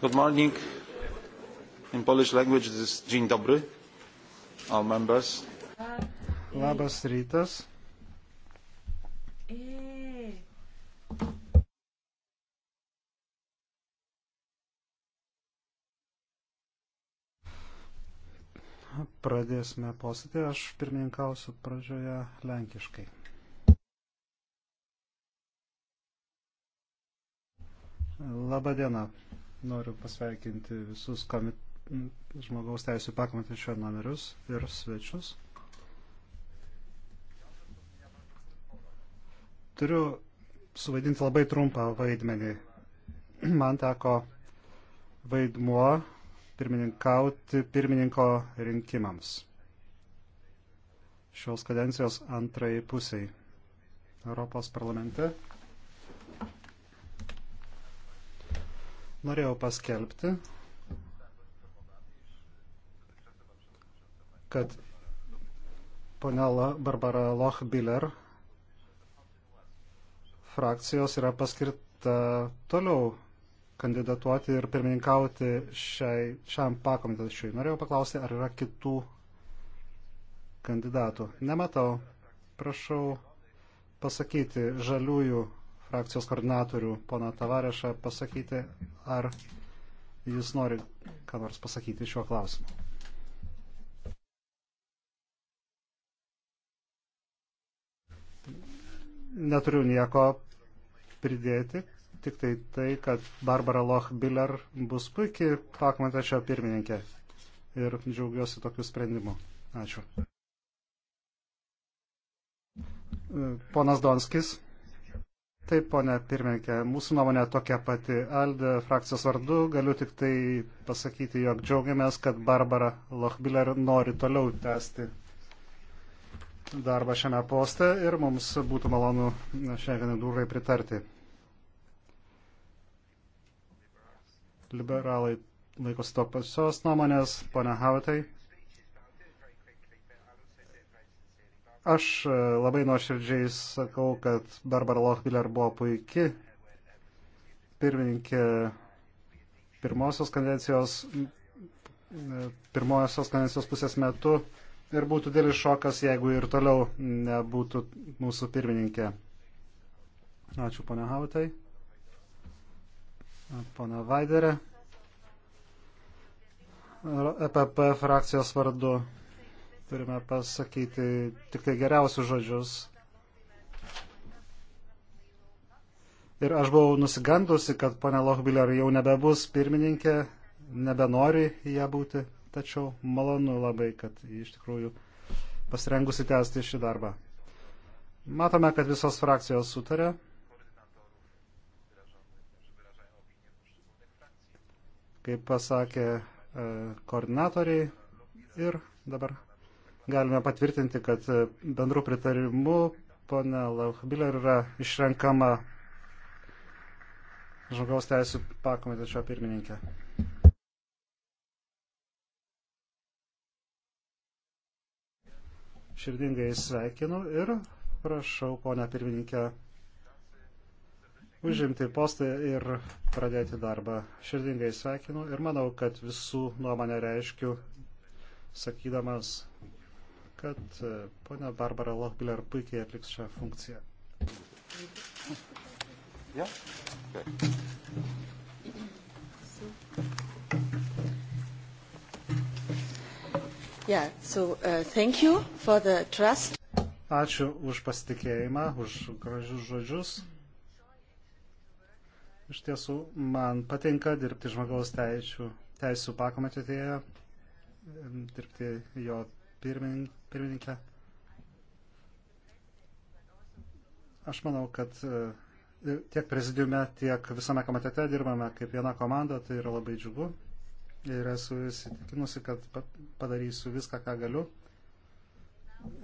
Good morning. In Polish language this is dzień dobry. All members. Labas rytas. Pradėsime posėdį, aš pirmininkausiu pradžioje lenkiškai. Labadiena. diena. Noriu pasveikinti visus komit... žmogaus teisų pakomitečio numerius ir svečius. Turiu suvaidinti labai trumpą vaidmenį. Man teko vaidmuo pirmininkauti pirmininko rinkimams šios kadencijos antrai pusiai Europos parlamente. norėjau paskelbti, kad ponia Barbara Lochbiller frakcijos yra paskirta toliau kandidatuoti ir pirmininkauti šiai, šiam pakomitečiui. Norėjau paklausti, ar yra kitų kandidatų. Nematau. Prašau pasakyti žaliųjų frakcijos koordinatorių, pana Tavarešą, pasakyti, ar jis nori ką nors pasakyti šiuo klausimu. Neturiu nieko pridėti, tik tai tai, kad Barbara Loch-Biller bus puikiai pakomitečio pirmininkė. Ir džiaugiuosi tokiu sprendimu. Ačiū. Ponas Donskis. Taip, ponė pirmininkė, mūsų nuomonė tokia pati. Alde frakcijos vardu galiu tik tai pasakyti, jog džiaugiamės, kad Barbara Lochbiller nori toliau tęsti darbą šiame poste ir mums būtų malonu šiai kandidatūrai pritarti. Liberalai laikosi to pačios nuomonės, ponia Hautai. Aš e, labai nuoširdžiai sakau, kad Barbara Lochbiller buvo puiki pirmininkė pirmosios kadencijos, e, pirmosios kadencijos pusės metu ir būtų dėlis šokas, jeigu ir toliau nebūtų mūsų pirmininkė. Ačiū, ponia Hautai. Pana Vaiderė. EPP frakcijos vardu turime pasakyti tik tai geriausius žodžius. Ir aš buvau nusigandusi, kad ponia Lochbiller jau nebebus pirmininkė, nebenori ją būti, tačiau malonu labai, kad iš tikrųjų pasirengusi tęsti šį darbą. Matome, kad visos frakcijos sutarė. kaip pasakė e, koordinatoriai. Ir dabar galime patvirtinti, kad e, bendrų pritarimų pana Lauchbiller yra išrenkama žmogaus teisų pakomitečio pirmininkė. Širdingai sveikinu ir prašau, ponia pirmininkė, užimti postą ir pradėti darbą. Širdingai sveikinu ir manau, kad visų nuomonę reiškiu, sakydamas, kad e, ponia Barbara Lochbiller puikiai atliks šią funkciją. Ja? Yeah, so, uh, thank you for the trust. Ačiū už pasitikėjimą, už gražius žodžius. Iš tiesų, man patinka dirbti žmogaus teisų, teisų pakomitetėje, dirbti jo pirmininkė. Aš manau, kad e, tiek prezidiume, tiek visame komitete dirbame kaip viena komanda, tai yra labai džiugu. Ir esu įsitikinusi, kad padarysiu viską, ką galiu.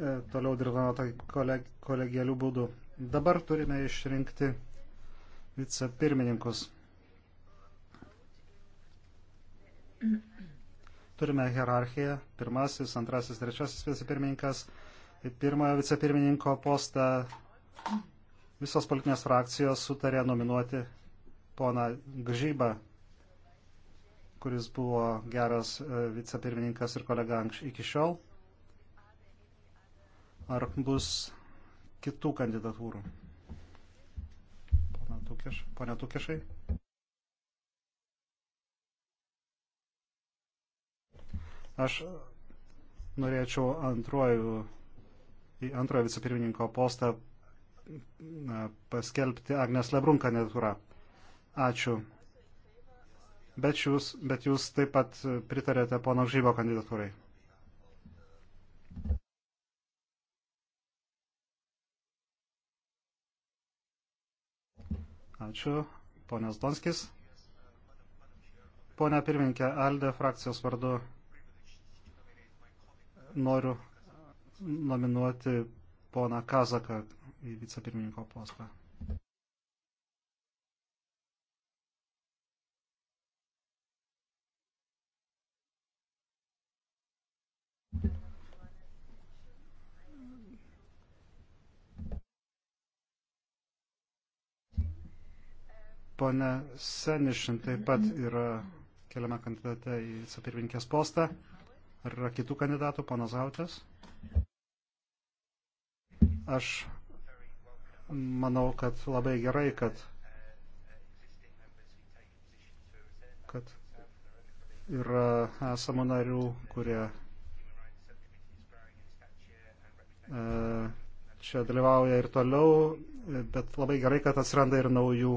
E, toliau dirbame tai koleg kolegialių būdų. Dabar turime išrinkti vicepirmininkus. Mm-hmm. Turime hierarchiją. Pirmasis, antrasis, trečiasis vicepirmininkas. Tai pirmojo vicepirmininko postą visos politinės frakcijos sutarė nominuoti poną Gžybą, kuris buvo geras e, vicepirmininkas ir kolega iki šiol. Ar bus kitų kandidatūrų? Pone Tukešai. Aš norėčiau antrojų, į antrojo vicepirmininko postą paskelbti Agnes Lebrun kandidatūrą. Ačiū. Bet jūs, bet jūs taip pat pritarėte pono Žybo kandidatūrai. Ačiū. Ponas Donskis. Pone pirmininkė, Alde frakcijos vardu noriu nominuoti poną Kazaką į vicepirmininko postą. Pone Senišin taip pat yra keliame kandidate į vicepirmininkės postą. Ar yra kitų kandidatų, panas Autės? Aš manau, kad labai gerai, kad, kad yra esamų narių, kurie e, čia dalyvauja ir toliau, bet labai gerai, kad atsiranda ir naujų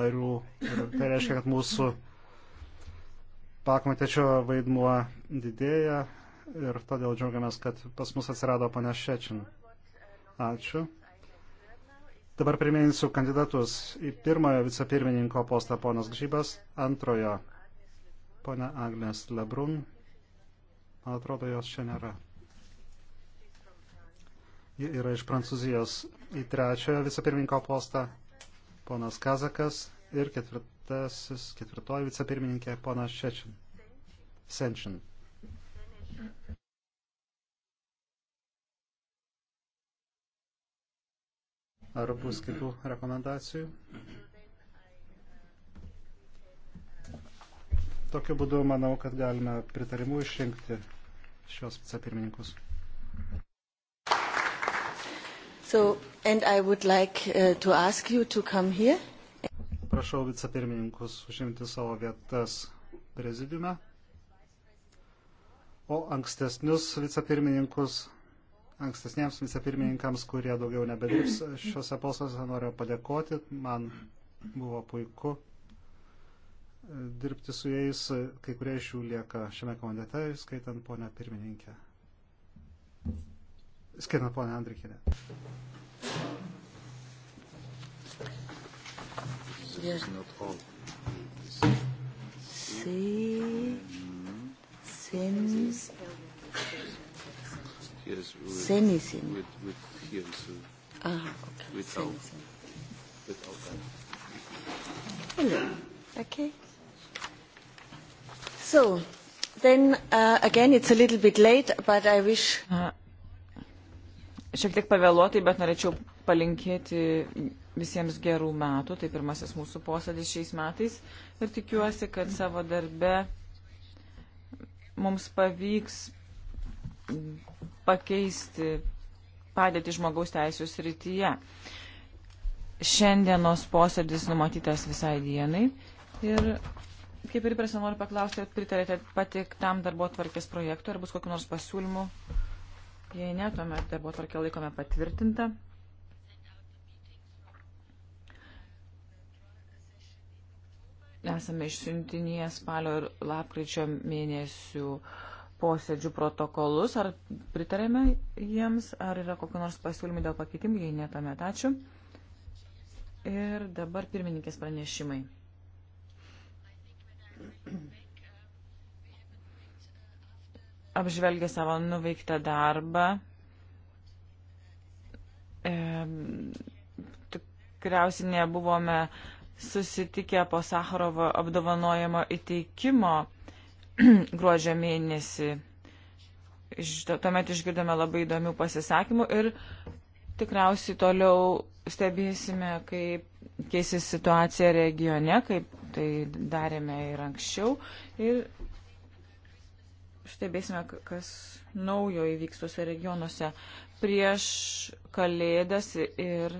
narių. Ir tai reiškia, kad mūsų pakomitečio vaidmuo didėja ir todėl džiaugiamės, kad pas mus atsirado pana Šečin. Ačiū. Dabar priminsiu kandidatus į pirmojo vicepirmininko postą ponas Gžybas, antrojo ponia Agnes Lebrun. Man atrodo, jos čia nėra. Ji yra iš Prancūzijos į trečiojo vicepirmininko postą ponas Kazakas ir ketvirtasis, ketvirtoji vicepirmininkė ponas Šečin. Senčin. Ar bus kitų rekomendacijų? Tokiu būdu manau, kad galime pritarimu išrinkti šios vicepirmininkus. So, and I would like uh, to ask you to come here. Prašau vicepirmininkus užimti savo vietas prezidiume o ankstesnius vicepirmininkus, ankstesniems vicepirmininkams, kurie daugiau nebedirbs šiuose postuose, noriu padėkoti. Man buvo puiku e, dirbti su jais, kai kurie iš jų lieka šiame komandete, skaitant ponę pirmininkę. Skaitant ponę Andrikinę. Yeah. C'est Sen... Yes, with, Senisin. With, with here, so uh, ah, okay. Without, Senisin. without that. Hello. Okay. So, then uh, again, it's a little bit late, but I wish. Uh, šiek tiek pavėluotai, bet norėčiau palinkėti visiems gerų metų. Tai pirmasis mūsų posėdis šiais metais ir tikiuosi, kad savo darbe mums pavyks pakeisti padėti žmogaus teisų srityje. Šiandienos posėdis numatytas visai dienai ir kaip ir įprasta noriu paklausti, ar pritarėte patiktam darbo tvarkės projektui, ar bus kokiu nors pasiūlymu. Jei ne, tuomet darbo tvarkė laikome patvirtintą. Esame išsiuntinėję spalio ir lapkričio mėnesių posėdžių protokolus. Ar pritarėme jiems, ar yra kokiu nors pasiūlymų dėl pakeitimų, jei netamet ačiū. Ir dabar pirmininkės pranešimai. Apžvelgia savo nuveiktą darbą. E, tikriausiai nebuvome susitikę po Sakarovo apdovanojimo įteikimo gruodžio mėnesį. Tuomet išgirdome labai įdomių pasisakymų ir tikriausiai toliau stebėsime, kaip keisis situacija regione, kaip tai darėme ir anksčiau. Ir stebėsime, kas naujo įvyks tuose regionuose prieš kalėdas ir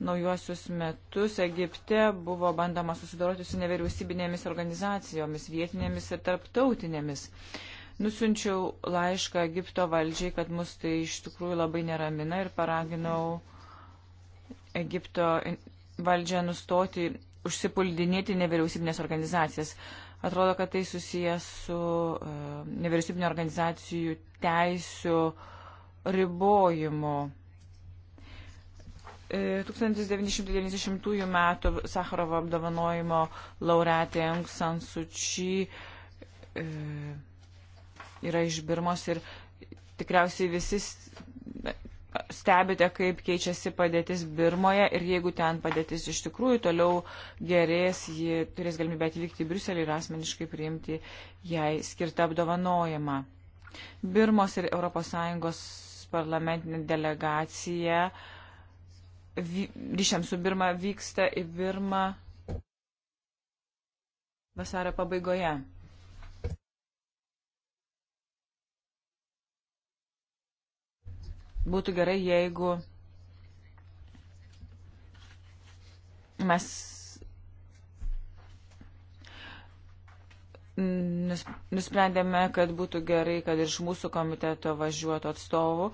naujuosius metus Egipte buvo bandoma susidoroti su nevyriausybinėmis organizacijomis, vietinėmis ir tarptautinėmis. Nusinčiau laišką Egipto valdžiai, kad mus tai iš tikrųjų labai neramina ir paraginau Egipto valdžią nustoti užsipuldinėti nevyriausybinės organizacijas. Atrodo, kad tai susijęs su e, nevyriausybinio organizacijų teisų ribojimu 1990 e, m. Sakharovo apdovanojimo laureatė Aung San Suu Kyi e, yra iš Birmos ir tikriausiai visi stebite, kaip keičiasi padėtis Birmoje ir jeigu ten padėtis iš tikrųjų toliau gerės, ji turės galimybę atvykti į Briuselį ir asmeniškai priimti jai skirtą apdovanojimą. Birmos ir ES parlamentinė delegacija uh, ryšiams su Birma vyksta į Birmą vasario pabaigoje. Būtų gerai, jeigu mes nusprendėme, kad būtų gerai, kad iš mūsų komiteto važiuotų atstovų,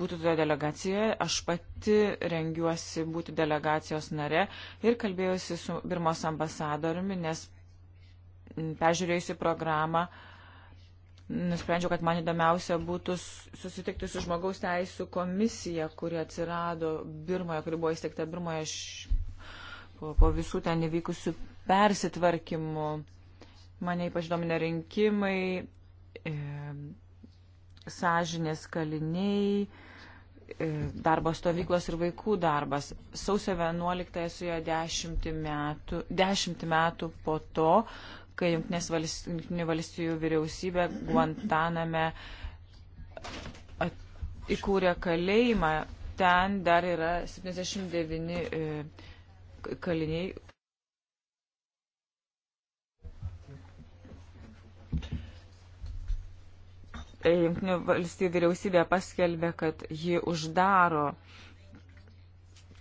būtų toje delegacijoje. Aš pati rengiuosi būti delegacijos nare ir kalbėjusi su Birmos ambasadoriumi, nes peržiūrėjusi programą, nusprendžiau, kad man įdomiausia būtų susitikti su žmogaus teisų komisija, kuri atsirado Birmoje, kuri buvo įsteigta Birmoje š... po, po visų ten įvykusių persitvarkimų Mane ypač domina rinkimai, e, sąžinės kaliniai, e, darbo stovyklos ir vaikų darbas. Sausio 11 su jo 10 metų, 10 metų po to, kai Junktinių valstijų, valstijų vyriausybė Guantaname at, įkūrė kalėjimą. Ten dar yra 79 e, kaliniai, E, Junktinių valstybių vyriausybė paskelbė, kad ji uždaro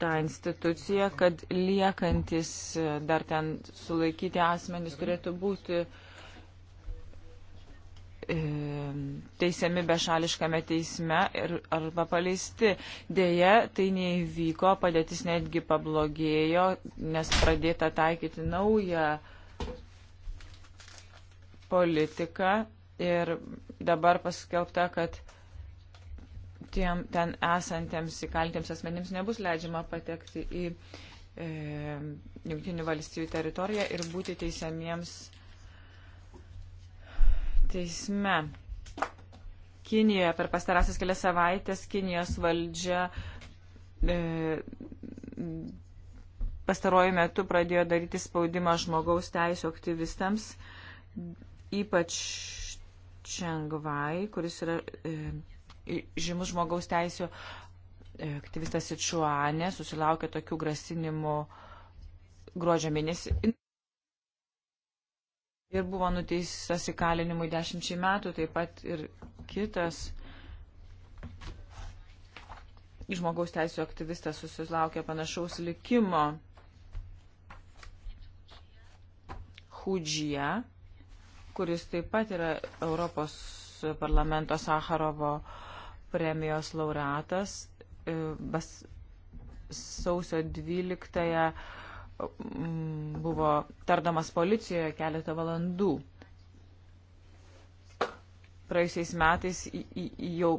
tą instituciją, kad liekantis e, dar ten sulaikyti asmenys turėtų būti e, teisiami bešališkame teisme ir, arba paleisti. Deja, tai neįvyko, padėtis netgi pablogėjo, nes pradėta taikyti naują politiką ir dabar paskelbta, kad tiem ten esantiems įkaltiems asmenims nebus leidžiama patekti į e, Junktinių valstybių teritoriją ir būti teisiamiems teisme. Kinijoje per pastarąsias kelias savaitės Kinijos valdžia e, pastaruoju metu pradėjo daryti spaudimą žmogaus teisų aktyvistams, ypač Čengvai, kuris yra e, žymus žmogaus teisų e, aktyvistas Sičuanė, susilaukė tokių grasinimų gruodžio mėnesį. Ir buvo nuteistas įkalinimui dešimčiai metų, taip pat ir kitas žmogaus teisų aktyvistas susilaukė panašaus likimo. Hudžija kuris taip pat yra Europos parlamento Sakarovo premijos laureatas, e, bas, sausio 12 buvo tardamas policijoje keletą valandų. Praėjusiais metais jau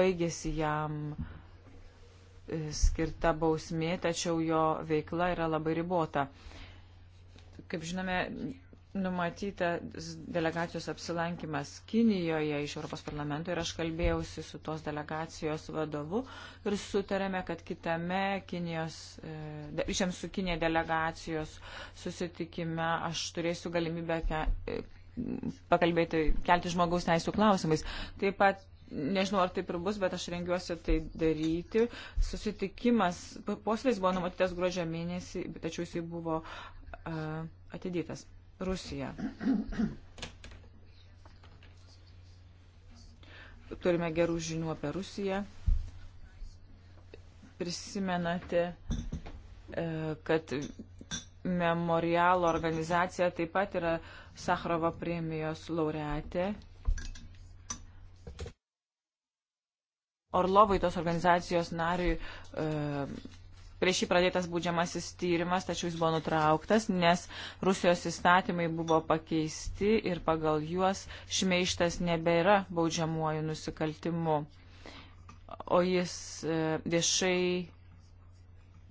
baigėsi jam e, skirta bausmė, tačiau jo veikla yra labai ribota. Kaip žinome, numatytas delegacijos apsilankimas Kinijoje iš Europos parlamento ir aš kalbėjausi su tos delegacijos vadovu ir sutarėme, kad kitame Kinijos, e, šiam su Kinė delegacijos susitikime aš turėsiu galimybę ke, e, pakalbėti, kelti žmogaus teisų klausimais. Taip pat nežinau, ar taip ir bus, bet aš rengiuosi tai daryti. Susitikimas, posėdis buvo numatytas gruodžio mėnesį, tačiau jisai buvo uh, e, atidėtas. Rusija. Turime gerų žinių apie Rusiją. Prisimenate, e, kad memorialo organizacija taip pat yra Sakrovo premijos laureatė. Orlovai tos organizacijos nariui e, prieš jį pradėtas būdžiamasis tyrimas, tačiau jis buvo nutrauktas, nes Rusijos įstatymai buvo pakeisti ir pagal juos šmeištas nebėra baudžiamuoju nusikaltimu. O jis e, viešai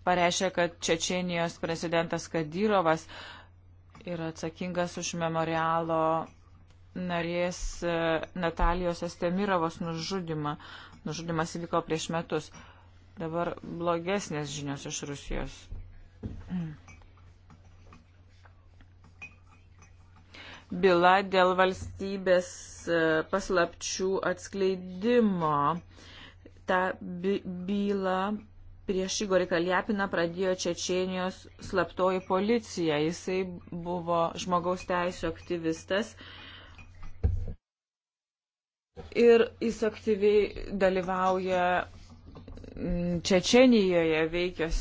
pareiškė, kad Čečienijos prezidentas Kadyrovas yra atsakingas už memorialo narės e, Natalijos Estemirovos nužudimą. Nužudimas įvyko prieš metus dabar blogesnės žinios iš Rusijos. Byla dėl valstybės e, paslapčių atskleidimo. Ta byla prieš Igorį Kaljapiną pradėjo Čečienijos slaptoji policija. Jisai buvo žmogaus teisų aktyvistas. Ir jis aktyviai dalyvauja Čečenijoje veikios,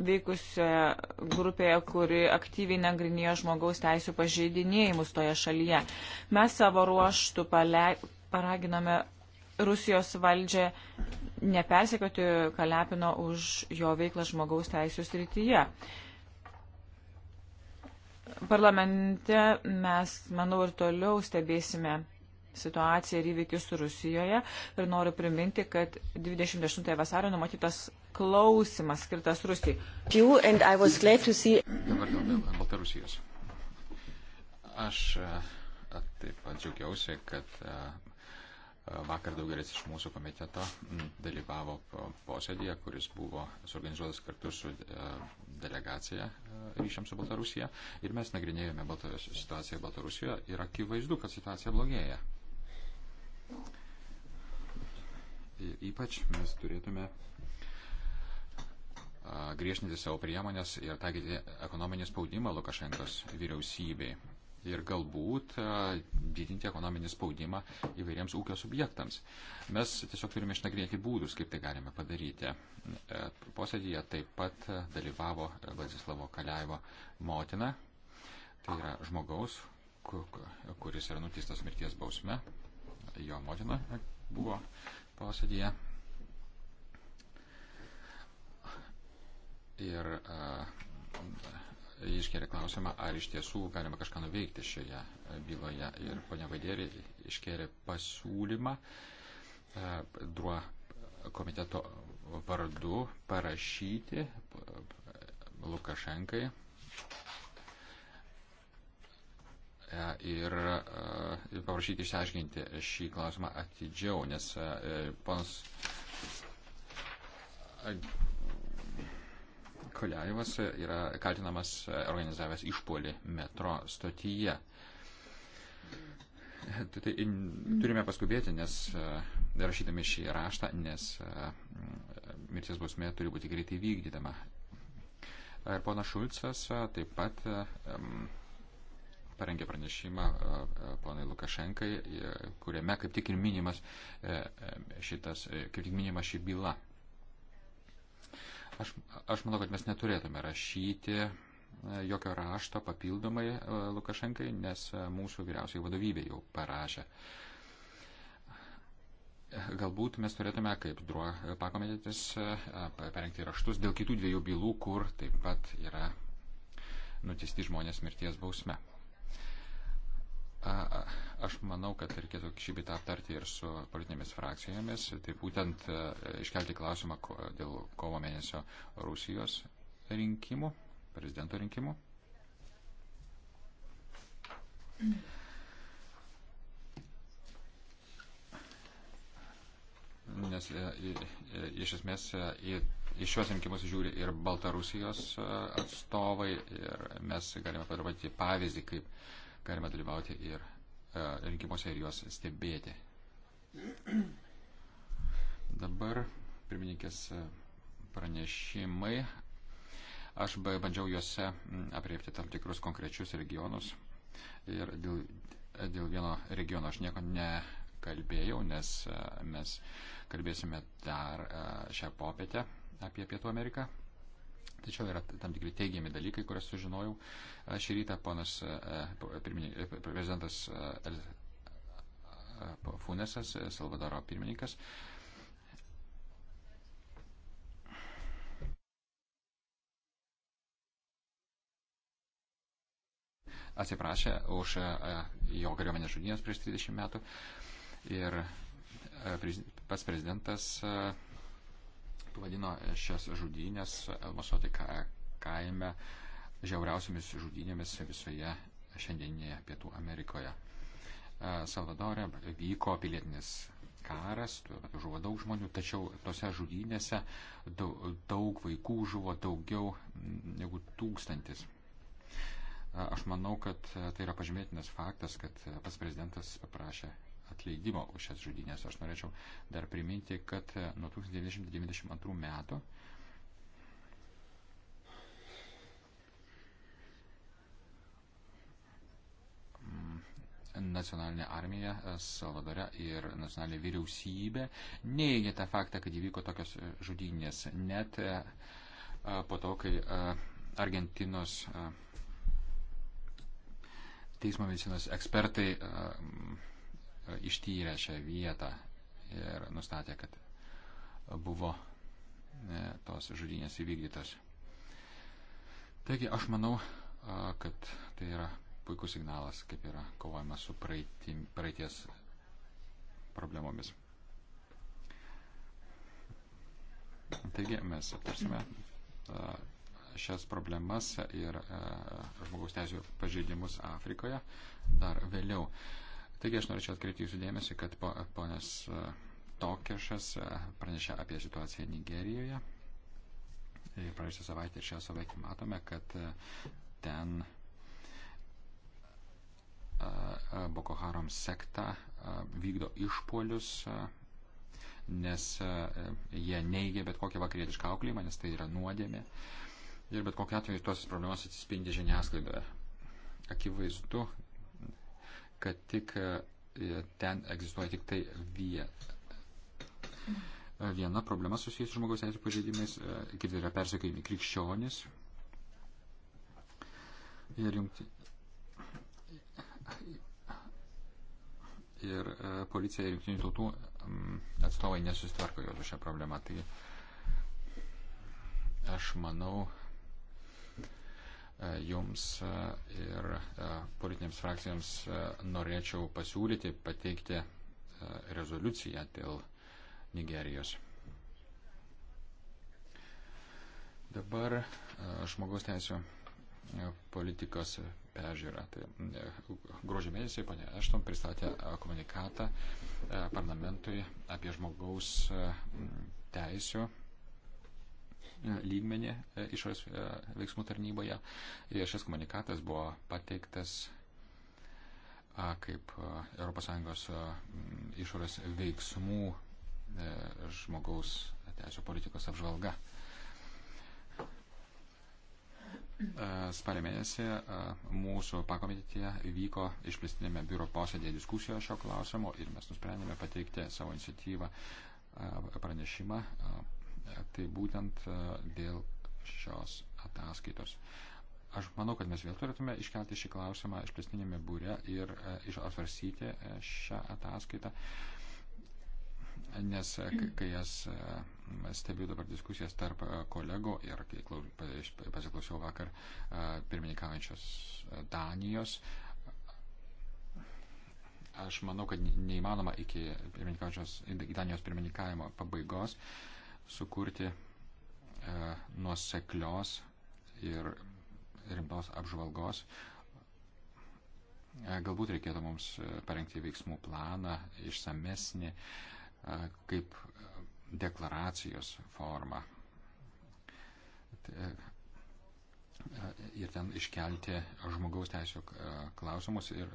veikusioje grupėje, kuri aktyviai nagrinėjo žmogaus teisų pažeidinėjimus toje šalyje. Mes savo ruoštų pale, paraginome Rusijos valdžią nepersekioti Kalepino už jo veiklą žmogaus teisų srityje. Parlamente mes, manau, ir toliau stebėsime situaciją ir įvykius Rusijoje. Ir noriu priminti, kad 28 vasario numatytas klausimas skirtas Rusijai. Dabar dėl Baltarusijos. Aš e, taip pat džiaugiausi, kad e, e, vakar daugelis iš mūsų komiteto dalyvavo posėdėje, kuris buvo suorganizuotas kartu su delegacija ryšiams su Baltarusija. Ir mes nagrinėjome Baltarus, situaciją Baltarusijoje ir akivaizdu, kad situacija blogėja. Ir ypač mes turėtume griežtinti savo priemonės ir taikyti ekonominį spaudimą Lukašenkos vyriausybei. Ir galbūt didinti ekonominį spaudimą įvairiems ūkio subjektams. Mes tiesiog turime išnagrinėti būdus, kaip tai galime padaryti. E, Posėdėje taip pat dalyvavo Vladislavo Kaliaivo motina. Tai yra žmogaus, kuris yra nutistas mirties bausme jo motina buvo posėdėje. Ir e, iškėlė klausimą, ar iš tiesų galima kažką nuveikti šioje byloje. Ir ponia Vaidėri iškėlė pasiūlymą e, druo komiteto vardu parašyti Lukašenkai E, ir e, paprašyti išsiaiškinti šį klausimą atidžiau, nes e, panas Koliarivas yra kaltinamas organizavęs išpolį metro stotyje. Tai, tai turime paskubėti, nes rašydami šį raštą, nes mirties bausmė turi būti greitai vykdydama. Ir ponas Šulcas taip pat parengė pranešimą ponai Lukašenkai, kuriame kaip tik ir minimas e, e, šitas, e, kaip tik minima ši byla. Aš, aš manau, kad mes neturėtume rašyti jokio rašto papildomai Lukašenkai, nes mūsų vyriausiai vadovybė jau parašė. Galbūt mes turėtume, kaip druo pakomitetis, parengti raštus dėl kitų dviejų bylų, kur taip pat yra nuteisti žmonės mirties bausme. A, aš manau, kad reikėtų šį bitą aptarti ir su politinėmis frakcijomis. Tai būtent e, iškelti klausimą dėl kovo mėnesio Rusijos rinkimų, prezidento rinkimų. Nes e, e, iš esmės į, į šios rinkimus žiūri ir Baltarusijos atstovai ir mes galime padaryti pavyzdį, kaip galime dalyvauti ir e, rinkimuose ir juos stebėti. Dabar pirmininkės e, pranešimai. Aš bandžiau juose apriepti tam tikrus konkrečius regionus. Ir dėl, dėl vieno regiono aš nieko nekalbėjau, nes e, mes kalbėsime dar šią popietę apie Pietų Ameriką. Tačiau yra tam tikri teigiami dalykai, kurias sužinojau. Šį rytą ponas prezidentas Funesas, Salvadoro pirmininkas, atsiprašė už jo kariuomenės žudynės prieš 30 metų. Ir pats prezidentas vadino šias žudynės Elmasoti kaime žiauriausiamis žudynėmis visoje šiandieninėje Pietų Amerikoje. E, Salvadorė vyko pilietinis karas, tuo metu žuvo daug žmonių, tačiau tose žudynėse daug vaikų žuvo daugiau negu tūkstantis. E, aš manau, kad e, tai yra pažymėtinas faktas, kad pas prezidentas paprašė atleidimo už šias žudynės. Aš norėčiau dar priminti, kad nuo 1992 metų nacionalinė armija Salvadore ir nacionalinė vyriausybė neigia tą faktą, kad įvyko tokios žudynės. Net e, po to, kai e, Argentinos e, teismo medicinos ekspertai E, ištyrė šią vietą ir nustatė, kad buvo e, tos žudynės įvykdytos. Taigi aš manau, e, kad tai yra puikus signalas, kaip yra kovojama su praeitim, praeities problemomis. Taigi mes aptarsime šias problemas ir žmogaus teisų pažeidimus Afrikoje dar vėliau. Taigi aš norėčiau atkreipti jūsų dėmesį, kad po, ponas e, Tokiešas e, pranešė apie situaciją Nigerijoje. Praėjusią savaitę ir šią savaitę matome, kad e, ten Boko Haram sekta vykdo išpolius, nes jie neigia bet kokią vakarietišką auklėjimą, nes tai yra nuodėmė. Ir bet kokiu atveju tos problemas atsispindi žiniasklaidoje. Akivaizdu, kad tik e, ten egzistuoja tik tai vie. viena problema susijusi žmogaus teisų pažeidimais, e, kiti yra persekiojami krikščionys. Ir, jungti... ir e, policija ir jungtinių tautų mm, atstovai nesustvarko jau su šią problemą. Tai aš manau, E, jums e, ir e, politinėms frakcijoms norėčiau pasiūlyti pateikti rezoliuciją dėl Nigerijos. Dabar žmogaus teisų politikos peržiūra. Tai gruodžio mėnesį ponė Ešton pristatė komunikatą parlamentui apie žmogaus teisų lygmenį e, išorės e, veiksmų tarnyboje. Ir šis komunikatas buvo pateiktas kaip ES e, išorės veiksmų žmogaus teisų politikos apžvalga. Spalio mėnesį mūsų pakomitėje vyko išplėstinėme biuro posėdėje diskusija šio klausimo ir mes nusprendėme pateikti savo iniciatyvą pranešimą tai būtent e, dėl šios ataskaitos. Aš manau, kad mes vėl turėtume iškelti šį klausimą išplėstinėme būre ir e, apsvarsyti e, šią ataskaitą, nes kai jas stebiu dabar diskusijas tarp kolegų ir kai pasiklausiau vakar pirmininkaujančios Danijos, aš manau, kad neįmanoma iki Danijos pirmininkavimo pabaigos uh, sukurti e, nuoseklios ir rimtos apžvalgos. E, galbūt reikėtų mums e, parengti veiksmų planą, išsamesnį, kaip deklaracijos forma. Ir ten iškelti žmogaus teisų klausimus ir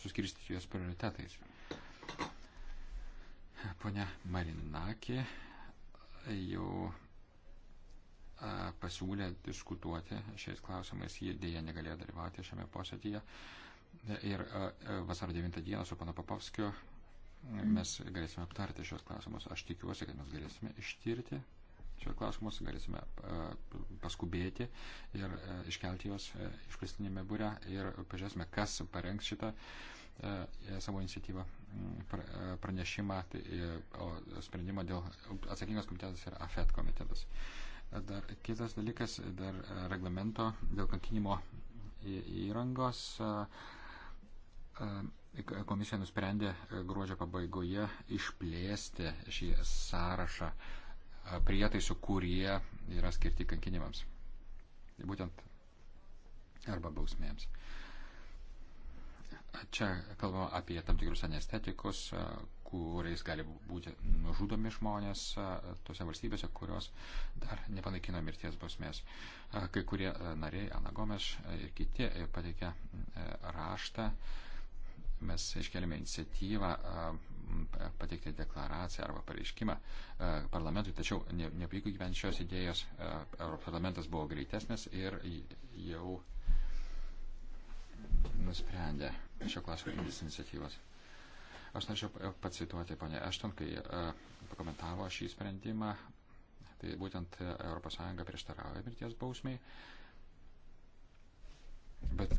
suskirstyti juos prioritetais. Pone Marinakė jau pasiūlė diskutuoti šiais klausimais, jie dėja negalėjo dalyvauti šiame posėdėje. Ir vasaro 9 dieną su pana Papovskiu mes galėsime aptarti šios klausimus. Aš tikiuosi, kad mes galėsime ištirti šios klausimus, galėsime paskubėti ir iškelti juos išplėstinėme būre ir pažiūrėsime, kas parengs šitą savo iniciatyvą pranešimą, tai, o sprendimą dėl atsakingas komitetas yra AFET komitetas. Dar kitas dalykas, dar reglamento dėl kankinimo įrangos. E, e, komisija nusprendė gruodžio pabaigoje išplėsti šį sąrašą prietaisų, kurie yra skirti kankinimams. Būtent arba bausmėms. Uh, Čia kalbama apie tam tikrus anestetikus, kuriais gali būti nužudomi žmonės tose valstybėse, kurios dar nepanaikino mirties bausmės. Kai kurie nariai, Ana Gomes ir kiti, pateikė raštą. Mes iškelime iniciatyvą pateikti deklaraciją arba pareiškimą parlamentui, tačiau nepavyko gyventi šios idėjos. Europos parlamentas buvo greitesnis ir jau nusprendė šio klausimo iniciatyvos. Aš norėčiau pacituoti, ponė Ešton, kai e, pakomentavo šį sprendimą, tai būtent ES prieštarauja mirties bausmiai. Bet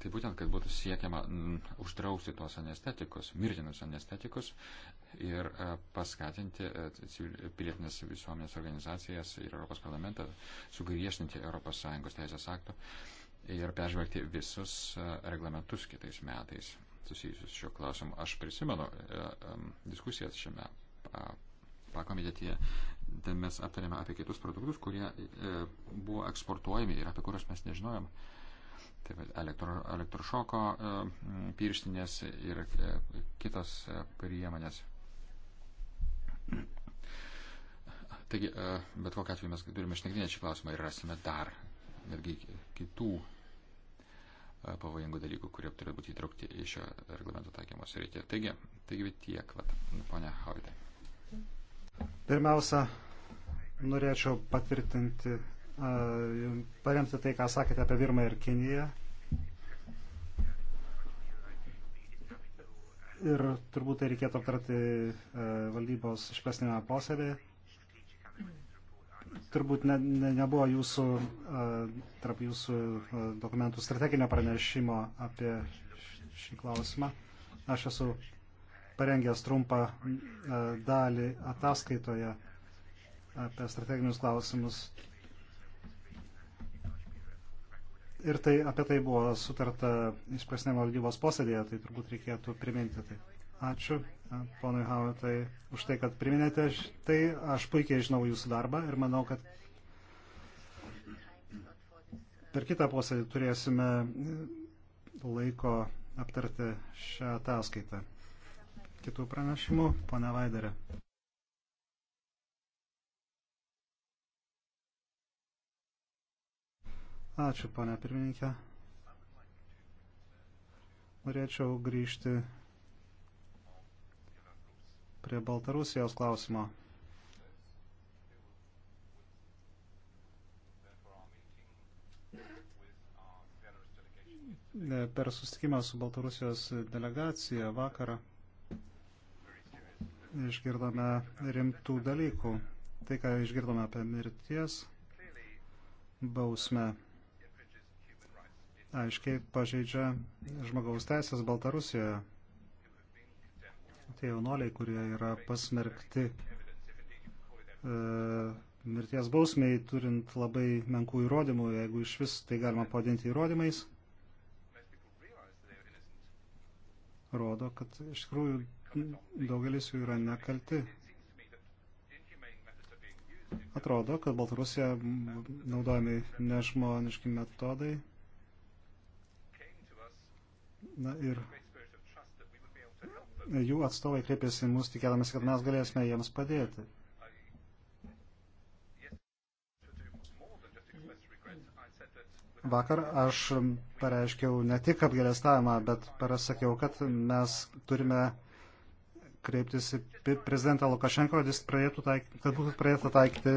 Tai būtent, kad būtų siekiama mm, uždrausti tuos anestetikus, mirtinus anestetikus ir e, paskatinti e, pilietinės visuomenės organizacijas ir Europos parlamentą sugriešinti ES teisės aktų ir peržvelgti visus e, reglamentus kitais metais susijusius šiuo klausimu. Aš prisimenu diskusijas šiame pakomitėtyje, ten mes aptarėme apie kitus produktus, kurie buvo eksportuojami ir apie kuriuos mes nežinojom tai elektro, elektrošoko e, pirštinės ir e, kitos e, priemonės. Taigi, bet kokią atveju mes turime išnagrinėti šį klausimą ir rasime dar netgi kitų pavojingų dalykų, kurie turėtų būti įtraukti į šio reglamento taikymo sritį. Taigi, taigi tiek, vat, ponia Havitai. Pirmiausia, norėčiau patvirtinti paremti tai, ką sakėte apie Virmą ir Kiniją. Ir turbūt tai reikėtų aptarti e, valdybos išplėsnėme posėdėje. Turbūt ne, ne, nebuvo jūsų, e, tarp jūsų e, dokumentų strateginio pranešimo apie šį klausimą. Aš esu parengęs trumpą dalį ataskaitoje apie strateginius klausimus ir tai apie tai buvo sutarta išprasnėmo valdybos posėdėje, tai turbūt reikėtų priminti tai. Ačiū, ponui Hautai, už tai, kad priminėte tai. Aš puikiai žinau jūsų darbą ir manau, kad per kitą posėdį turėsime laiko aptarti šią ataskaitą. Kitų pranešimų, ponia Vaidarė. Ačiū, ponia pirmininkė. Norėčiau grįžti prie Baltarusijos klausimo. per susitikimą su Baltarusijos delegacija vakarą išgirdome rimtų dalykų. Tai, ką išgirdome apie mirties bausmę, aiškiai pažeidžia žmogaus teisės Baltarusijoje. Tie jaunoliai, kurie yra pasmerkti e, mirties bausmiai, turint labai menkų įrodymų, jeigu iš vis tai galima pavadinti įrodymais, rodo, kad iš tikrųjų daugelis jų yra nekalti. Atrodo, kad Baltarusija naudojami nežmoniški metodai Na ir jų atstovai kreipėsi mus, tikėdamės, kad mes galėsime jiems padėti. Vakar aš pareiškiau ne tik apgėlestavimą, bet parasakiau, kad mes turime kreiptis į prezidentą Lukašenko, kad, jis pradėtų taik, kad būtų pradėtas taikyti,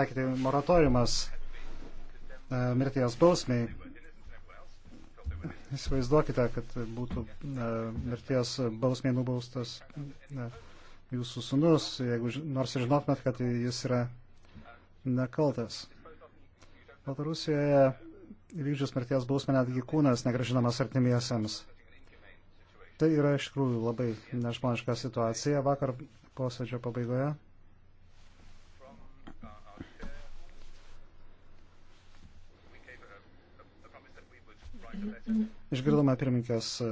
taikyti moratoriumas e, mirties bausmiai. Įsivaizduokite, kad būtų e, mirties bausmė nubaustas e, jūsų sunus, jeigu nors ir žinotumėt, kad jis yra nekaltas. Baltarusijoje įvykdžius mirties bausmę netgi kūnas negražinamas artimiesiems. Tai yra iš tikrųjų labai nežmoniška situacija. Vakar posėdžio pabaigoje Išgirdome pirmininkės e,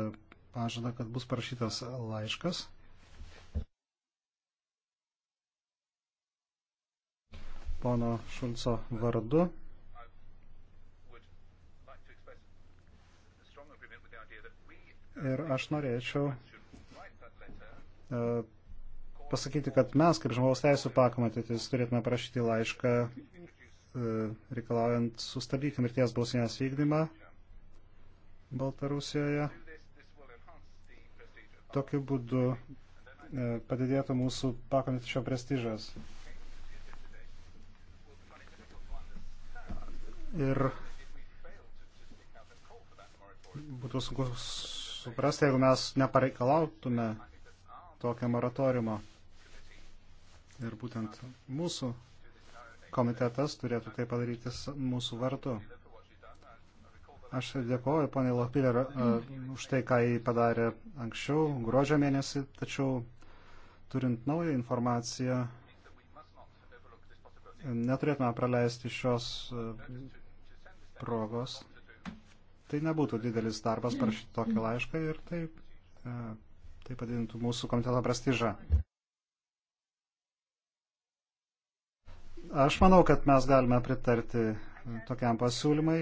pažadą, kad bus parašytas laiškas. Pono Šulco vardu. Ir aš norėčiau e, pasakyti, kad mes, kaip žmogaus teisų pakomitetis, turėtume parašyti laišką e, reikalaujant sustabdyti mirties bausmės vykdymą Baltarusijoje. Tokiu būdu e, padidėtų mūsų pakomitečio prestižas. Ir būtų sunku suprasti, jeigu mes nepareikalautume tokio moratoriumo. Ir būtent mūsų komitetas turėtų tai padaryti mūsų vartu. Aš dėkoju poniai Lopiler e, už tai, ką jį padarė anksčiau, gruodžio mėnesį, tačiau turint naują informaciją, neturėtume praleisti šios e, progos. Tai nebūtų didelis darbas parašyti tokį laišką ir tai, e, tai padidintų mūsų komiteto prestižą. Aš manau, kad mes galime pritarti tokiam pasiūlymai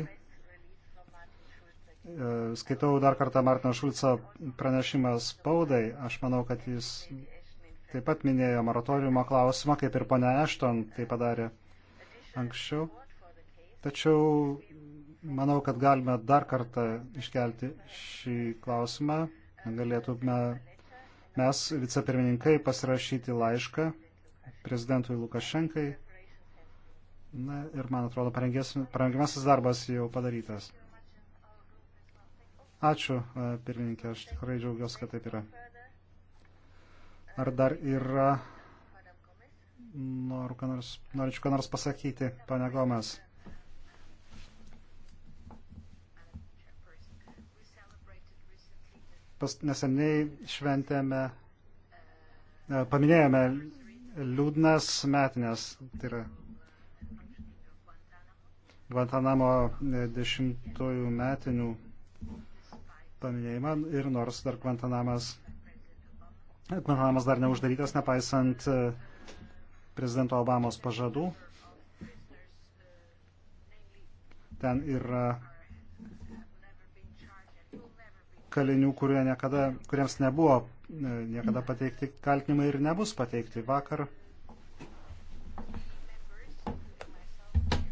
skaitau dar kartą Martino Šulco pranešimą spaudai. Aš manau, kad jis taip pat minėjo moratoriumo klausimą, kaip ir ponia Ešton tai padarė anksčiau. Tačiau manau, kad galime dar kartą iškelti šį klausimą. Galėtume mes, vicepirmininkai, pasirašyti laišką prezidentui Lukašenkai. Na ir, man atrodo, parengimasis darbas jau padarytas. Ačiū, e, pirmininkė, aš tikrai džiaugiuosi, kad taip yra. Ar dar yra, noriu, ką nors, norėčiau ką nors pasakyti, pane Gomes. Pas, neseniai šventėme, e, paminėjome liūdnas metinės, tai yra Guantanamo e, dešimtojų metinių paminėjimą ir nors dar Kvantanamas, Kvantanamas dar neuždarytas, nepaisant e, prezidento Obamos pažadų. Ten yra kalinių, kurie niekada, kuriems nebuvo e, niekada pateikti kaltinimai ir nebus pateikti vakar.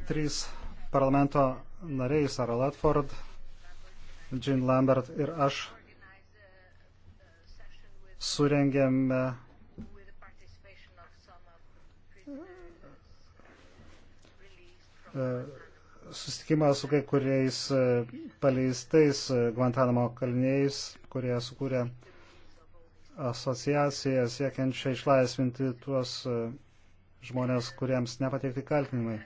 Trys parlamento nariai, Sara Latford, Jean Lambert ir aš surengėme e, susitikimą su kai kuriais e, paleistais e, Guantanamo kaliniais, kurie sukūrė asociaciją siekiančią išlaisvinti tuos žmonės, kuriems nepateikti kaltinimai.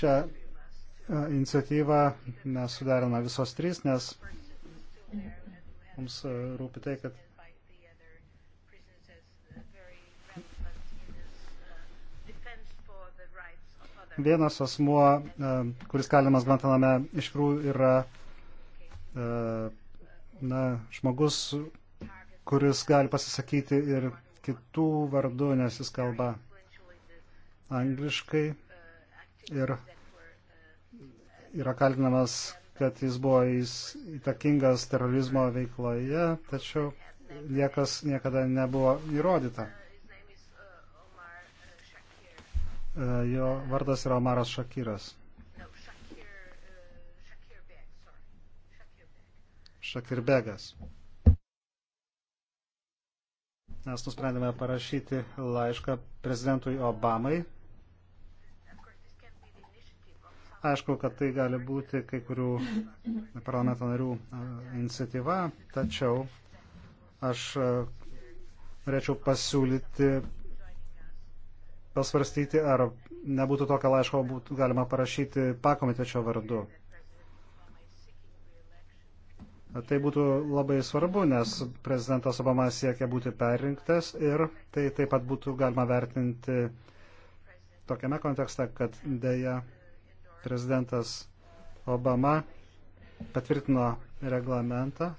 Šią iniciatyvą mes sudarėme visos trys, nes mums rūpi tai, kad vienas asmuo, kuris kalimas Guantaname, iš tikrųjų yra na, žmogus, kuris gali pasisakyti ir kitų vardų, nes jis kalba angliškai ir yra kaltinamas, kad jis buvo įtakingas terorizmo veikloje, tačiau niekas niekada nebuvo įrodyta. E, jo vardas yra Omaras Šakiras. Šakirbegas. Mes nusprendėme parašyti laišką prezidentui Obamai Aišku, kad tai gali būti kai kurių parlamento narių iniciatyva, tačiau aš norėčiau pasiūlyti, pasvarstyti, ar nebūtų tokio laiško būtų galima parašyti pakomitečio vardu. Tai būtų labai svarbu, nes prezidentas Obama siekia būti perrinktas ir tai taip pat būtų galima vertinti tokiame kontekste, kad dėja prezidentas Obama patvirtino reglamentą,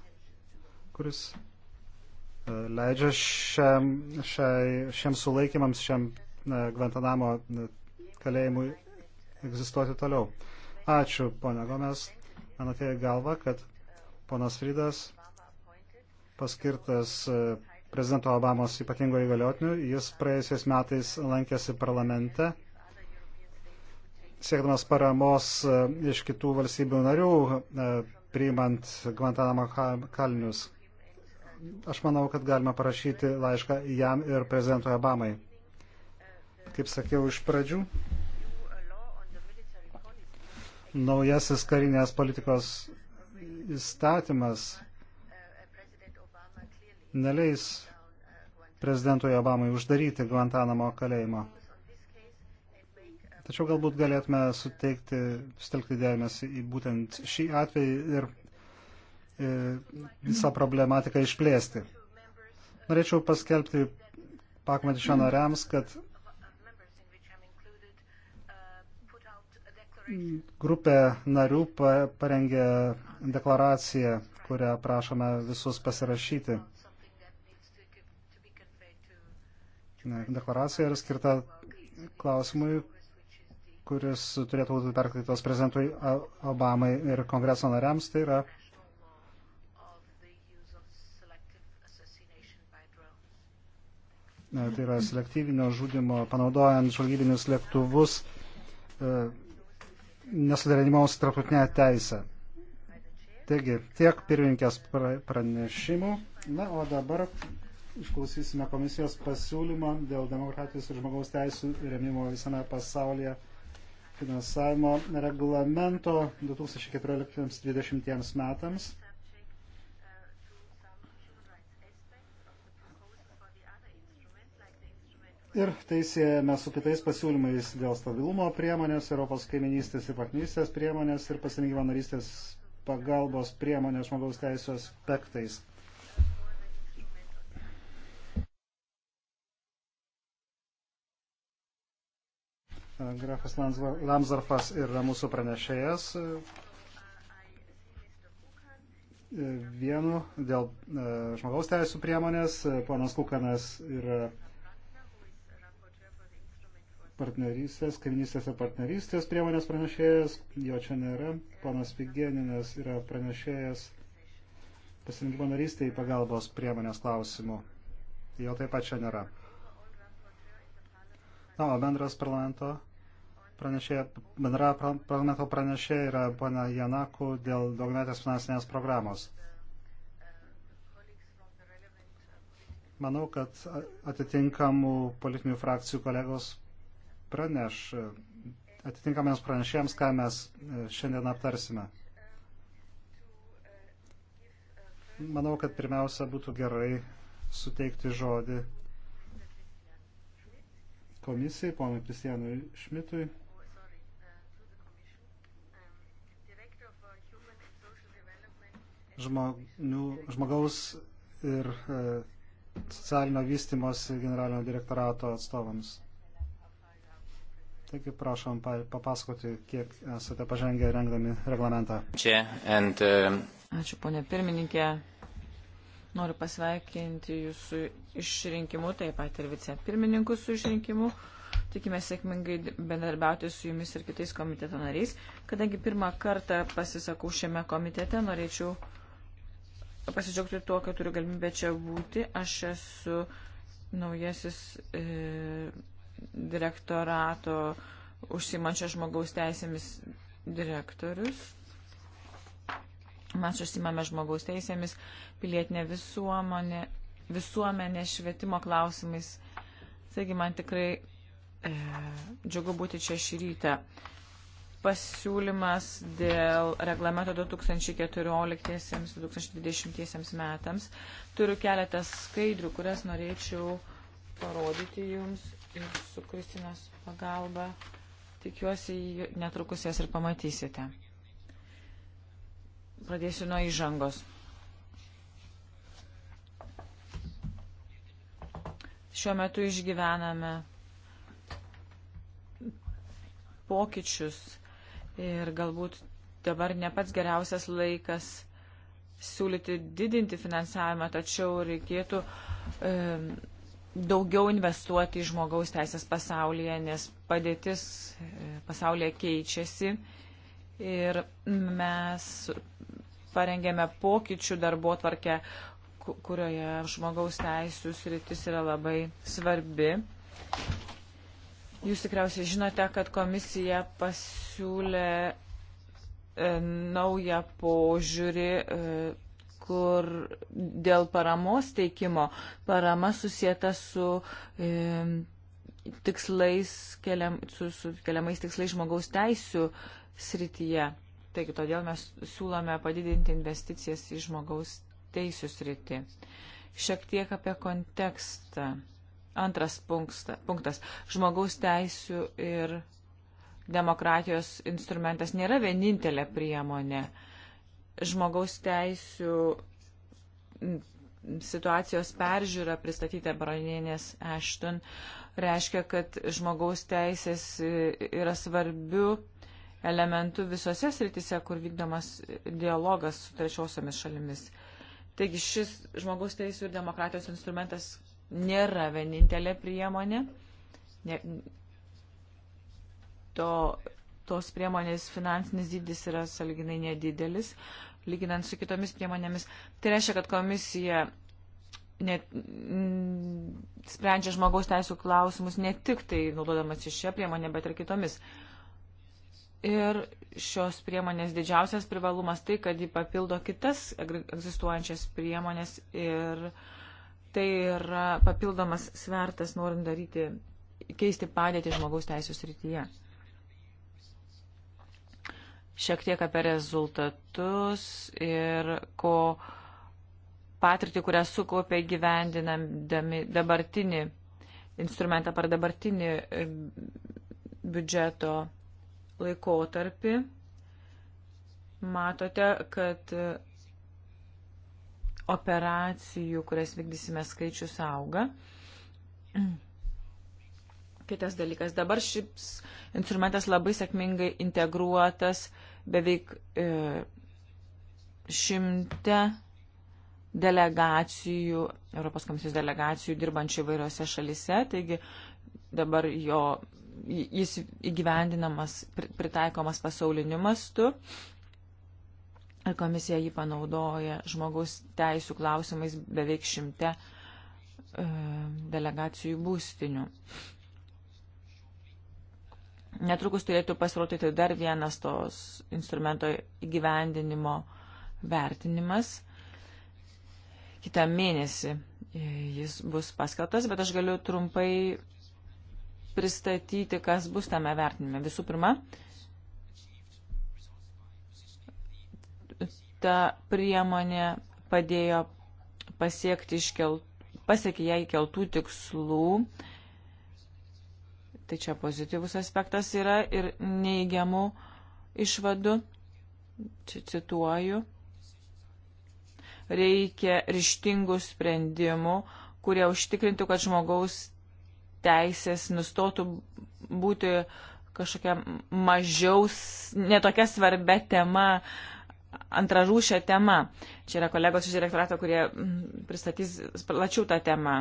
kuris e, leidžia šiam, šiai, šiam sulaikymams, šiam e, Gvantanamo e, kalėjimui egzistuoti toliau. Ačiū, ponia Gomes. Man atėjo galva, kad ponas Frydas paskirtas prezidento Obamos ypatingo įgaliotiniu. Jis praėjusiais metais lankėsi parlamente siekdamas paramos e, iš kitų valstybių narių, e, priimant Guantanamo kalinius. Aš manau, kad galima parašyti laišką jam ir prezidentui Obamai. Kaip sakiau iš pradžių, naujasis karinės politikos įstatymas neleis prezidentui Obamai uždaryti Guantanamo kalėjimo. Tačiau galbūt galėtume suteikti, sutelkti dėmesį į būtent šį atvejį ir, ir e, visą problematiką išplėsti. Norėčiau paskelbti pakmatišio nariams, kad grupė narių parengė deklaraciją, kurią prašome visus pasirašyti. Deklaracija yra skirta klausimui, kuris turėtų būti perkaitas prezidentui Obamai ir kongreso nariams, tai yra tai yra selektyvinio žudimo, panaudojant žvalgybinius lėktuvus e, nesuderinimaus tarptautinę teisę. Taigi, tiek pirmininkės pranešimų. Na, o dabar išklausysime komisijos pasiūlymą dėl demokratijos ir žmogaus teisų remimo visame pasaulyje finansavimo reglamento 2014-2020 metams. Ir tai siejame su kitais pasiūlymais dėl stabilumo priemonės, Europos kaiminystės ir partnerystės priemonės ir pasirinkimo narystės pagalbos priemonės žmogaus teisų aspektais. Grafas Lamsdorfas yra mūsų pranešėjas. E, vienu dėl e, žmogaus teisų priemonės, e, ponas Kukanas yra partnerystės, kaiminystės ir partnerystės priemonės pranešėjas, jo čia nėra. Ponas Vigeninas yra pranešėjas pasirinkimo narystėje pagalbos priemonės klausimų. Jo taip pat čia nėra. Na, o bendras parlamento pranešė, bendra parlamento pranešė yra pana Janaku dėl daugmetės finansinės programos. Manau, kad atitinkamų politinių frakcijų kolegos praneš atitinkamiems pranešėjams, ką mes e, šiandien aptarsime. Manau, kad pirmiausia būtų gerai suteikti žodį komisijai, ponui Kristijanui Šmitui. Žmonių, žmogaus ir e, socialinio vystimosi generalinio direktorato atstovams. Taigi prašom papasakoti, kiek esate pažengę rengdami reglamentą. Čia, and, uh... Ačiū, ponė pirmininkė. Noriu pasveikinti jūsų išrinkimu, taip pat ir vicepirmininkus su išrinkimu. Tikime sėkmingai bendarbiauti su jumis ir kitais komiteto nariais. Kadangi pirmą kartą pasisakau šiame komitete, norėčiau pasidžiaugti tuo, kad turiu galimybę čia būti. Aš esu naujasis e, direktorato užsimančio žmogaus teisėmis direktorius. Mes užsimame žmogaus teisėmis pilietinė visuomenė, visuomenė švietimo klausimais. Taigi man tikrai e, džiugu būti čia šį rytą. Pasiūlymas dėl reglamento 2014-2020 metams. Turiu keletą skaidrių, kurias norėčiau parodyti jums ir su Kristinos pagalba. Tikiuosi, netrukus jas ir pamatysite. Pradėsiu nuo įžangos. šiuo metu išgyvename pokyčius ir galbūt dabar ne pats geriausias laikas siūlyti didinti finansavimą, tačiau reikėtų e, daugiau investuoti į žmogaus teisės pasaulyje, nes padėtis e, pasaulyje keičiasi ir mes parengėme pokyčių darbo tvarkę, kurioje žmogaus teisų sritis yra labai svarbi. Jūs tikriausiai žinote, kad komisija pasiūlė e, naują požiūrį, e, kur dėl paramos teikimo parama susieta su e, tikslais, keliam, su, su keliamais tikslais žmogaus teisų srityje. Taigi todėl mes siūlome padidinti investicijas į žmogaus teisų sritį. Šiek tiek apie kontekstą. Antras punktas, punktas - žmogaus teisų ir demokratijos instrumentas nėra vienintelė priemonė. Žmogaus teisų situacijos peržiūra pristatyta baronienės Ashton reiškia, kad žmogaus teisės yra svarbių elementų visose sritise, kur vykdomas dialogas su trečiosiomis šalimis. Taigi šis žmogaus teisų ir demokratijos instrumentas nėra vienintelė priemonė. Ne, to, tos priemonės finansinis dydis yra saliginai nedidelis, lyginant su kitomis priemonėmis. Tai reiškia, kad komisija net, m, sprendžia žmogaus teisų klausimus ne tik tai naudodamas iš šią priemonę, bet ir kitomis. Uh, Ir šios priemonės didžiausias privalumas tai, kad ji papildo kitas egzistuojančias priemonės ir tai yra papildomas svertas, norint daryti, keisti padėtį žmogaus teisų srityje. Šiek tiek apie rezultatus ir ko patirtį, kurią sukaupė gyvendinami dabartinį instrumentą per dabartinį e, biudžeto laikotarpį matote, kad operacijų, kurias vykdysime skaičius auga. Kitas dalykas, dabar šis instrumentas labai sėkmingai integruotas beveik e, šimte delegacijų, Europos komisijos delegacijų dirbančių įvairiose šalise, taigi dabar jo jis įgyvendinamas, pritaikomas pasauliniu mastu. Ir komisija jį panaudoja žmogaus teisų klausimais beveik šimte e, delegacijų būstinių. Netrukus turėtų pasirodyti dar vienas tos instrumento įgyvendinimo vertinimas. Kita mėnesį jis bus paskeltas, bet aš galiu trumpai pristatyti, kas bus tame vertinime. Visų pirma, ta priemonė padėjo pasiekti iškeltų pasiekė ją įkeltų tikslų. Tai čia pozityvus aspektas yra ir neįgiamų išvadų. Čia cituoju. Reikia ryštingų sprendimų, kurie užtikrintų, kad žmogaus teisės nustotų būti kažkokia mažiau, netokia svarbia tema, antrarūšia tema. Čia yra kolegos iš direktorato, kurie mm, pristatys plačiau tą temą.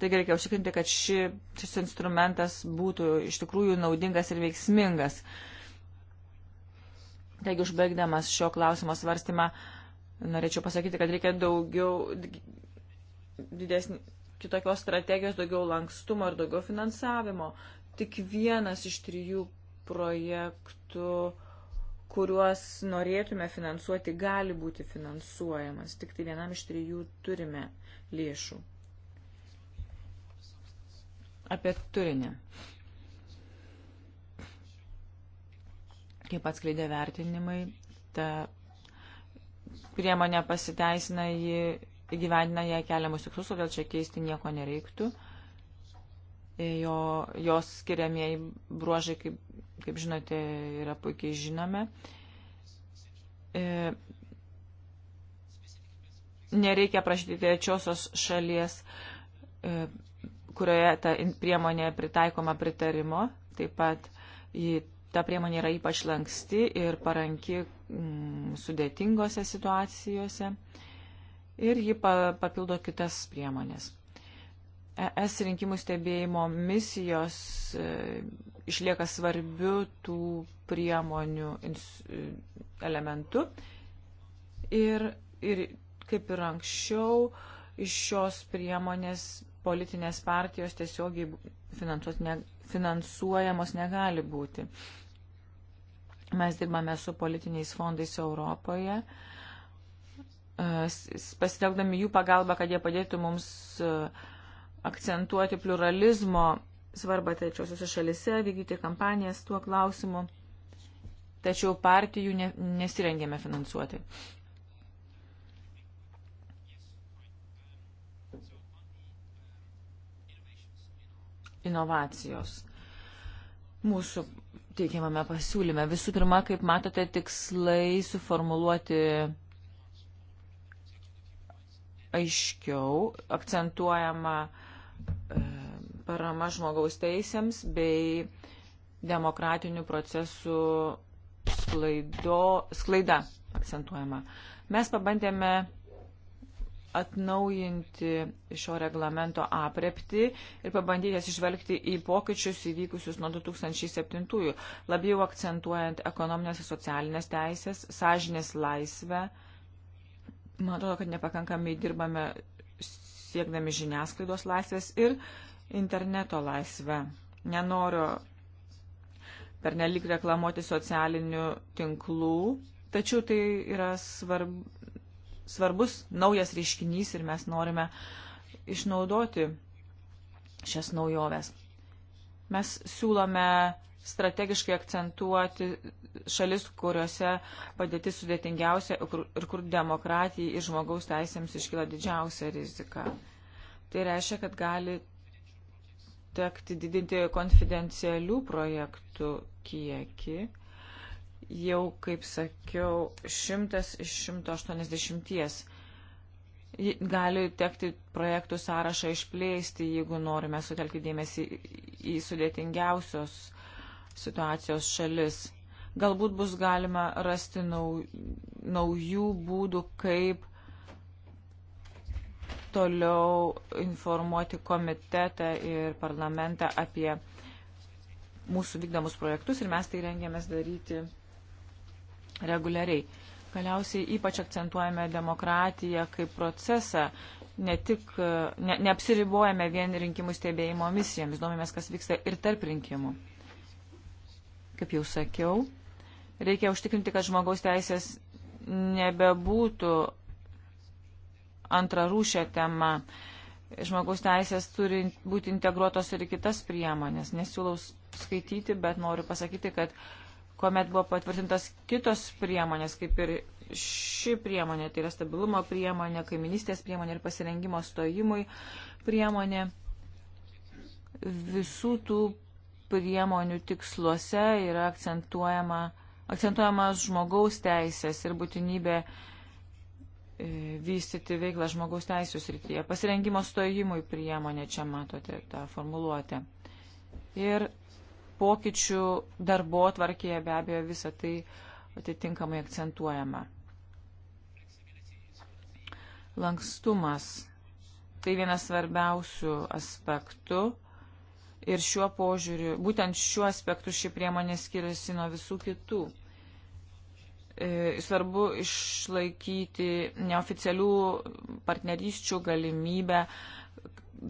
Taigi reikia užtikrinti, kad ši, šis instrumentas būtų iš tikrųjų naudingas ir veiksmingas. Taigi užbaigdamas šio klausimo svarstymą, norėčiau pasakyti, kad reikia daugiau didesnį kitokios strategijos, daugiau lankstumo ir daugiau finansavimo. Tik vienas iš trijų projektų, kuriuos norėtume finansuoti, gali būti finansuojamas. Tik tai vienam iš trijų turime lėšų. Apie turinį. Kaip atskleidė vertinimai, ta priemonė pasiteisina, ji įgyvendina jai keliamus tikslus, todėl čia keisti nieko nereiktų. E, jo, jos skiriamieji bruožai, kaip, kaip žinote, yra puikiai žinome. E, nereikia prašyti trečiosios šalies, e, kurioje ta priemonė pritaikoma pritarimo. Taip pat jį, ta priemonė yra ypač lanksti ir paranki m, mm, sudėtingose situacijose. E, ir ji papildo kitas priemonės. ES rinkimų stebėjimo misijos e, išlieka svarbiu tų priemonių e, elementu. Ir, ir kaip ir anksčiau, iš šios priemonės politinės partijos tiesiogiai ne, finansuojamos negali būti. Mes dirbame su politiniais fondais Europoje. Uh, pasitelkdami jų pagalbą, kad jie padėtų mums akcentuoti pluralizmo svarbą trečiosiuose šalise, vykdyti kampanijas tuo klausimu. Tačiau partijų ne, nesirengėme finansuoti. Inovacijos. Mūsų teikiamame pasiūlyme. Visų pirma, kaip matote, tikslai suformuluoti aiškiau akcentuojama e, parama žmogaus teisėms bei demokratinių procesų sklaido, sklaida akcentuojama. Mes pabandėme atnaujinti šio reglamento aprepti ir pabandyti jas išvelgti į pokyčius įvykusius nuo 2007-ųjų, labiau akcentuojant ekonominės ir socialinės teisės, sąžinės laisvę, Man atrodo, kad nepakankamai dirbame siekdami žiniasklaidos laisvės ir interneto laisvę. Nenoriu per nelik reklamuoti socialinių tinklų, tačiau tai yra svarb, svarbus naujas reiškinys ir mes norime išnaudoti šias naujoves. Mes siūlome strategiškai akcentuoti šalis, kuriuose padėtis sudėtingiausia ir kur demokratijai ir žmogaus teisėms iškyla didžiausia rizika. Tai reiškia, kad gali tekti didinti konfidencialių projektų kiekį. Jau, kaip sakiau, 100 iš 180 gali tekti projektų sąrašą išplėsti, jeigu norime sutelkti dėmesį į sudėtingiausios situacijos šalis. Galbūt bus galima rasti nau, naujų būdų, kaip toliau informuoti komitetą ir parlamentą apie mūsų vykdomus projektus ir mes tai rengiamės daryti reguliariai. Galiausiai ypač akcentuojame demokratiją kaip procesą, ne tik, ne, neapsiribojame vien rinkimų stebėjimo misijomis, domimės, kas vyksta ir tarp rinkimų. Kaip jau sakiau, reikia užtikrinti, kad žmogaus teisės nebebūtų antrarūšė tema. Žmogaus teisės turi būti integruotos ir kitas priemonės. Nesiūlau skaityti, bet noriu pasakyti, kad kuomet buvo patvirtintas kitos priemonės, kaip ir ši priemonė, tai yra stabilumo priemonė, kaiminystės priemonė ir pasirengimo stojimui priemonė, visų tų priemonių tiksluose yra akcentuojama, akcentuojamas žmogaus teisės ir būtinybė e, vystyti veiklą žmogaus teisų srityje. Pasirengimo stojimui priemonė čia matote tą formuluotę. Ir pokyčių darbo tvarkėje be abejo visą tai atitinkamai akcentuojama. Lankstumas. Tai vienas svarbiausių aspektų Ir šiuo požiūriu, būtent šiuo aspektu ši priemonė skiriasi nuo visų kitų. E, svarbu išlaikyti neoficialių partnerysčių galimybę,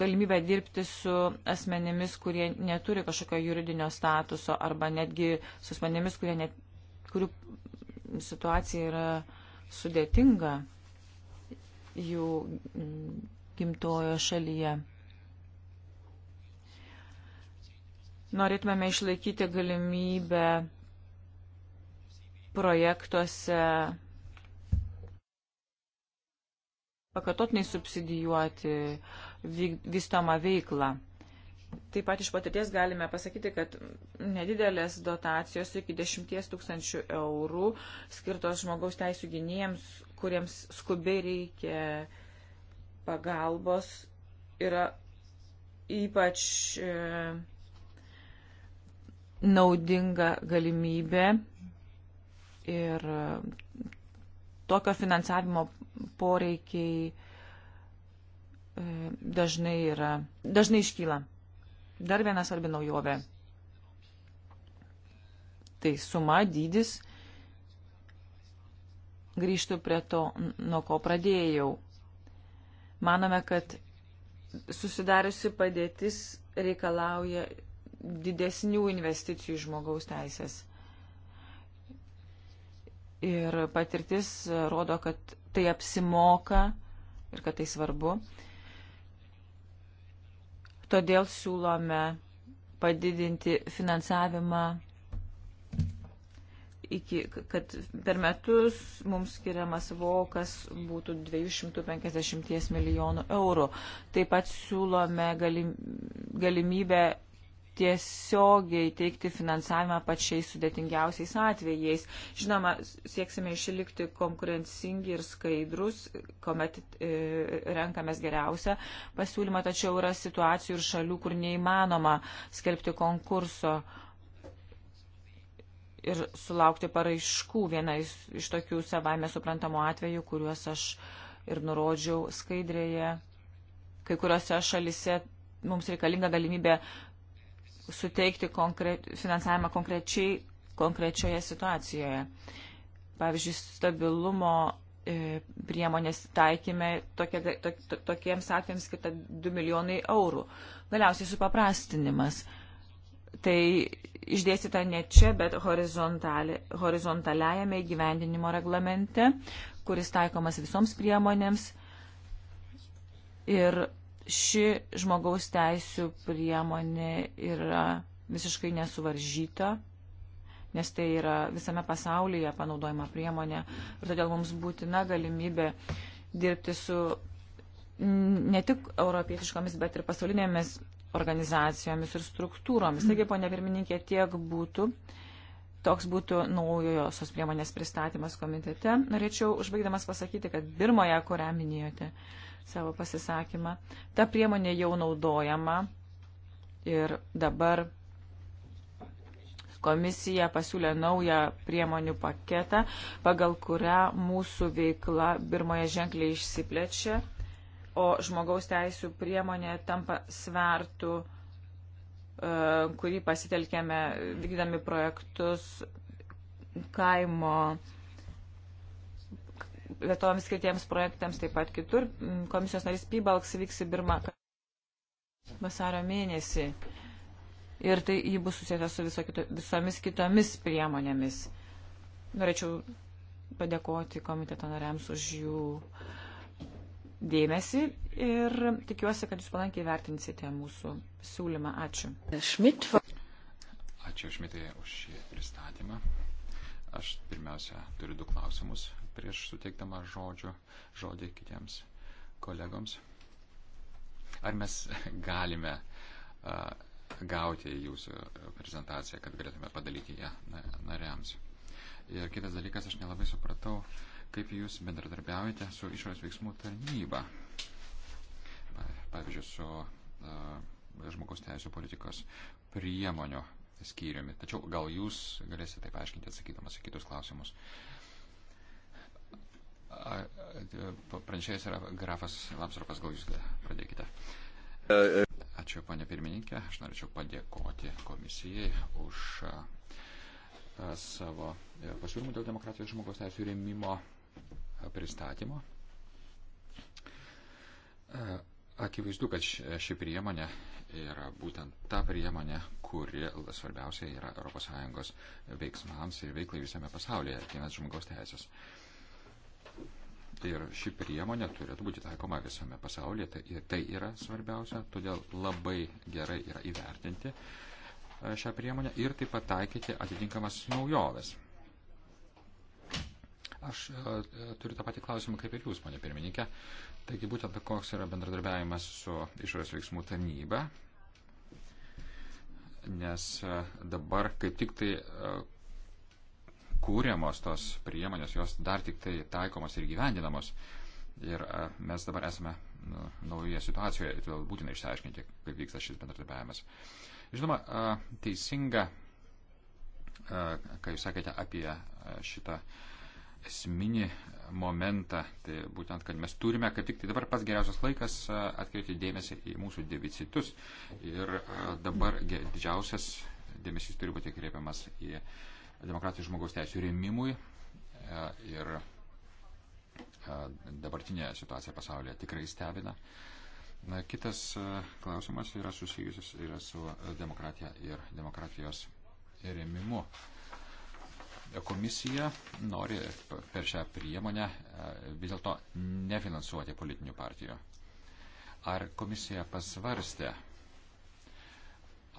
galimybę dirbti su asmenimis, kurie neturi kažkokio juridinio statuso arba netgi su asmenimis, kurie net, kurių situacija yra sudėtinga jų gimtojo šalyje. norėtumėme išlaikyti galimybę projektuose pakatotiniai subsidijuoti vystomą veiklą. Taip pat iš patirties galime pasakyti, kad nedidelės dotacijos iki 10 tūkstančių eurų skirtos žmogaus teisų gynėjams, kuriems skubiai reikia pagalbos, yra ypač e, naudinga galimybė ir e, tokio finansavimo poreikiai e, dažnai yra, dažnai iškyla. Dar viena svarbi naujovė. Tai suma, dydis. Grįžtu prie to, nuo ko pradėjau. Manome, kad susidariusi padėtis reikalauja didesnių investicijų į žmogaus teisės. Ir patirtis rodo, kad tai apsimoka ir kad tai svarbu. Todėl siūlome padidinti finansavimą, iki, kad per metus mums skiriamas vokas būtų 250 milijonų eurų. Taip pat siūlome galim, galimybę tiesiogiai teikti finansavimą pačiais sudėtingiausiais atvejais. Žinoma, sieksime išlikti konkurencingi ir skaidrus, kuomet e, renkamės geriausią pasiūlymą, tačiau yra situacijų ir šalių, kur neįmanoma skelbti konkurso ir sulaukti paraiškų. Viena iš, iš tokių savame suprantamų atvejų, kuriuos aš ir nurodžiau skaidrėje, kai kuriuose šalise mums reikalinga galimybė suteikti konkre finansavimą konkrečiai, konkrečioje situacijoje. Pavyzdžiui, stabilumo e, priemonės taikime tokie, to, to, tokiems atvejams skirta 2 milijonai eurų. Galiausiai supaprastinimas. Tai išdėstyta ne čia, bet horizontaliajame įgyvendinimo reglamente, kuris taikomas visoms priemonėms. Ir ši žmogaus teisų priemonė yra visiškai nesuvaržyta, nes tai yra visame pasaulyje panaudojama priemonė ir todėl mums būtina galimybė dirbti su ne tik europietiškomis, bet ir pasaulinėmis organizacijomis ir struktūromis. Taigi, ponia pirmininkė, tiek būtų. Toks būtų naujojo sos priemonės pristatymas komitete. Norėčiau užbaigdamas pasakyti, kad Birmoje, kurią minėjote, uh, savo pasisakymą. Ta priemonė jau naudojama ir dabar komisija pasiūlė naują priemonių paketą, pagal kurią mūsų veikla Birmoje ženkliai išsiplečia, o žmogaus teisų priemonė tampa svertų, e, kurį pasitelkėme vykdami projektus kaimo vietovams skirtiems projektams, taip pat kitur. Mm, komisijos narys Pybalks vyks į Birmą vasario mėnesį. Ir tai jį bus susijęta su viso kito, visomis kitomis priemonėmis. Norėčiau padėkoti komiteto nariams už jų dėmesį ir tikiuosi, kad jūs palankiai vertinsite mūsų siūlymą. Ačiū. Šmit. Ačiū Šmitai už šį pristatymą. Aš pirmiausia turiu du klausimus prieš suteikdama žodžio, žodį kitiems kolegoms. Ar mes galime a, gauti jūsų prezentaciją, kad galėtume padalyti ją nariams? Ir kitas dalykas, aš nelabai supratau, kaip jūs bendradarbiaujate su išorės veiksmų tarnyba. Pavyzdžiui, su a, žmogaus teisų politikos priemonių skyriumi. Tačiau gal jūs galėsite tai paaiškinti atsakydamas į kitus klausimus. Uh, E, pranešėjas yra grafas Lamsropas, gal jūs pradėkite. E, e. Ačiū, ponė pirmininkė. Aš norėčiau padėkoti komisijai už savo pasiūlymų dėl demokratijos žmogaus teisų rėmimo pristatymo. Akivaizdu, kad ši priemonė yra būtent ta priemonė, kuri svarbiausia yra ES veiksmams ir veiklai visame pasaulyje, kinas žmogaus teisės. Uh, Ir ši priemonė turėtų būti taikoma visame pasaulyje. Tai, tai yra svarbiausia, todėl labai gerai yra įvertinti e, šią priemonę ir taip pat taikyti atitinkamas naujoves. Aš e, e, turiu tą patį klausimą kaip ir jūs, ponė pirmininkė. Taigi būtent koks yra bendradarbiavimas su išorės veiksmų tarnyba, nes dabar kaip tik tai kūriamos tos priemonės, jos dar tik tai taikomos ir gyvendinamos. Ir e, mes dabar esame nu, naujoje situacijoje ir todėl būtina išsiaiškinti, kaip vyksta šis bendradarbiavimas. Žinoma, e, teisinga, e, kai jūs sakėte apie šitą esminį momentą, tai būtent, kad mes turime, kaip tik tai dabar pats geriausias laikas atkreipti dėmesį į mūsų deficitus ir dabar didžiausias dėmesys turi būti kreipiamas į uh, demokratijos žmogaus teisų rėmimui e, ir e, dabartinė situacija pasaulyje tikrai stebina. Na, kitas e, klausimas yra susijusius yra su demokratija ir demokratijos rėmimu. Komisija nori per šią priemonę vis dėlto nefinansuoti politinių partijų. Ar komisija pasvarstė,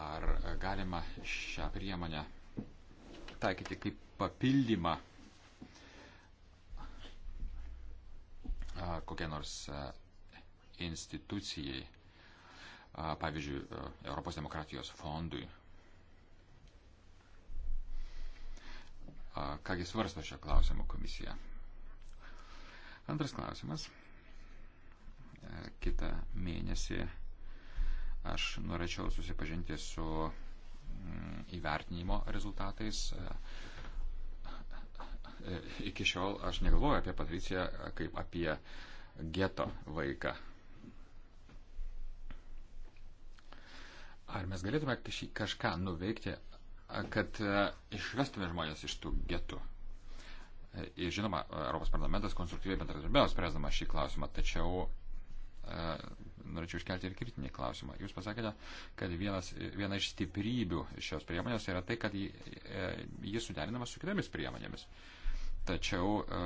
ar galima šią priemonę taikyti kaip papildymą kokia nors institucijai, pavyzdžiui, Europos demokratijos fondui. Kągi svarsto šią klausimą komisija? Antras klausimas. Kita mėnesį aš norėčiau susipažinti su Mm, įvertinimo rezultatais. Iki šiol aš negalvoju apie Patriciją kaip apie geto vaiką. Ar mes galėtume kažką nuveikti, kad e, išvestume žmonės iš tų getų? Ir e, žinoma, Europos parlamentas konstruktyviai bendradarbiavo spręsdama šį klausimą, tačiau e, norėčiau iškelti ir kritinį klausimą. Jūs pasakėte, kad vienas, viena iš stiprybių šios priemonės yra tai, kad jis e, suderinamas su kitomis priemonėmis. Tačiau e,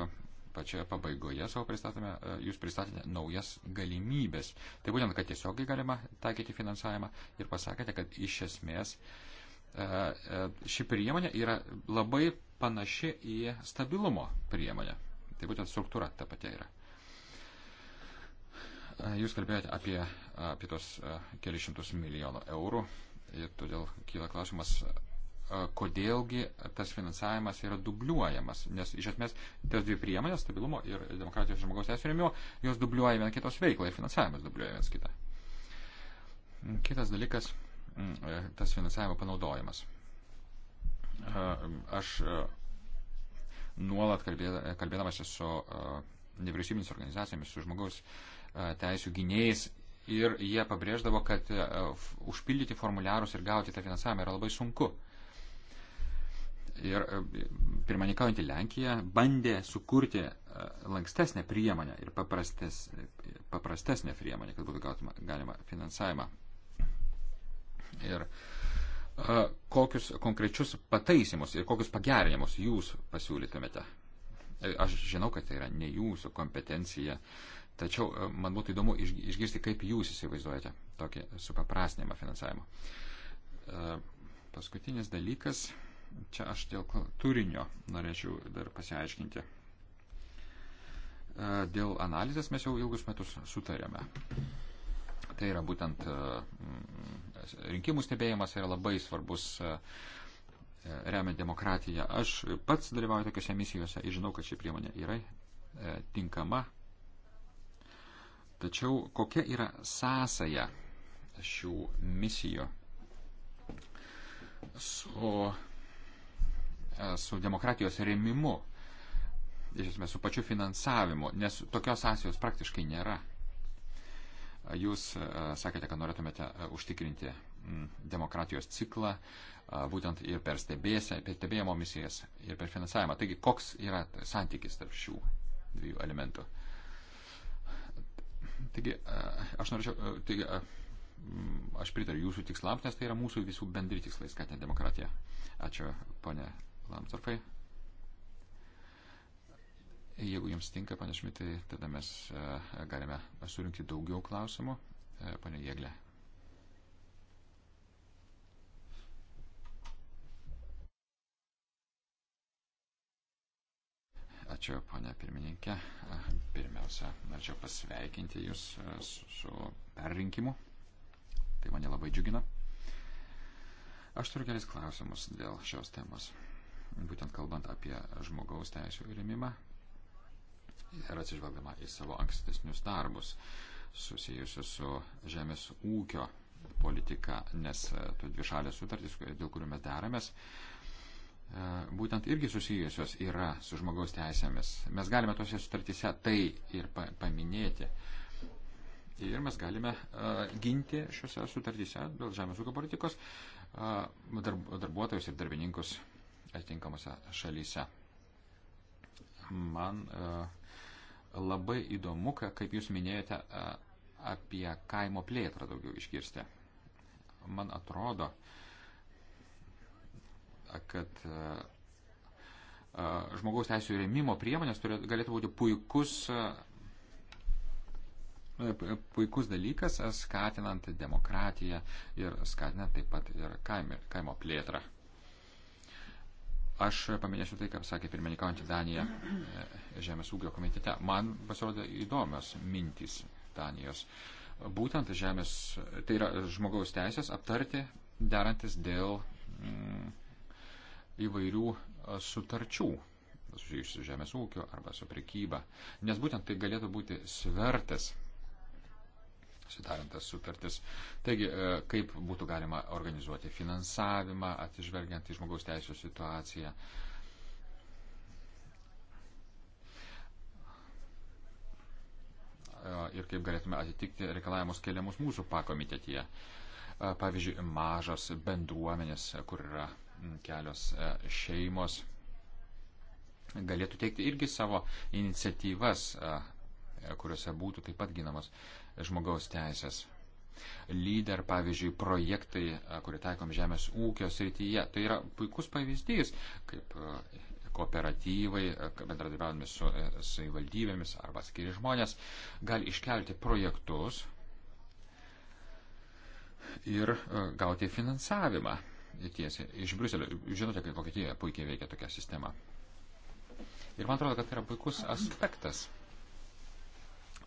pačioje pabaigoje savo pristatome, jūs pristatėte naujas galimybės. Tai būtent, kad tiesiogiai galima taikyti finansavimą ir pasakėte, kad iš esmės e, ši priemonė yra labai panaši į stabilumo priemonę. Tai būtent struktūra ta pati yra. Jūs kalbėjote apie, apie tos e, kelius šimtus milijonų eurų ir todėl kyla klausimas, e, kodėlgi tas finansavimas yra dubliuojamas, nes iš esmės tas dvi priemonės, stabilumo ir demokratijos žmogaus teisų rėmimo, jos dubliuoja viena kitos veiklą ir finansavimas dubliuoja vienas kitą. Kitas dalykas - e, tas finansavimo panaudojimas. Aš nuolat kalbėdamas su nevyriausybinės organizacijomis, su žmogaus uh, teisų gynėjais ir jie pabrėždavo, kad užpildyti formuliarus ir gauti tą finansavimą yra labai sunku. Ir pirmininkaujantį Lenkiją bandė sukurti lankstesnę priemonę ir paprastes, paprastesnę priemonę, kad būtų gautima, galima finansavimą. Ir kokius konkrečius pataisimus ir kokius pagerinimus jūs pasiūlytumėte? Aš žinau, kad tai yra ne jūsų kompetencija, Tačiau e, man būtų įdomu išgirsti, kaip jūs įsivaizduojate tokį supaprastinimą finansavimo. E, paskutinis dalykas, čia aš dėl turinio norėčiau dar pasiaiškinti. E, dėl analizės mes jau ilgus metus sutarėme. Tai yra būtent rinkimų stebėjimas yra labai svarbus remiant demokratiją. Aš pats dalyvauju tokiuose misijose ir žinau, kad ši priemonė yra tinkama Tačiau kokia yra sąsaja šių misijų su, e, su demokratijos rėmimu, iš esmės su pačiu finansavimu, nes tokios sąsajos praktiškai nėra. Jūs e, sakėte, kad norėtumėte e, užtikrinti demokratijos ciklą, būtent ir per, stebėse, per stebėjimo misijas, ir per finansavimą. Taigi, koks yra santykis tarp šių dviejų elementų? Taigi, e, aš norėčiau, e, taigi, e, aš pritariu jūsų tikslams, nes tai yra mūsų visų bendri tikslai skatinti demokratiją. Ačiū, ponė Lamsarfai. Jeigu jums tinka, panašmi, tai tada mes galime surinkti daugiau klausimų. Pane Jėglė, Ačiū, ponė pirmininkė. Pirmiausia, norėčiau pasveikinti Jūs e, su perrinkimu. Tai mane labai džiugina. Aš turiu kelis klausimus dėl šios temos. Būtent kalbant apie žmogaus teisų įrimimą ir atsižvelgiamą į savo ankstesnius darbus susijusius su žemės ūkio politika, nes e, tų dvišalės sutartys, dėl kurių mes deramės, E, būtent irgi susijusios yra su žmogaus teisėmis. Mes galime tose sutartyse tai ir pa paminėti. Ir mes galime uh, ginti šiuose sutartyse dėl žemės ūkio politikos uh, darb darbuotojus ir darbininkus atitinkamose šalyse. Man uh, labai įdomu, ka, kaip jūs minėjote, uh, apie kaimo plėtrą daugiau išgirsti. Man atrodo, uh, kad e, e, žmogaus teisų rėmimo priemonės galėtų būti puikus, e, puikus dalykas, skatinant demokratiją ir skatinant taip pat ir kaimo, kaimo plėtrą. Aš paminėsiu tai, ką sakė pirmininkaujantį Daniją Žemės ūkio komitete. Man pasirodė įdomios mintys Danijos. Būtent žemės, tai yra žmogaus teisės aptarti, derantis dėl mm, įvairių sutarčių susijusių su žemės ūkiu arba su prekyba, nes būtent tai galėtų būti svertas sudarantas sutartis. Taigi, kaip būtų galima organizuoti finansavimą, atsižvelgiant į žmogaus teisų situaciją. Ir kaip galėtume atitikti reikalavimus keliamus mūsų pakomitetyje. Pavyzdžiui, mažos bendruomenės, kur yra kelios e, šeimos galėtų teikti irgi savo iniciatyvas, e, kuriuose būtų taip pat ginamos žmogaus teisės. Lyder, pavyzdžiui, projektai, e, kurie taikom žemės ūkio srityje, tai yra puikus pavyzdys, kaip kooperatyvai, bendradarbiaudami su savivaldybėmis arba skiri žmonės, gali iškelti projektus ir gauti finansavimą tiesiai iš Briuselio. Žinote, kaip Vokietijoje puikiai veikia tokia sistema. Ir man atrodo, kad tai yra puikus aspektas.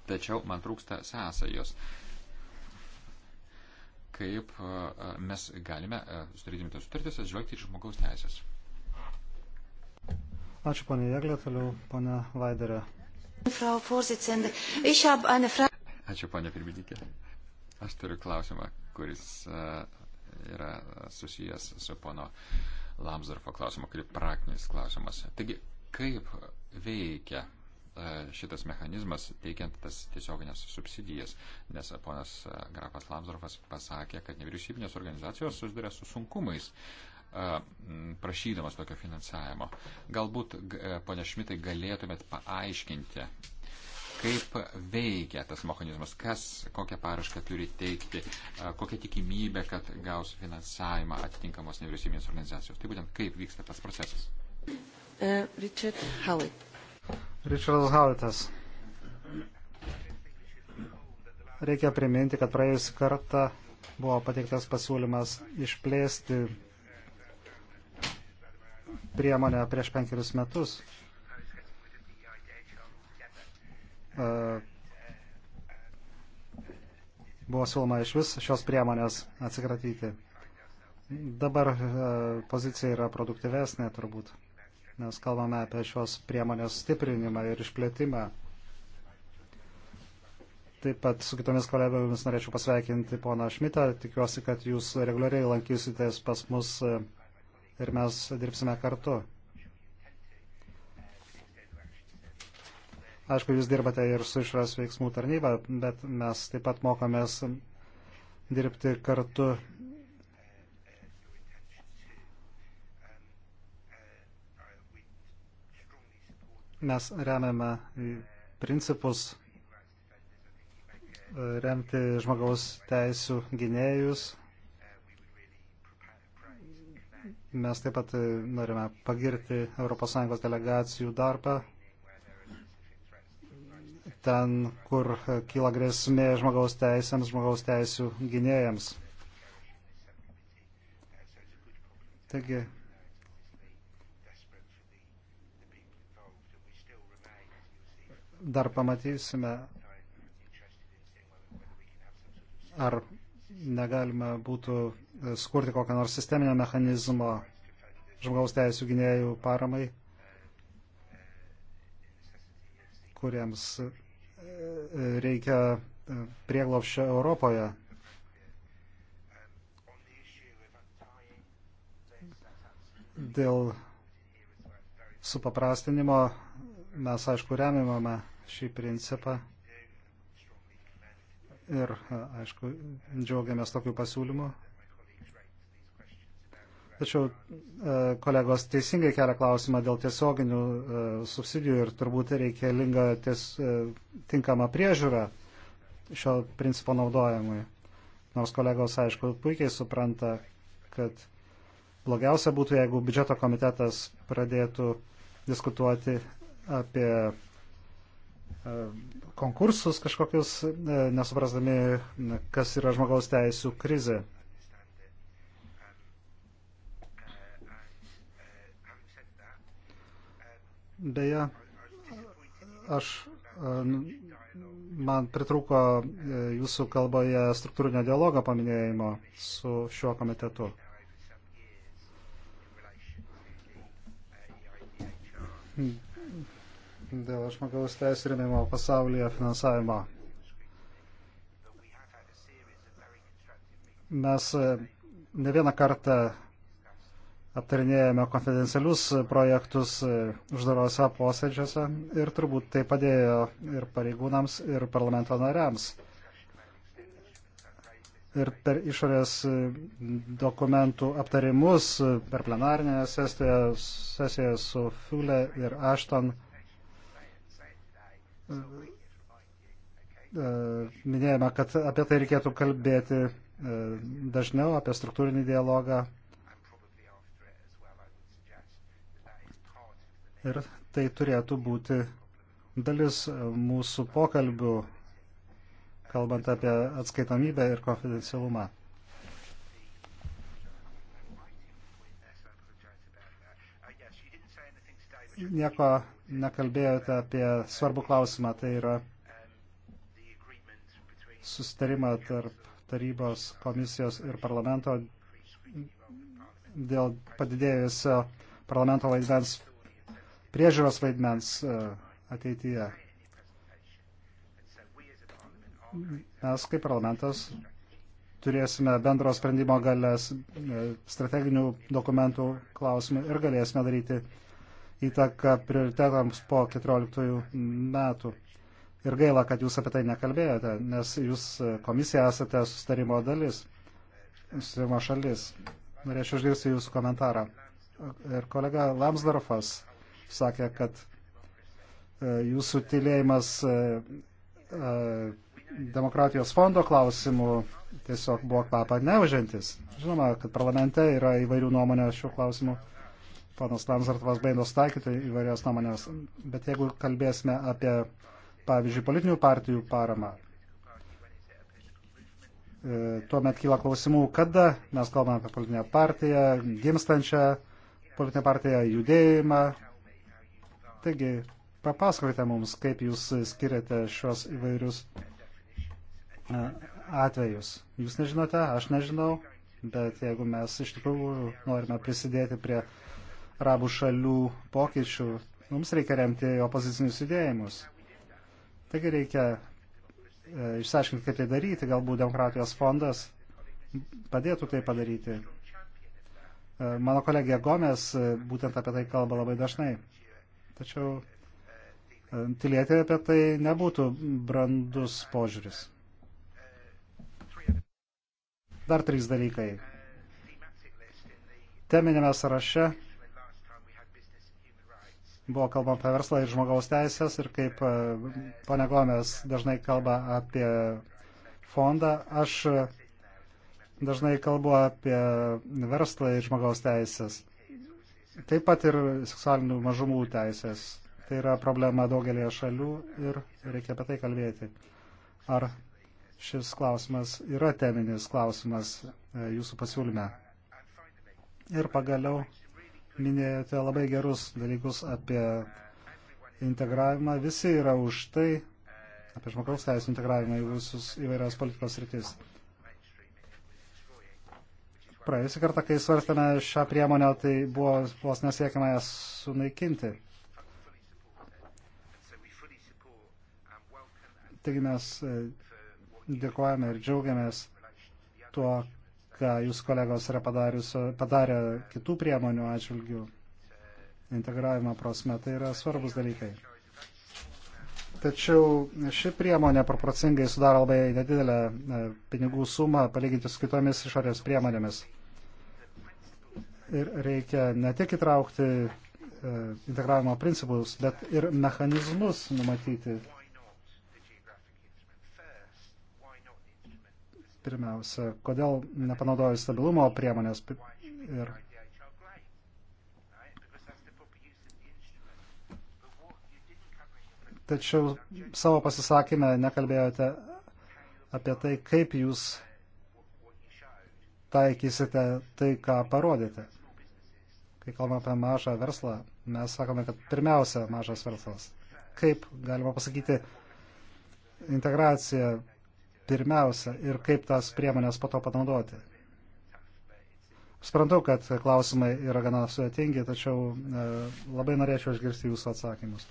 Tačiau man trūksta sąsajos. Kaip mes galime, sudarydami tas sutartis, atsižvelgti į žmogaus teisės. Ačiū, ponė Jeglė, toliau ponė Vaiderė. Ačiū, ponė pirmininkė. Aš turiu klausimą, kuris uh, yra susijęs su pono Lamsdorfo klausimu, kaip praktinis klausimas. Taigi, kaip veikia e, šitas mechanizmas teikiant tas tiesioginės subsidijas, nes ponas e, Grafas Lamsdorfas pasakė, kad nevyriausybinės organizacijos susiduria su sunkumais e, prašydamas tokio finansavimo. Galbūt, ponia Šmitai, galėtumėt paaiškinti, kaip veikia tas mechanizmas, kas kokią parašką turi teikti, kokia tikimybė, kad gaus finansavimą atitinkamos nevyriausybinės organizacijos. Tai būtent kaip vyksta tas procesas. Uh, Richard Howitt. Richardas Howittas. Reikia priminti, kad praėjusį kartą buvo pateiktas pasiūlymas išplėsti priemonę prieš penkerius metus E, buvo siūloma iš vis šios priemonės atsikratyti. Dabar e, pozicija yra produktyvesnė turbūt, nes kalbame apie šios priemonės stiprinimą ir išplėtimą. Taip pat su kitomis kolegomis norėčiau pasveikinti poną Šmitą. Tikiuosi, kad jūs reguliariai lankysitės pas mus e, ir mes dirbsime kartu. Aišku, jūs dirbate ir su išras veiksmų tarnyba, bet mes taip pat mokomės dirbti kartu. Mes remiame principus remti žmogaus teisų gynėjus. Mes taip pat norime pagirti ES delegacijų darbą ten, kur kyla grėsmė žmogaus teisėms, žmogaus teisų gynėjams. Taigi, dar pamatysime, ar negalima būtų skurti kokią nors sisteminę mechanizmo žmogaus teisų gynėjų paramai, kuriems reikia prieglopščio Europoje. Dėl supaprastinimo mes, aišku, remimame šį principą ir, aišku, džiaugiamės tokiu pasiūlymu. Tačiau e, kolegos teisingai kelia klausimą dėl tiesioginių e, subsidijų ir turbūt reikalinga ties, e, tinkama priežiūra šio principo naudojimui. Nors kolegos, aišku, puikiai supranta, kad blogiausia būtų, jeigu biudžeto komitetas pradėtų diskutuoti apie konkursus kažkokius, nesuprasdami, kas yra žmogaus teisų krizė. Beje, aš e, man pritruko e, jūsų kalboje struktūrinio dialogo paminėjimo su šiuo komitetu. Hmm. Dėl žmogaus teisų rėmimo pasaulyje finansavimo. Mes e, ne vieną kartą aptarinėjame konfidencialius projektus e, uždarose posėdžiuose ir turbūt tai padėjo ir pareigūnams, ir parlamento nariams. Ir per išorės e, dokumentų aptarimus, e, per plenarinę sesiją, sesiją su Fiule ir Ašton minėjome, kad apie tai reikėtų kalbėti dažniau, apie struktūrinį dialogą ir tai turėtų būti dalis mūsų pokalbių, kalbant apie atskaitomybę ir konfidencialumą. Nieko nekalbėjote apie svarbų klausimą, tai yra susitarimą tarp tarybos, komisijos ir parlamento dėl padidėjusio parlamento vaidmens priežiūros vaidmens e, ateityje. Mes kaip parlamentas turėsime bendro sprendimo galės e, strateginių dokumentų klausimų ir galėsime daryti įtaką prioritetams po 14 metų. Ir gaila, kad jūs apie tai nekalbėjote, nes jūs e, komisija esate sustarimo dalis, sustarimo šalis. Norėčiau išgirsti jūsų komentarą. Ir kolega Lamsdorfas sakė, kad e, jūsų tylėjimas e, e, demokratijos fondo klausimų tiesiog buvo kvapą neužiantis. Žinoma, kad parlamente yra įvairių nuomonę šiuo klausimu. Panas Lamsartovas baidos taikyti įvairias nuomonės. Bet jeigu kalbėsime apie, pavyzdžiui, politinių partijų paramą, tuomet kyla klausimų, kada mes kalbame apie politinę partiją, gimstančią politinę partiją, judėjimą, Taigi, papasakokite mums, kaip jūs skiriate šios įvairius e, atvejus. Jūs nežinote, aš nežinau, bet jeigu mes iš tikrųjų norime prisidėti prie arabų šalių pokyčių, mums reikia remti opozicinius judėjimus. Taigi reikia e, išsiaiškinti, kaip tai daryti, galbūt demokratijos fondas padėtų tai padaryti. E, mano kolegė Gomes e, būtent apie tai kalba labai dažnai. Tačiau e, tylėti apie tai nebūtų brandus požiūris. Dar trys dalykai. Teminėme sąraše buvo kalbama apie verslą ir žmogaus teisės ir kaip e, ponia Gomes dažnai kalba apie fondą, aš dažnai kalbu apie verslą ir žmogaus teisės. Taip pat ir seksualinių mažumų teisės. Tai yra problema daugelėje šalių ir reikia apie tai kalbėti. Ar šis klausimas yra teminis klausimas e, jūsų pasiūlyme? Ir pagaliau minėjote labai gerus dalykus apie integravimą. Visi yra už tai, apie žmogaus teisų integravimą į visus įvairias politikos rytis praėjusį kartą, kai svarstėme šią priemonę, tai buvo vos nesiekiama jas sunaikinti. Taigi mes e, dėkojame ir džiaugiamės tuo, ką jūs kolegos yra padarę kitų priemonių atžvilgių integravimo prasme. Tai yra svarbus dalykai. Tačiau ši priemonė proporcingai sudaro labai nedidelę e, pinigų sumą palyginti su kitomis išorės priemonėmis ir reikia ne tik įtraukti e, integravimo principus, bet ir mechanizmus numatyti. Pirmiausia, kodėl nepanaudoju stabilumo priemonės ir Tačiau savo pasisakymę nekalbėjote apie tai, kaip jūs taikysite tai, ką parodėte kai kalbame apie mažą verslą, mes sakome, kad pirmiausia mažas verslas. Kaip galima pasakyti integracija pirmiausia ir kaip tas priemonės po to panaudoti. Sprantu, kad klausimai yra gana sudėtingi, tačiau e, labai norėčiau išgirsti jūsų atsakymus.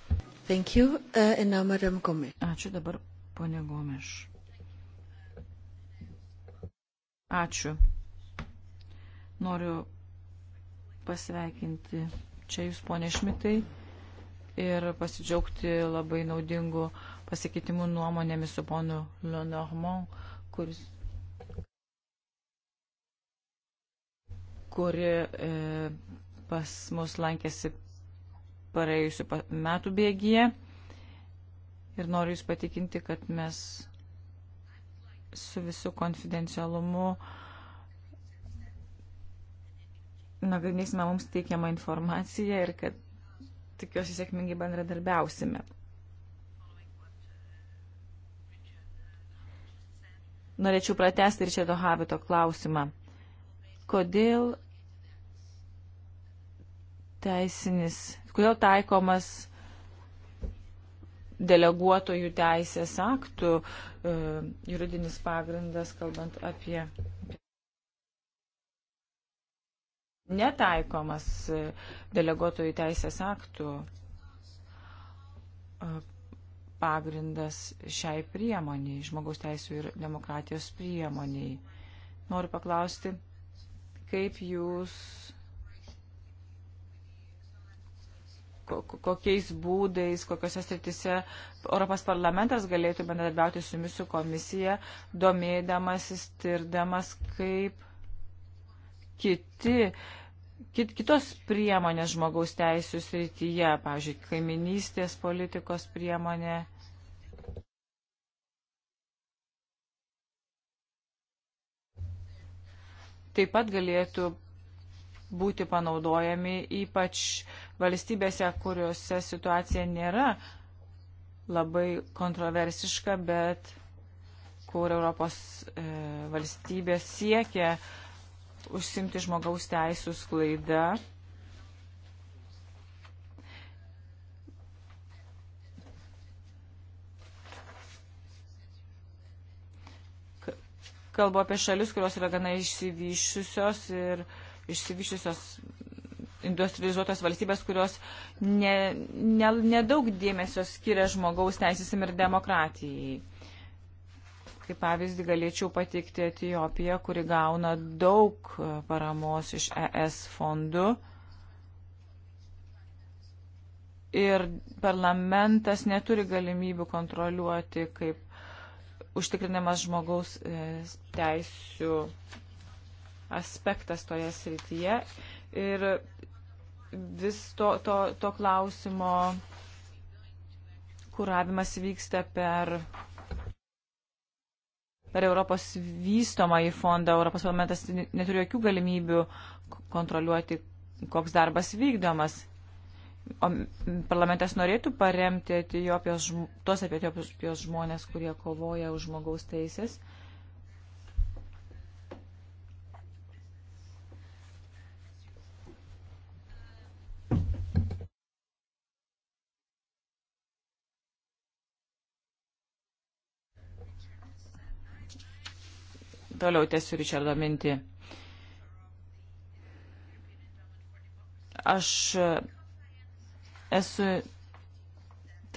Thank you, uh, now, Madam Gomes. Ačiū dabar, ponė Gomes. Ačiū. Noriu pasveikinti čia jūs, ponė Šmitai, ir pasidžiaugti labai naudingu pasikeitimu nuomonėmis su ponu Lenormand, kuris kuri e, pas mus lankėsi praėjusiu metų bėgyje. Ir noriu Jūs patikinti, kad mes su visų konfidencialumu e, nagrinėsime mums teikiamą informaciją ir kad tikiuosi sėkmingai bendradarbiausime. Norėčiau pratesti ir šito habito klausimą. Kodėl teisinis, kodėl taikomas deleguotojų teisės aktų e, juridinis pagrindas, kalbant apie netaikomas e, deleguotojų teisės aktų e, pagrindas šiai priemoniai, žmogaus teisų ir demokratijos priemoniai. Noriu paklausti, kaip jūs, kokiais būdais, kokiuose sritise Europos parlamentas galėtų bendradarbiauti su jumis, su komisija, domėdamasis, tirdamas, kaip kiti, kit, kitos priemonės žmogaus teisų srityje, pavyzdžiui, kaiminystės politikos priemonė. Taip pat galėtų būti panaudojami ypač valstybėse, kuriuose situacija nėra labai kontroversiška, bet kur Europos e, valstybės siekia e, užsimti žmogaus teisų sklaida. Kalbu apie šalis, kurios yra gana išsivyšusios ir išsivyšusios industrializuotos valstybės, kurios nedaug ne, ne, ne dėmesio skiria žmogaus teisėsim ir demokratijai. Kaip pavyzdį galėčiau pateikti Etijopiją, kuri gauna daug e, paramos iš ES fondų. Ir parlamentas neturi galimybių kontroliuoti, kaip užtikrinamas žmogaus e, teisų aspektas toje srityje. Ir vis to, to, to klausimo kuravimas vyksta per per Europos vystomą į fondą Europos parlamentas neturi jokių galimybių kontroliuoti, koks darbas vykdomas. O parlamentas norėtų paremti Etijopijos, tuos apie Etijopijos žmonės, kurie kovoja už žmogaus teisės. Toliau tiesiu Ričardo mintį. Aš e, esu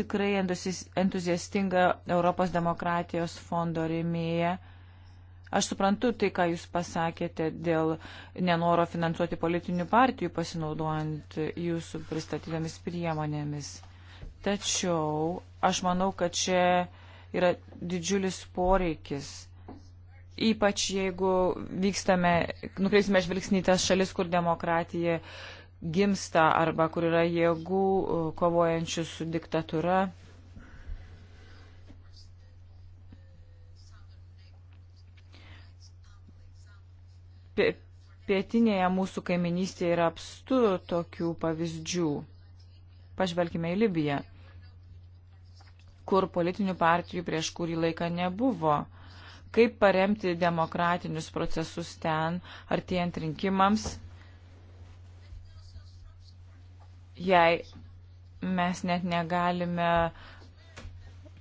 tikrai entuziastinga Europos demokratijos fondo rėmėja. Aš suprantu tai, ką Jūs pasakėte dėl nenoro finansuoti politinių partijų pasinaudojant Jūsų pristatytomis priemonėmis. Tačiau aš manau, kad čia yra didžiulis poreikis Ypač jeigu vykstame, nukreipsime žvilgsnį tas šalis, kur demokratija gimsta arba kur yra jėgų e, kovojančių su diktatūra. Pietinėje mūsų kaiminystėje yra apstu tokių pavyzdžių. Pažvelkime į Libiją, kur politinių partijų prieš kurį laiką nebuvo kaip paremti demokratinius procesus ten, artėjant rinkimams, jei mes net negalime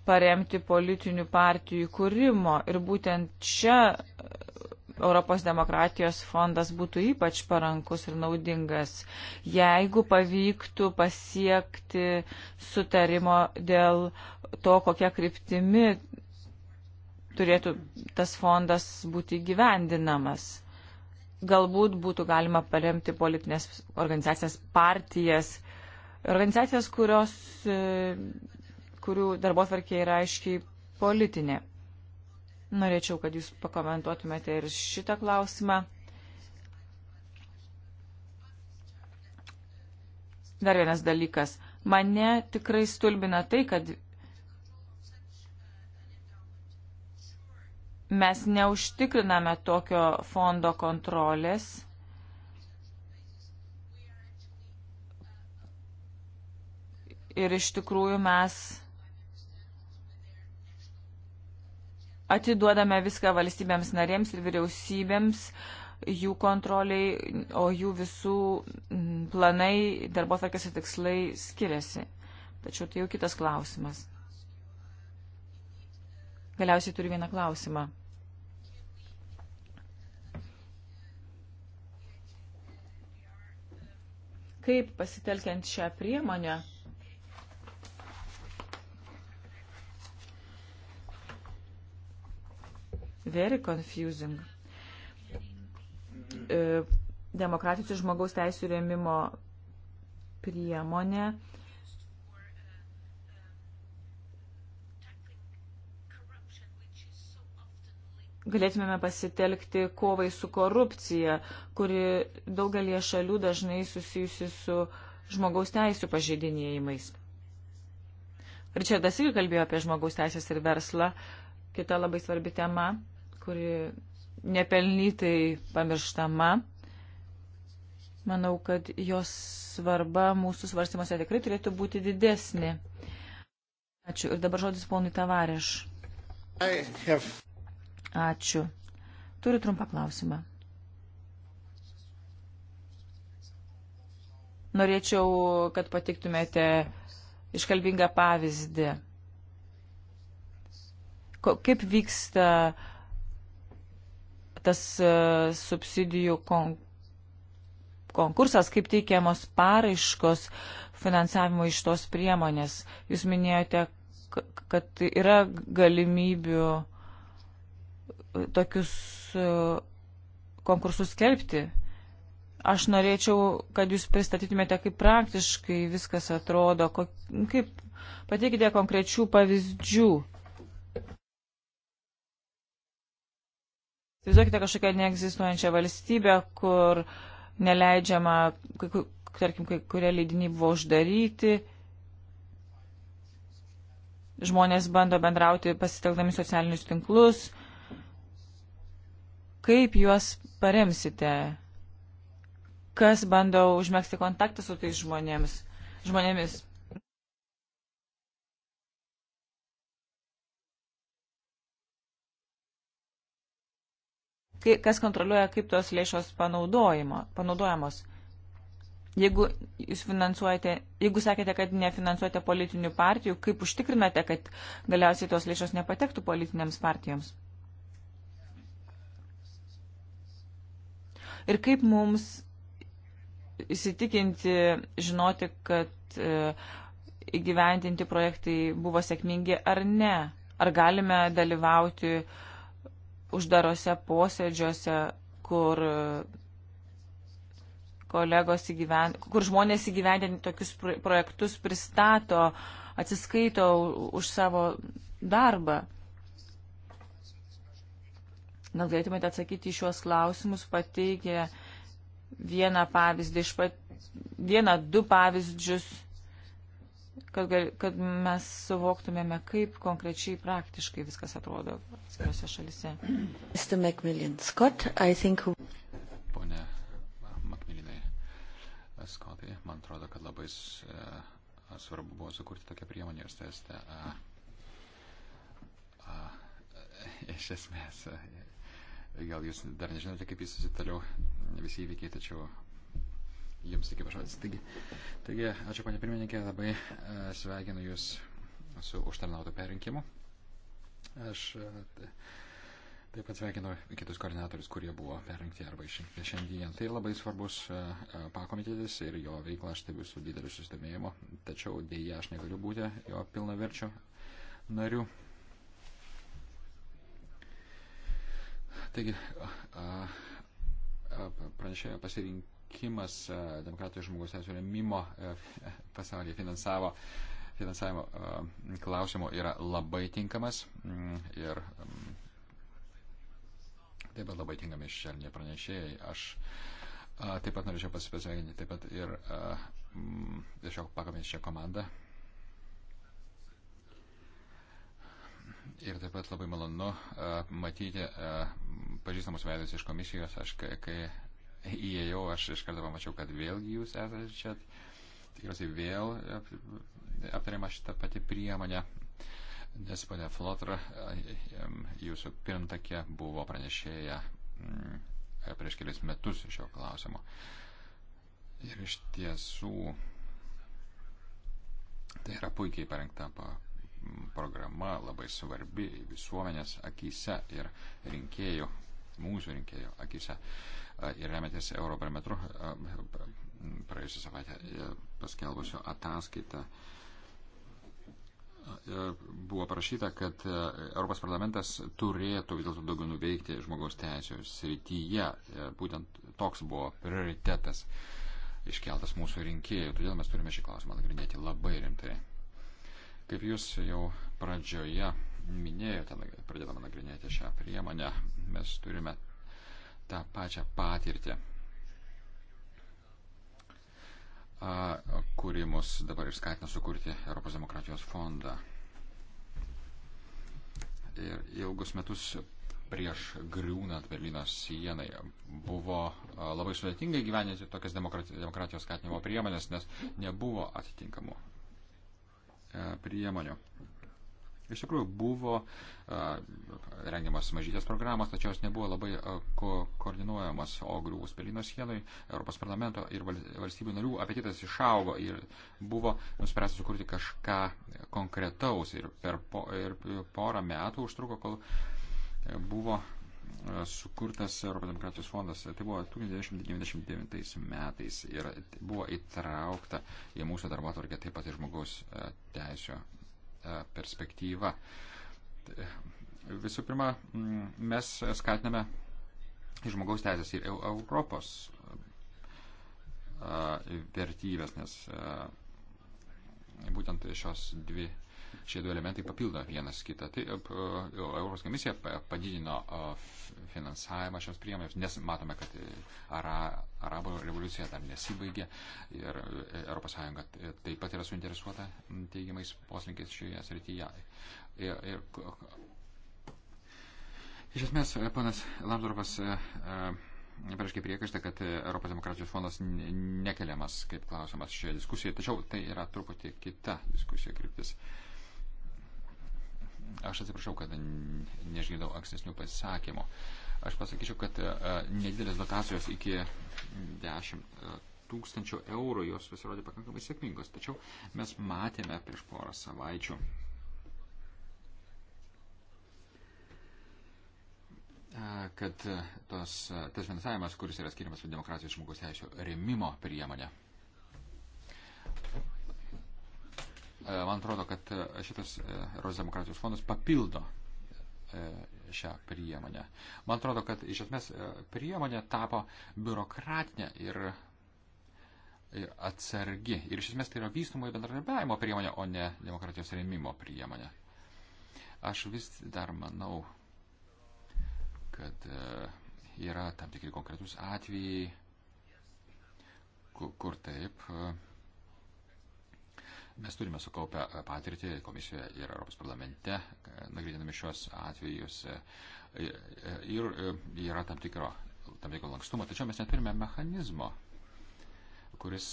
paremti politinių partijų kūrimo. Ir būtent čia uh, Europos demokratijos fondas būtų ypač parankus ir naudingas, jeigu pavyktų pasiekti sutarimo dėl to, kokia kryptimi turėtų tas fondas būti gyvendinamas. Galbūt būtų galima paremti politinės organizacijas, partijas, organizacijas, kurios, e, kurių darbo tvarkė yra aiškiai politinė. Norėčiau, kad jūs pakomentuotumėte ir šitą klausimą. Dar vienas dalykas. Mane tikrai stulbina tai, kad mes neužtikriname tokio fondo kontrolės. Ir iš tikrųjų mes atiduodame viską valstybėms narėms ir vyriausybėms, jų kontroliai, o jų visų planai, darbo atvarkės ir tikslai skiriasi. Tačiau tai jau kitas klausimas. Galiausiai turiu vieną klausimą. kaip pasitelkiant šią priemonę very confusing. E, demokratijos ir žmogaus teisų rėmimo priemonė galėtumėme pasitelkti kovai su korupcija, kuri daugelie šalių dažnai susijusi su žmogaus teisų pažeidinėjimais. Ričardas irgi kalbėjo apie žmogaus teisės ir verslą. Kita labai svarbi tema, kuri nepelnytai pamirštama. Manau, kad jos svarba mūsų svarstymuose tikrai turėtų būti didesnė. Ačiū. Ir dabar žodis ponui Tavareš. Have... Ačiū. Turiu trumpą klausimą. Norėčiau, kad patiktumėte iškalbingą pavyzdį. Ko, kaip vyksta tas uh, subsidijų kon, konkursas, kaip teikiamos paraiškos finansavimo iš tos priemonės? Jūs minėjote, kad yra galimybių uh, tokius e, konkursus skelbti. Aš norėčiau, kad jūs pristatytumėte, kaip praktiškai viskas atrodo, kaip pateikite konkrečių pavyzdžių. Įsivaizduokite kažkokią neegzistuojančią valstybę, kur neleidžiama, tarkim, kai kurie leidiniai buvo uždaryti, žmonės bando bendrauti pasitelkdami socialinius tinklus, Kaip juos paremsite? Kas bando užmėgsti kontaktą su tais žmonėms, žmonėmis? Kas kontroliuoja, kaip tos lėšos panaudojamos? Jeigu jūs finansuojate, jeigu sakėte, kad nefinansuojate politinių partijų, kaip užtikrinate, kad galiausiai tos lėšos nepatektų politinėms partijoms? ir kaip mums įsitikinti, žinoti, kad e, įgyvendinti projektai buvo sėkmingi ar ne. Ar galime dalyvauti uždarose posėdžiuose, kur e, kolegos įgyven, kur žmonės įgyvendinti tokius projektus pristato, atsiskaito už savo darbą. Gal galėtumėte atsakyti į šiuos klausimus, pateikė vieną pavyzdį, iš pat, vieną, du pavyzdžius, kad, gal, kad mes suvoktumėme, kaip konkrečiai praktiškai viskas atrodo atskiriuose šalise. Mr. Macmillan Scott, I think. Pone Macmillanai uh, Scottai, eh, man atrodo, kad labai uh, svarbu buvo sukurti tokią priemonę ir stesti. Uh, iš esmės Gal jūs dar nežinote, kaip jis toliau visi įvykiai, tačiau jums tik pažadis. Taigi, taigi, ačiū, panė pirmininkė, labai e, sveikinu jūs su užtarnautų perinkimu. Aš e, taip pat sveikinu kitus koordinatorius, kurie buvo perrinkti arba išrinkti šiandien. Tai labai svarbus e, pakomitėtis ir jo veikla aš tai stebiu su dideliu susidomėjimu, tačiau dėja aš negaliu būti jo pilnaverčiu nariu. Taigi, pranešėjo pasirinkimas demokratijos žmogaus teisų remimo e, pasaulyje finansavo, finansavimo klausimų yra labai tinkamas mm, ir mm, taip pat labai tinkami šešėliniai pranešėjai. Aš taip pat norėčiau pasipasveikinti taip pat ir mm, tiesiog pakomis šią komandą Ir taip pat labai malonu uh, matyti uh, pažįstamus veidus iš komisijos. Aš kai, kai įėjau, aš iš karto pamačiau, kad vėlgi jūs esate čia. Tikriausiai vėl e, aptariama šitą patį priemonę. Nes ponia Flotra, jūsų pirmtakė buvo pranešėja mm, prieš kelias metus šio klausimo. Ir iš tiesų tai yra puikiai parengta programa labai svarbi visuomenės akise ir rinkėjų, mūsų rinkėjų akise. E, ir remiantis Eurobarometru e, praėjusią savaitę e, paskelbusio ataskaitą buvo parašyta, kad Europos parlamentas turėtų vis dėlto daugiau nuveikti žmogaus teisėjų srityje. Būtent toks buvo prioritetas iškeltas mūsų rinkėjų. Todėl mes turime šį klausimą nagrinėti labai rimtai. Kaip jūs jau pradžioje minėjote, pradėdama nagrinėti šią priemonę, mes turime tą pačią patirtį, kuri mus dabar ir skatina sukurti Europos demokratijos fondą. Ir ilgus metus prieš griūnant Berlyno sienai buvo labai sudėtinga gyveninti tokias demokratijos skatinimo priemonės, nes nebuvo atitinkamų E, priemonių. Iš tikrųjų, buvo e, rengiamas mažytės programos, tačiau jos nebuvo labai e, ko koordinuojamos, o griuvus Pelino sienui Europos parlamento ir valstybių narių apetitas išaugo ir buvo nuspręsta sukurti kažką konkretaus ir per po, ir porą metų užtruko, kol buvo sukurtas Europos demokratijos fondas. Tai buvo 1999 metais ir buvo įtraukta į mūsų darbo tvarkę taip pat ir žmogaus e, teisio e, perspektyva. Visų pirma, mes skatiname žmogaus teisės ir Europos e, vertybės, nes būtent šios dvi Šie du elementai papildo vienas kitą. Tai e, e, Europos komisija padidino e, finansavimą šioms priemonėms, nes matome, kad ara, arabo revoliucija dar nesibaigė ir ES taip pat yra suinteresuota teigiamais poslinkiais šioje srityje. Ir, ir, iš esmės, panas Lamsdorfas. Uh, pareiškia priekaištą, kad Europos demokratijos fondas nekeliamas kaip klausimas šioje diskusijoje, tačiau tai yra truputį kita diskusija kryptis. Uh, Aš atsiprašau, kad nežinau ankstesnių pasisakymų. Aš pasakyčiau, kad e, nedidelės dotacijos iki 10 e, tūkstančių eurų jos pasirodė pakankamai sėkmingos. Tačiau mes matėme prieš porą savaičių. E, kad tos, tas finansavimas, kuris yra skiriamas demokratijos žmogaus teisų remimo priemonė, E, man atrodo, kad e, šitas e, Europos demokratijos fondas papildo šią priemonę. Man atrodo, kad iš esmės priemonė tapo biurokratinė ir atsargi. Ir iš esmės tai yra vystumo ir bendradarbiavimo priemonė, o ne demokratijos rėmimo priemonė. Aš vis dar manau, kad yra tam tikri konkretus atvejai, kur, kur taip Mes turime sukaupę patirtį komisijoje ir Europos parlamente, nagrinėdami šios atvejus. Ir yra tam tikro, tam tikro lankstumo, tačiau mes neturime mechanizmo, kuris.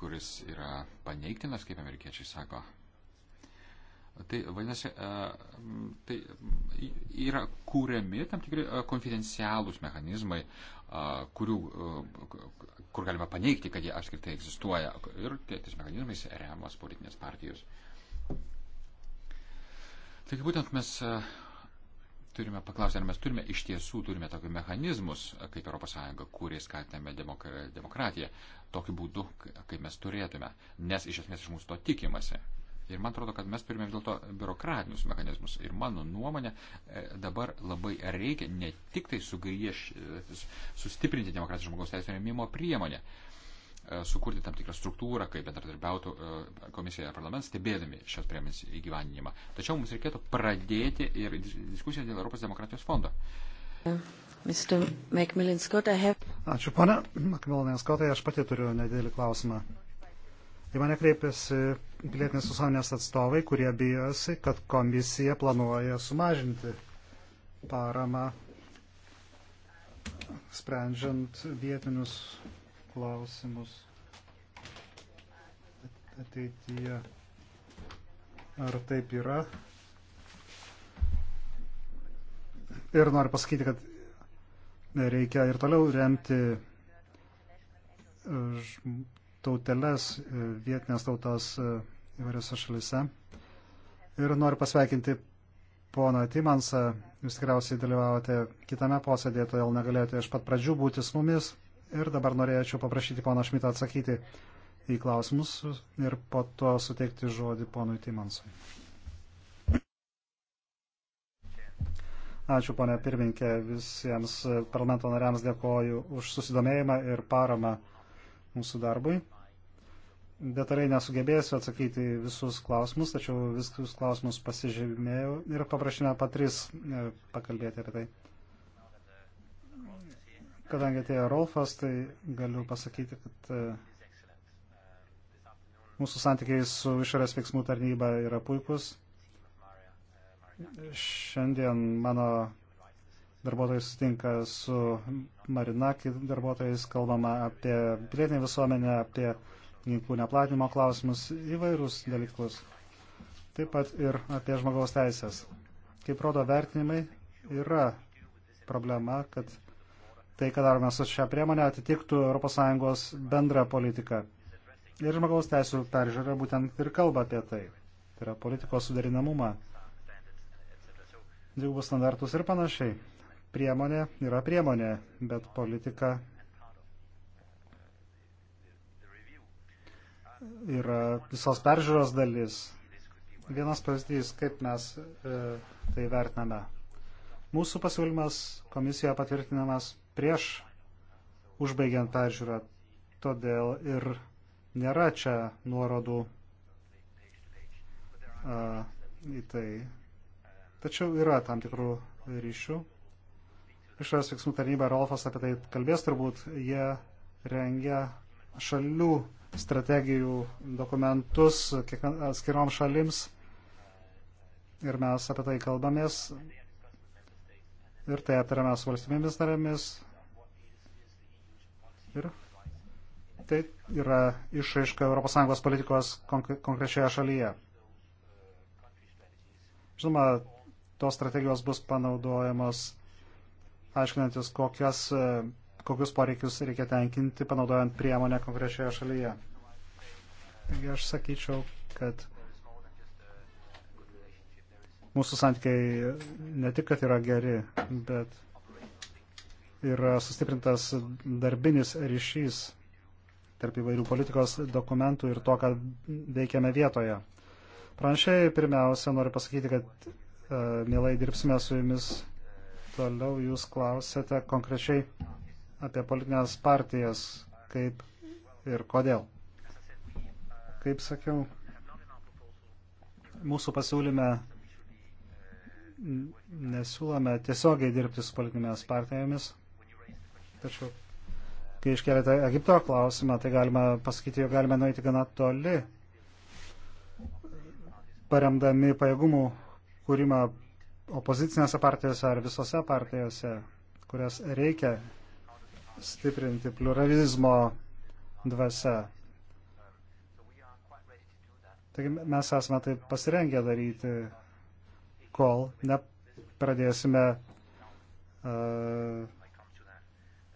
kuris yra paneigtinas, kaip amerikiečiai sako, Tai vadinasi, e, tai yra kūriami tam tikri e, konfidencialūs mechanizmai, e, kurių, kur galima paneigti, kad jie apskritai egzistuoja. Ir tais mechanizmais remos politinės partijos. Taigi būtent mes turime paklausti, ar mes turime iš tiesų turime tokius mechanizmus, kaip ES, kurie skatiname demok demokratiją, tokiu būdu, kaip mes turėtume, nes iš esmės iš mūsų to tikimasi. Ir man atrodo, kad mes turime vis dėlto biurokratinius mechanizmus. Ir mano nuomonė, e, dabar labai reikia ne tik tai sugrieš, sustiprinti demokratinį žmogaus teisų rėmimo priemonę, e, sukurti tam tikrą struktūrą, kaip bendradarbiautų e, komisija ir parlamentas, stebėdami šios priemonės įgyvendinimą. Tačiau mums reikėtų pradėti ir diskusiją dėl Europos demokratijos fondo. Ačiū, pana Makmilinskotai, aš pati turiu nedėlį klausimą. Į mane kreipėsi pilietinės visuomenės atstovai, kurie bijosi, kad komisija planuoja sumažinti paramą sprendžiant vietinius klausimus ateityje. Ar taip yra? Ir noriu pasakyti, kad reikia ir toliau remti tauteles, e, vietinės tautos e, įvairiose šalise. Ir noriu pasveikinti poną Timansą. Jūs tikriausiai dalyvavote kitame posėdėje, todėl negalėjote iš pat pradžių būti su mumis. Ir dabar norėčiau paprašyti poną Šmitą atsakyti į klausimus ir po to suteikti žodį ponui Timansui. Ačiū, ponė pirminkė, visiems parlamento nariams dėkoju už susidomėjimą ir paramą mūsų darbui. Detaliai nesugebėsiu atsakyti visus klausimus, tačiau visus klausimus pasižymėjau ir paprašinę patris e, pakalbėti apie tai. Kadangi atėjo Rolfas, tai galiu pasakyti, kad e, mūsų santykiai su išorės veiksmų tarnyba yra puikus. Šiandien mano darbuotojai sutinka su Marinaki darbuotojais, kalbama apie pilietinį visuomenę, apie ginklų neplatinimo klausimus, įvairius dalykus. Taip pat ir apie žmogaus teisės. Kaip rodo vertinimai, yra problema, kad tai, ką darome su šią priemonę, atitiktų ES bendrą politiką. Ir žmogaus teisų peržiūra būtent ir kalba apie tai. Tai yra politikos sudarinamumą, dvigubus standartus ir panašiai priemonė yra priemonė, bet politika yra visos peržiūros dalis. Vienas pavyzdys, kaip mes e, tai vertiname. Mūsų pasiūlymas komisijoje patvirtinamas prieš užbaigiant peržiūrą, todėl ir nėra čia nuorodų a, e, į tai. Tačiau yra tam tikrų ryšių. Išorės veiksmų tarnyba ir Olfas apie tai kalbės turbūt, jie rengia šalių strategijų dokumentus atskirom šalims ir mes apie tai kalbamės ir tai aptariame su valstybėmis narėmis ir tai yra išraiška ES politikos konkrečioje šalyje. Žinoma, tos strategijos bus panaudojamos aiškinantis, kokias, e, kokius poreikius reikia tenkinti, panaudojant priemonę konkrečioje šalyje. Taigi aš sakyčiau, kad mūsų santykiai ne tik, kad yra geri, bet yra sustiprintas darbinis ryšys tarp įvairių politikos dokumentų ir to, ką veikiame vietoje. Pranšiai pirmiausia noriu pasakyti, kad e, mielai dirbsime su jumis Toliau jūs klausėte konkrečiai apie politinės partijas, kaip ir kodėl. Kaip sakiau, mūsų pasiūlyme nesiūlome tiesiogiai dirbti su politinėmis partijomis, tačiau kai iškelėte Egipto klausimą, tai galima pasakyti, jog galime nueiti gana toli, paremdami pajėgumų kūrimą opozicinėse partijose ar visose partijose, kurias reikia stiprinti pluralizmo dvasia. Taigi mes esame tai pasirengę daryti, kol nepradėsime uh,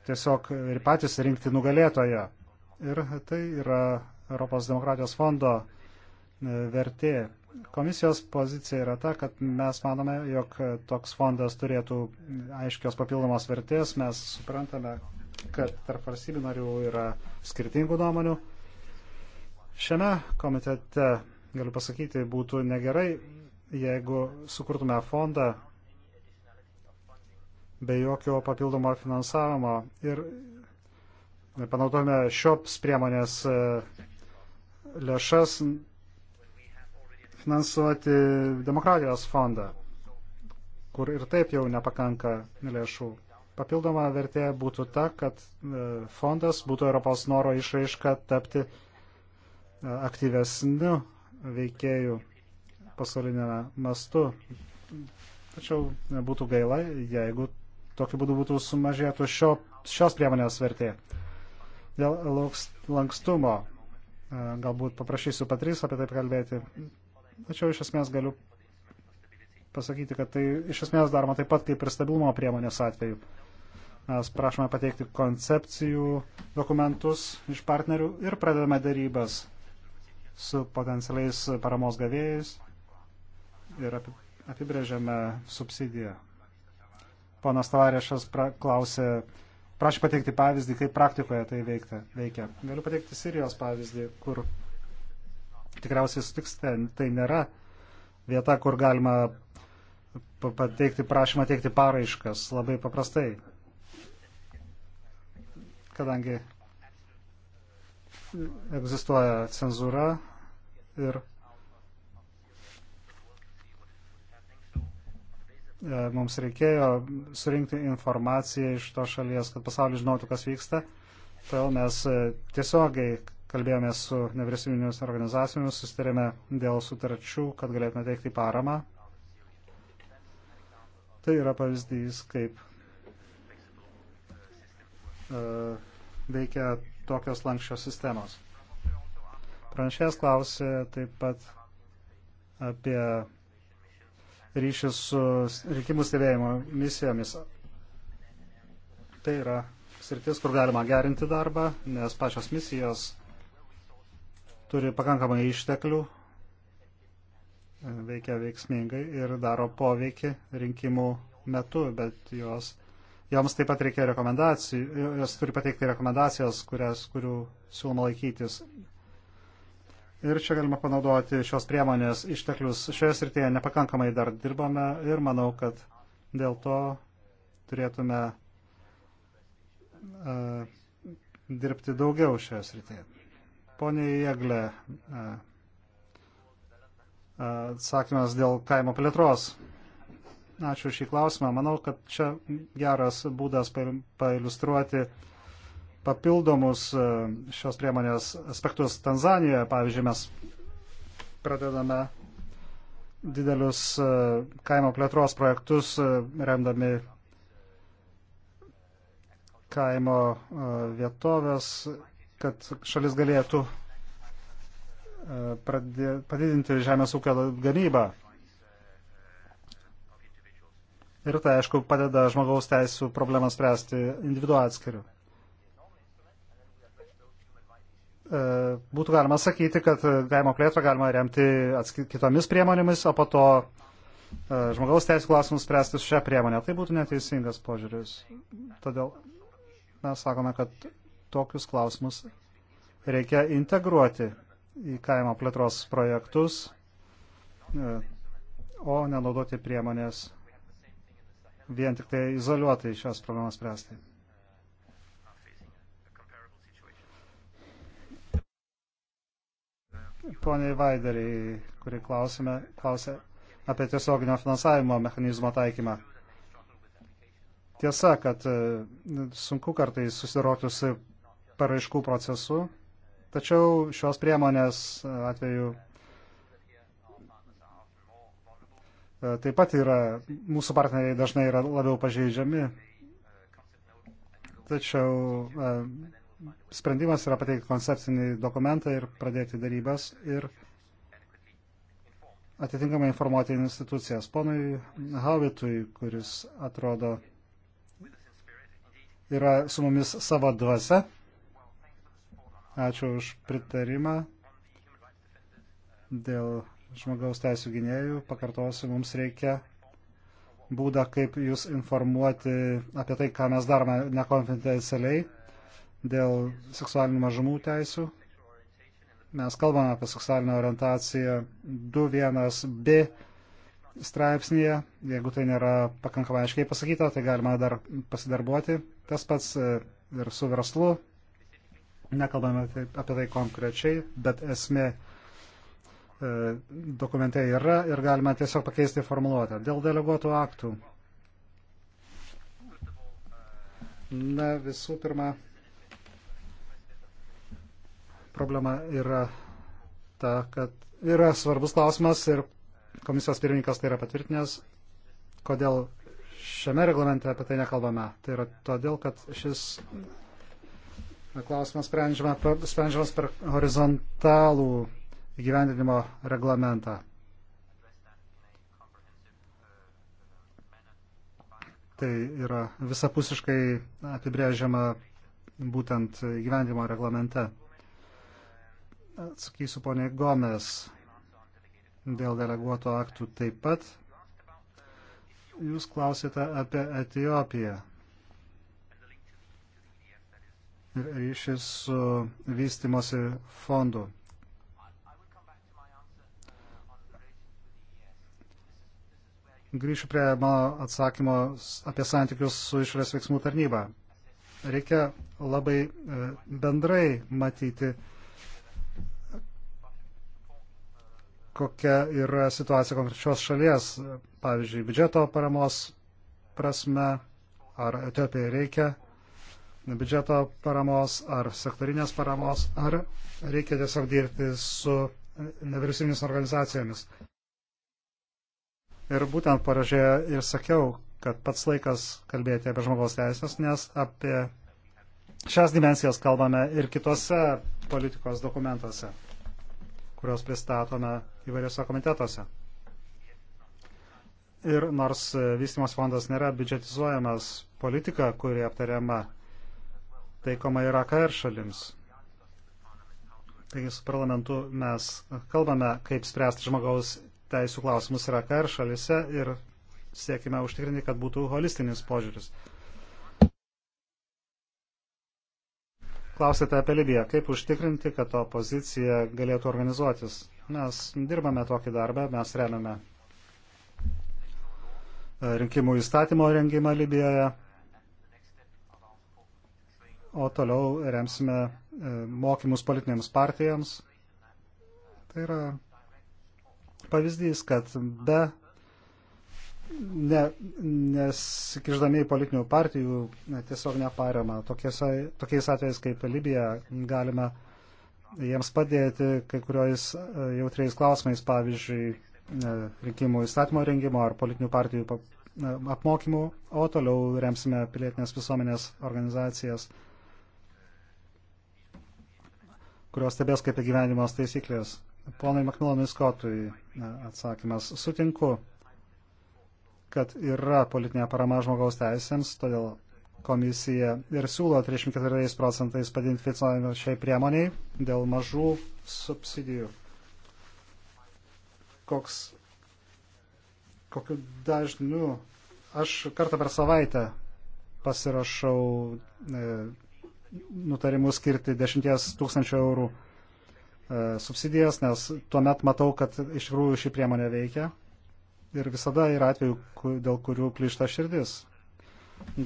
tiesiog ir patys rinkti nugalėtoją. Ir tai yra Europos demokratijos fondo e, vertė. Komisijos pozicija yra ta, kad mes manome, jog toks fondas turėtų aiškios papildomos vertės. Mes suprantame, kad tarp valstybių narių yra skirtingų nuomonių. Šiame komitete, galiu pasakyti, būtų negerai, jeigu sukurtume fondą be jokio papildomo finansavimo ir panaudojame šiops priemonės e, lėšas finansuoti demokratijos fondą, kur ir taip jau nepakanka lėšų. Papildoma vertė būtų ta, kad e, fondas būtų Europos noro išraiška tapti e, aktyvesniu veikėjų pasaulinėme mastu. Tačiau e, būtų gaila, jeigu tokiu būdu būtų sumažėtų šio, šios priemonės vertė. Dėl lankstumo galbūt paprašysiu Patrys apie tai kalbėti. Tačiau iš esmės galiu pasakyti, kad tai iš esmės daroma taip pat kaip ir stabilumo priemonės atveju. Mes prašome pateikti koncepcijų dokumentus iš partnerių ir pradedame darybas su potencialiais paramos gavėjais ir apibrėžiame subsidiją. Ponas Tavarėšas pra, klausė, prašė pateikti pavyzdį, kaip praktikoje tai veikta, veikia. Galiu pateikti Sirijos pavyzdį, kur tikriausiai sutiksite, tai, tai nėra vieta, kur galima pateikti prašymą, teikti paraiškas labai paprastai. Kadangi egzistuoja cenzūra ir e, mums reikėjo surinkti informaciją iš to šalies, kad pasaulis žinotų, kas vyksta. Todėl mes e, tiesiogiai kalbėjome su nevyriausybinėmis organizacijomis, sustarėme dėl sutarčių, kad galėtume teikti paramą. Tai yra pavyzdys, kaip uh, veikia tokios lankščios sistemos. Pranešėjas klausė taip pat apie ryšius su rinkimų stebėjimo misijomis. Tai yra sritis, kur galima gerinti darbą, nes pačios misijos turi pakankamai išteklių, veikia veiksmingai ir daro poveikį rinkimų metu, bet jos, joms taip pat reikia rekomendacijų, jos turi pateikti rekomendacijas, kurias, kurių siūloma laikytis. Ir čia galima panaudoti šios priemonės išteklius. Šioje srityje nepakankamai dar dirbame ir manau, kad dėl to turėtume uh, dirbti daugiau šioje srityje. Pone Jėglė, e, e, atsakymas dėl kaimo plėtros. Ačiū šį klausimą. Manau, kad čia geras būdas pailustruoti papildomus e, šios priemonės aspektus Tanzanijoje. Pavyzdžiui, mes pradedame didelius kaimo plėtros projektus remdami kaimo vietovės kad šalis galėtų e, pradė, padidinti žemės ūkio gamybą. Ir tai, aišku, padeda žmogaus teisų problemą spręsti individuo atskiriu. E, būtų galima sakyti, kad kaimo plėtrą galima remti kitomis priemonėmis, o po to e, žmogaus teisų klausimus spręsti šią priemonę. Tai būtų neteisingas požiūris. Todėl mes sakome, kad tokius klausimus reikia integruoti į kaimo plėtros projektus, e, o nenaudoti priemonės vien tik tai izoliuotai šios problemas spręsti. Poniai Vaideriai, kuri klausime, klausė apie tiesioginio finansavimo mechanizmo taikymą. Tiesa, kad e, sunku kartais susiroti su paraiškų procesu, tačiau šios priemonės atveju e, taip pat yra, mūsų partneriai dažnai yra labiau pažeidžiami, tačiau e, sprendimas yra pateikti koncepcinį dokumentą ir pradėti darybas ir atitinkamai informuoti institucijas. Ponui Havitui, kuris atrodo yra su mumis savo dvasia, Ačiū už pritarimą dėl žmogaus teisų gynėjų. Pakartosiu, mums reikia būdą, kaip jūs informuoti apie tai, ką mes darome nekonfidencialiai dėl seksualinių mažumų teisų. Mes kalbame apie seksualinę orientaciją 2.1b straipsnėje. Jeigu tai nėra pakankamai aiškiai pasakyta, tai galima dar pasidarbuoti. Tas pats e, ir su verslu Nekalbame apie tai konkrečiai, bet esmė e, dokumente yra ir galima tiesiog pakeisti formuluotę. Dėl deleguotų aktų. Na, visų pirma, problema yra ta, kad yra svarbus klausimas ir komisijos pirmininkas tai yra patvirtinęs, kodėl šiame reglamente apie tai nekalbame. Tai yra todėl, kad šis Klausimas sprendžiamas per horizontalų įgyvendinimo reglamentą. Tai yra visapusiškai apibrėžiama būtent įgyvendinimo reglamente. Atsakysiu poniai Gomes dėl deleguoto aktų taip pat. Jūs klausėte apie Etijopiją ryšis su vystimosi fondu. Grįšiu prie mano atsakymo apie santykius su išorės veiksmų tarnyba. Reikia labai e, bendrai matyti, kokia yra situacija konkrečios šalies, pavyzdžiui, biudžeto paramos prasme, ar Etiopijai reikia biudžeto paramos ar sektorinės paramos, ar reikia tiesiog dirbti su nevyriausybinės organizacijomis. Ir būtent paražėje ir sakiau, kad pats laikas kalbėti apie žmogaus teisės, nes apie šias dimensijas kalbame ir kitose politikos dokumentuose, kuriuos pristatome įvairiose komitetuose. Ir nors vystimos fondas nėra biudžetizuojamas politika, kuri aptariama taikoma Iraką ir šalims. Taigi su parlamentu mes kalbame, kaip spręsti žmogaus teisų klausimus Irake ir šalise ir siekime užtikrinti, kad būtų holistinis požiūris. Klausėte apie Libiją. Kaip užtikrinti, kad opozicija galėtų organizuotis? Mes dirbame tokį darbą, mes remiame rinkimų įstatymo rengimą Libijoje o toliau remsime e, mokymus politinėms partijams. Tai yra pavyzdys, kad be ne, nesikiždami į politinių partijų tiesiog neparėma. Tokiais, tokiais atvejais kaip Libija galime jiems padėti kai kuriojais e, jautriais klausimais, pavyzdžiui, e, rinkimų įstatymo rengimo ar politinių partijų apmokymų, o toliau remsime pilietinės visuomenės organizacijas kurios stebės kaip įgyvenimas taisyklės. Ponai Makmilonui Skotui atsakymas. Sutinku, kad yra politinė parama žmogaus teisėms, todėl komisija ir siūlo 34 procentais padinti finansavimą šiai priemoniai dėl mažų subsidijų. Koks, kokiu dažniu aš kartą per savaitę pasirašau e, nutarimus skirti 10 tūkstančių eurų e, subsidijas, nes tuomet matau, kad iš tikrųjų ši priemonė veikia ir visada yra atvejų, dėl kurių plyšta širdis.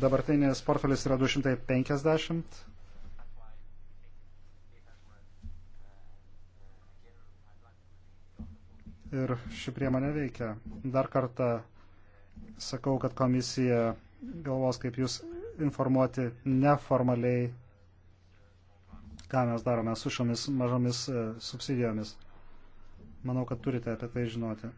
Dabartinės portfelis yra 250. Ir ši priemonė veikia. Dar kartą sakau, kad komisija galvos, kaip jūs informuoti neformaliai ką mes darome su šiomis mažomis e, subsidijomis. Manau, kad turite apie tai žinoti.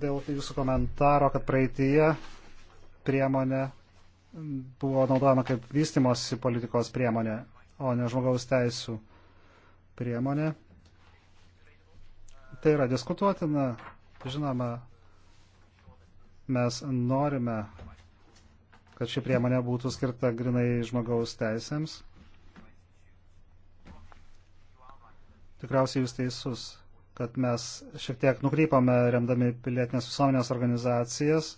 Dėl jūsų komentaro, kad praeitie priemonė buvo naudojama kaip vystimosi politikos priemonė, o ne žmogaus teisų priemonė. Tai yra diskutuotina, žinoma, mes norime kad ši priemonė būtų skirta grinai žmogaus teisėms. Tikriausiai jūs teisus, kad mes šiek tiek nukrypame remdami pilietinės visuomenės organizacijas,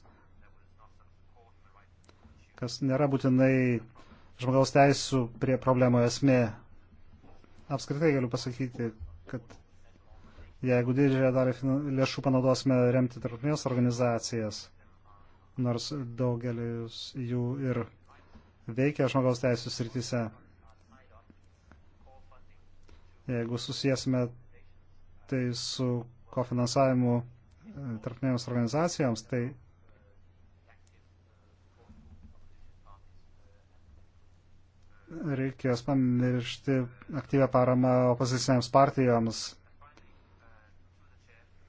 kas nėra būtinai žmogaus teisų prie problemų esmė. Apskritai galiu pasakyti, kad jeigu didžiąją dalį lėšų panaudosime remti tarptautinės organizacijas, nors daugelis jų ir veikia žmogaus teisų srityse. Jeigu susijęsime tai su kofinansavimu e, tarptautinėms organizacijoms, tai reikės pamiršti aktyvę paramą opozicinėms partijoms.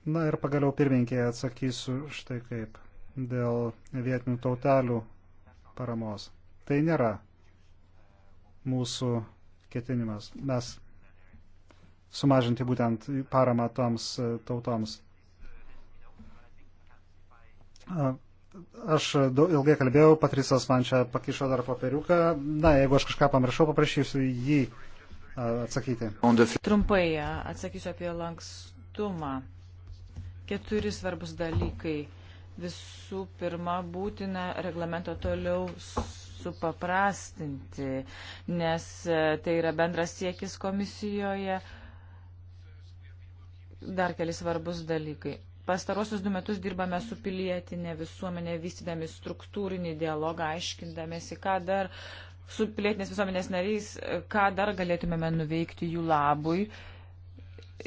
Na ir pagaliau pirminkėje atsakysiu štai kaip dėl vietinių tautelių paramos. Tai nėra mūsų ketinimas. Mes sumažinti būtent paramą toms tautoms. Aš ilgai kalbėjau, Patrisas man čia pakišo dar papiriuką. Na, jeigu aš kažką pamiršau, paprašysiu jį atsakyti. Trumpai atsakysiu apie lankstumą. Keturi svarbus dalykai Visų pirma, būtina reglamento toliau supaprastinti, nes e, tai yra bendras siekis komisijoje. Dar keli svarbus dalykai. Pastarosius du metus dirbame su pilietinė visuomenė, vystydami struktūrinį dialogą, aiškindamėsi, ką dar su pilietinės visuomenės nariais, e, ką dar galėtumėme nuveikti jų labui. Uh,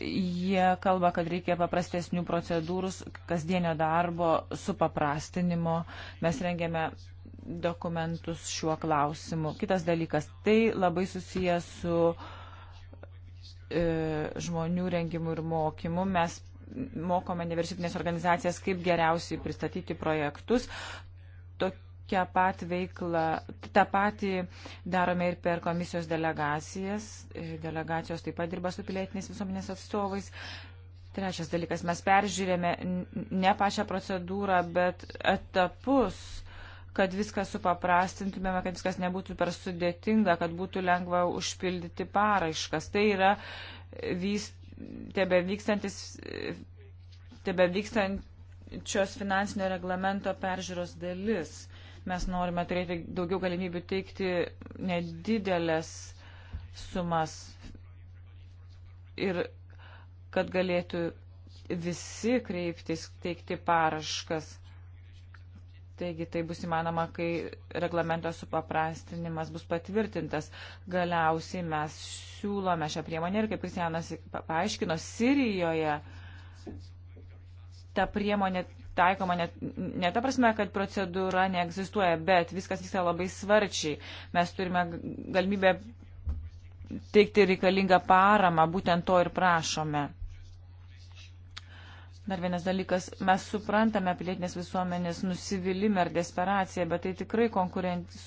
Jie kalba, kad reikia paprastesnių procedūrų, kasdienio darbo, supaprastinimo. Mes rengėme dokumentus šiuo klausimu. Kitas dalykas, tai labai susijęs su e, žmonių rengimu ir mokymu. Mes mokome universitinės organizacijas, kaip geriausiai pristatyti projektus. Tok tokią pat veiklą, tą patį darome ir per komisijos delegacijas. Delegacijos taip pat dirba su pilietinės visuomenės atstovais. Trečias dalykas, mes peržiūrėme ne pačią procedūrą, bet etapus, kad viską supaprastintumėme, kad viskas nebūtų per sudėtinga, kad būtų lengva užpildyti paraiškas. Tai yra vyst, tebe vykstantis, tebe vykstant šios finansinio reglamento peržiūros dalis. Mes norime turėti daugiau galimybių teikti nedidelės sumas ir kad galėtų visi kreiptis, teikti paraškas. Taigi tai bus įmanoma, kai reglamento supaprastinimas bus patvirtintas. Galiausiai mes siūlome šią priemonę ir, kaip Kristianas paaiškino, Sirijoje ta priemonė taikoma net, ne ta prasme, kad procedūra neegzistuoja, bet viskas vyksta labai svarčiai. Mes turime galimybę teikti reikalingą paramą, būtent to ir prašome. Dar vienas dalykas, mes suprantame pilietinės visuomenės nusivylimą ir desperaciją, bet tai tikrai konkurencingas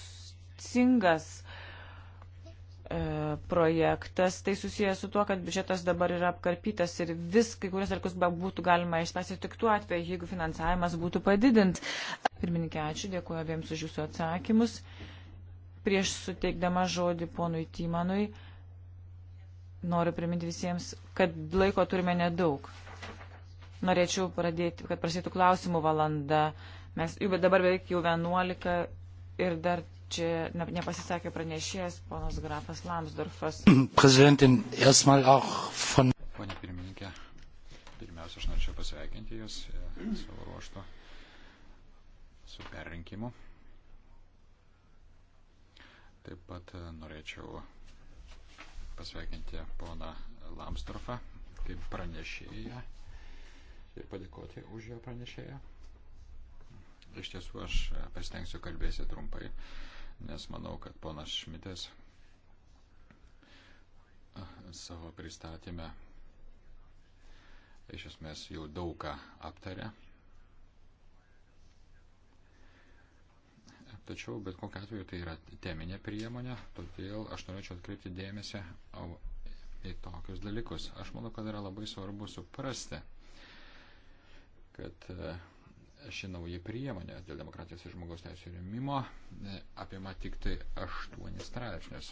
E, projektas. Tai susijęs su tuo, kad biudžetas dabar yra apkarpytas ir vis kai kurias dalykus būtų galima išspręsti tik tuo atveju, jeigu finansavimas būtų padidint. Pirmininkė, ačiū, dėkuoju abiems už jūsų atsakymus. Prieš suteikdama žodį ponui Tymanui, noriu priminti visiems, kad laiko turime nedaug. Norėčiau pradėti, kad prasidėtų klausimų valanda. Mes jau dabar beveik jau 11 ir dar čia nepasisakė pranešėjas ponas grafas Lamsdorfas. Prezidentin, erstmal auch von. Pone pirmininkė, pirmiausia, aš norėčiau pasveikinti Jūs e, savo ruošto su perrinkimu. Taip pat e, norėčiau pasveikinti poną Lamsdorfą kaip pranešėją ir padėkoti už jo pranešėją. Iš tiesų aš e, pasitengsiu kalbėsi trumpai. Uh, nes manau, kad ponas Šmitas savo pristatymę iš esmės jau daug ką aptarė. Tačiau bet kokiu atveju tai yra teminė priemonė, todėl aš norėčiau atkreipti dėmesį į tokius dalykus. Aš manau, kad yra labai svarbu suprasti, kad uh, ši nauja priemonė dėl demokratijos ir žmogaus teisų rėmimo e, apima tik tai 8 straipsnius.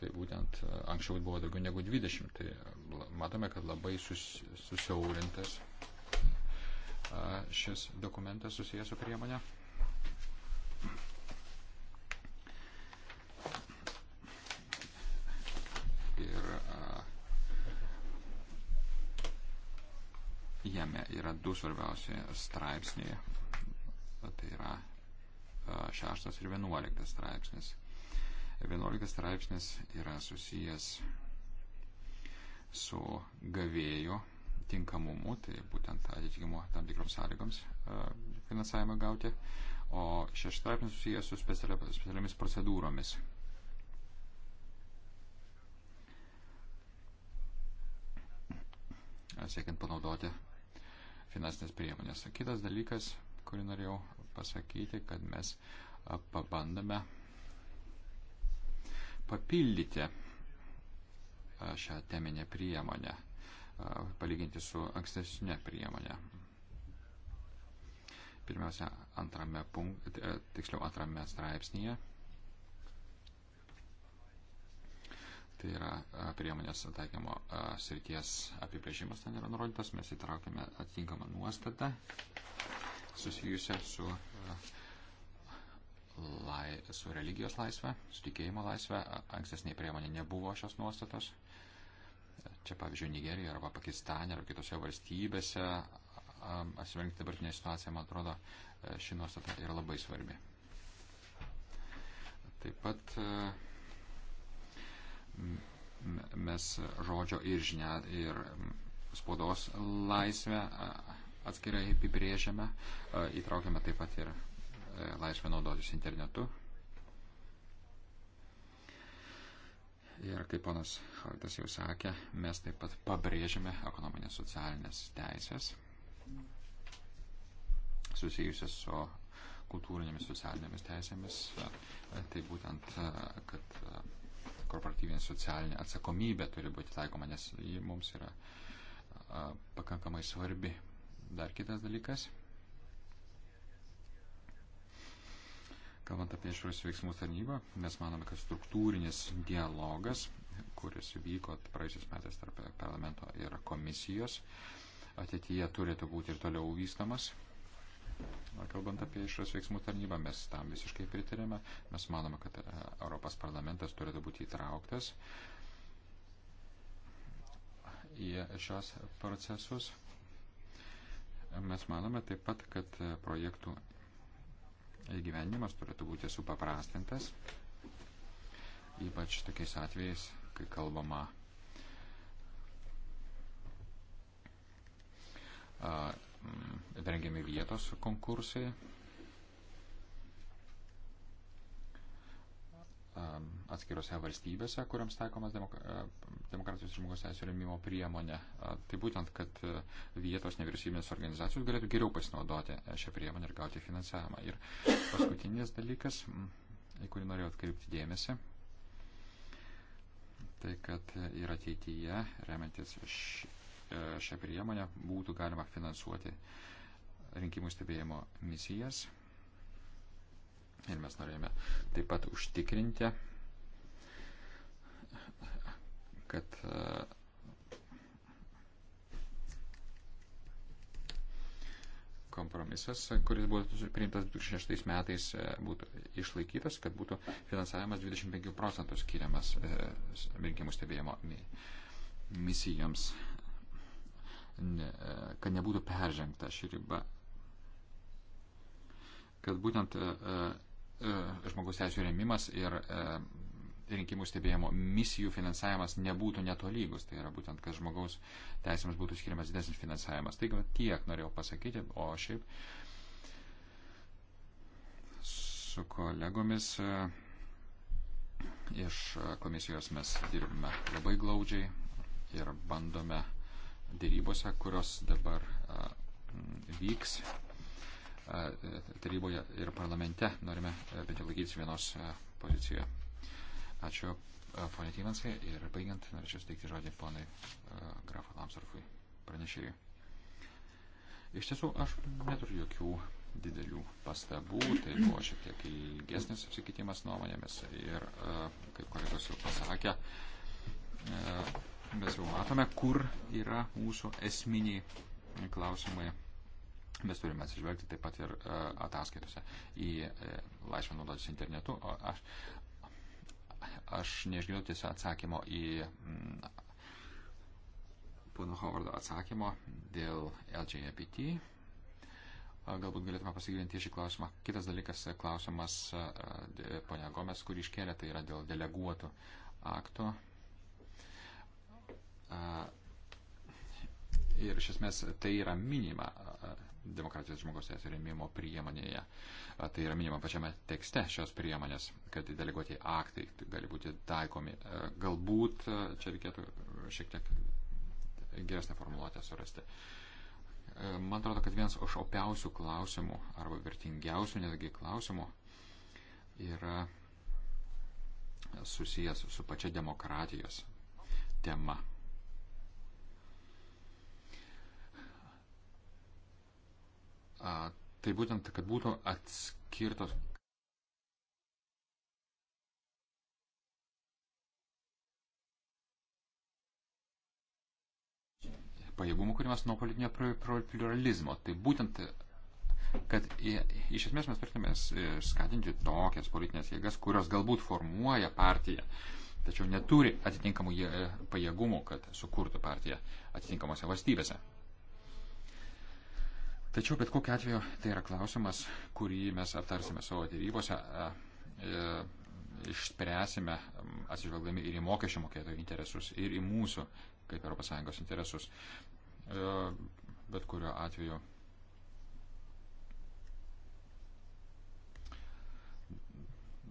Tai būtent e, anksčiau buvo daugiau negu 20. Tai matome, kad labai sus, susiaurintas e, šis dokumentas susijęs su priemonė. yra du svarbiausi straipsniai. Tai yra e, šeštas ir vienuoliktas straipsnis. Vienuoliktas straipsnis yra susijęs su gavėjo tinkamumu, tai būtent atitikimu tam tikroms sąlygoms e, finansavimą gauti, o šeštas straipsnis susijęs su specialiamis procedūromis. Siekiant panaudoti finansinės priemonės. Kitas dalykas, kurį norėjau pasakyti, kad mes pabandome papildyti šią teminę priemonę, palyginti su ankstesnė priemonė. Pirmiausia, antrame, punkt, e, tiksliau, antrame straipsnėje Tai yra priemonės taikymo srities apibrėžimas ten yra nurodytas, mes įtraukėme atitinkamą nuostatą susijusią su, lai, su religijos laisvė, su tikėjimo laisvė. Ankstesnėje priemonė nebuvo šios nuostatos. Čia, pavyzdžiui, Nigerija arba Pakistane arba kitose valstybėse, atsižvelgiant dabartinę situaciją, man atrodo, ši nuostata yra labai svarbi. Taip pat mes žodžio ir, žinia, ir spaudos laisvę atskirai apibrėžiame, įtraukiame taip pat ir e, laisvę naudotis internetu. Ir kaip ponas Halitas jau sakė, mes taip pat pabrėžiame ekonominės socialinės teisės susijusias su kultūrinėmis socialinėmis teisėmis. Tai būtent, kad korporatyvinė socialinė atsakomybė turi būti taikoma, nes ji mums yra a, pakankamai svarbi. Dar kitas dalykas. Kalbant apie išorės veiksmų tarnybą, mes manome, kad struktūrinis dialogas, kuris vyko praėjusiais metais tarp parlamento ir komisijos, ateityje turėtų būti ir toliau vystamas. Kalbant apie išras veiksmų tarnybą, mes tam visiškai pritarėme. Mes manome, kad e, Europos parlamentas turėtų būti įtrauktas į šios procesus. Mes manome taip pat, kad e, projektų įgyvenimas turėtų būti supaprastintas, ypač tokiais atvejais, kai kalbama rengiami vietos konkursai. atskirose valstybėse, kuriams taikomas demok demokratijos žmogaus teisų remimo priemonė. Tai būtent, kad vietos nevyriausybinės organizacijos galėtų geriau pasinaudoti e, šią priemonę ir gauti finansavimą. Ir paskutinis dalykas, į kurį norėjau atkreipti dėmesį, tai kad e, ir ateityje, remiantis ši E, šią priemonę būtų galima finansuoti rinkimų stebėjimo misijas. Ir mes norėjome taip pat užtikrinti, kad e, kompromisas, kuris buvo priimtas 2006 metais, e, būtų išlaikytas, kad būtų finansavimas 25 procentų skiriamas rinkimų stebėjimo misijoms ne, e, kad nebūtų peržengta ši riba. Kad būtent e, e, e žmogus teisų rėmimas ir e, rinkimų stebėjimo misijų finansavimas nebūtų netolygus. Tai yra būtent, kad žmogaus teisėms būtų skiriamas didesnis finansavimas. Taigi tiek norėjau pasakyti, o šiaip su kolegomis e, iš komisijos mes dirbame labai glaudžiai ir bandome uh, dėrybose, kurios dabar vyks taryboje ir parlamente. Norime bent jau laikytis vienos pozicijoje. Ačiū, ponė Tymansai. Ir baigiant, norėčiau suteikti žodį ponai grafo Lamsarfui pranešėjui. Iš tiesų, aš neturiu jokių didelių pastabų, tai buvo šiek tiek ilgesnis apsikeitimas nuomonėmis ir, kaip kolegos jau pasakė, Mes jau matome, kur yra mūsų esminiai klausimai. Mes turime atsižvelgti taip pat ir e, ataskaitose į e, laisvę naudotis internetu. Aš, aš neišgirdau tiesiog atsakymo į mm, pono Howardo atsakymo dėl LJAPT. Galbūt galėtume pasigilinti šį klausimą. Kitas dalykas e, klausimas, ponia Gomes, kurį iškėlė, tai yra dėl deleguotų akto Ir iš esmės tai yra minima demokratijos žmogaus teisų rėmimo priemonėje. Tai yra minima pačiame tekste šios priemonės, kad deleguoti aktai gali būti taikomi. Galbūt čia reikėtų šiek tiek geresnę formuluotę surasti. Man atrodo, kad vienas iš opiausių klausimų arba vertingiausių netgi klausimų yra susijęs su pačia demokratijos tema. tai būtent, kad būtų atskirtos. Pajėgumų kūrimas nuo politinio pluralizmo. Tai būtent kad iš esmės mes turėtume e, skatinti tokias politinės jėgas, kurios galbūt formuoja partiją, tačiau neturi atitinkamų e, pajėgumų, kad sukurtų partiją atitinkamose valstybėse. Tačiau bet kokiu atveju tai yra klausimas, kurį mes aptarsime savo dėrybose, e, išspręsime atsižvelgdami ir į mokesčių mokėtojų interesus, ir į mūsų kaip ES interesus. E, bet kuriuo atveju.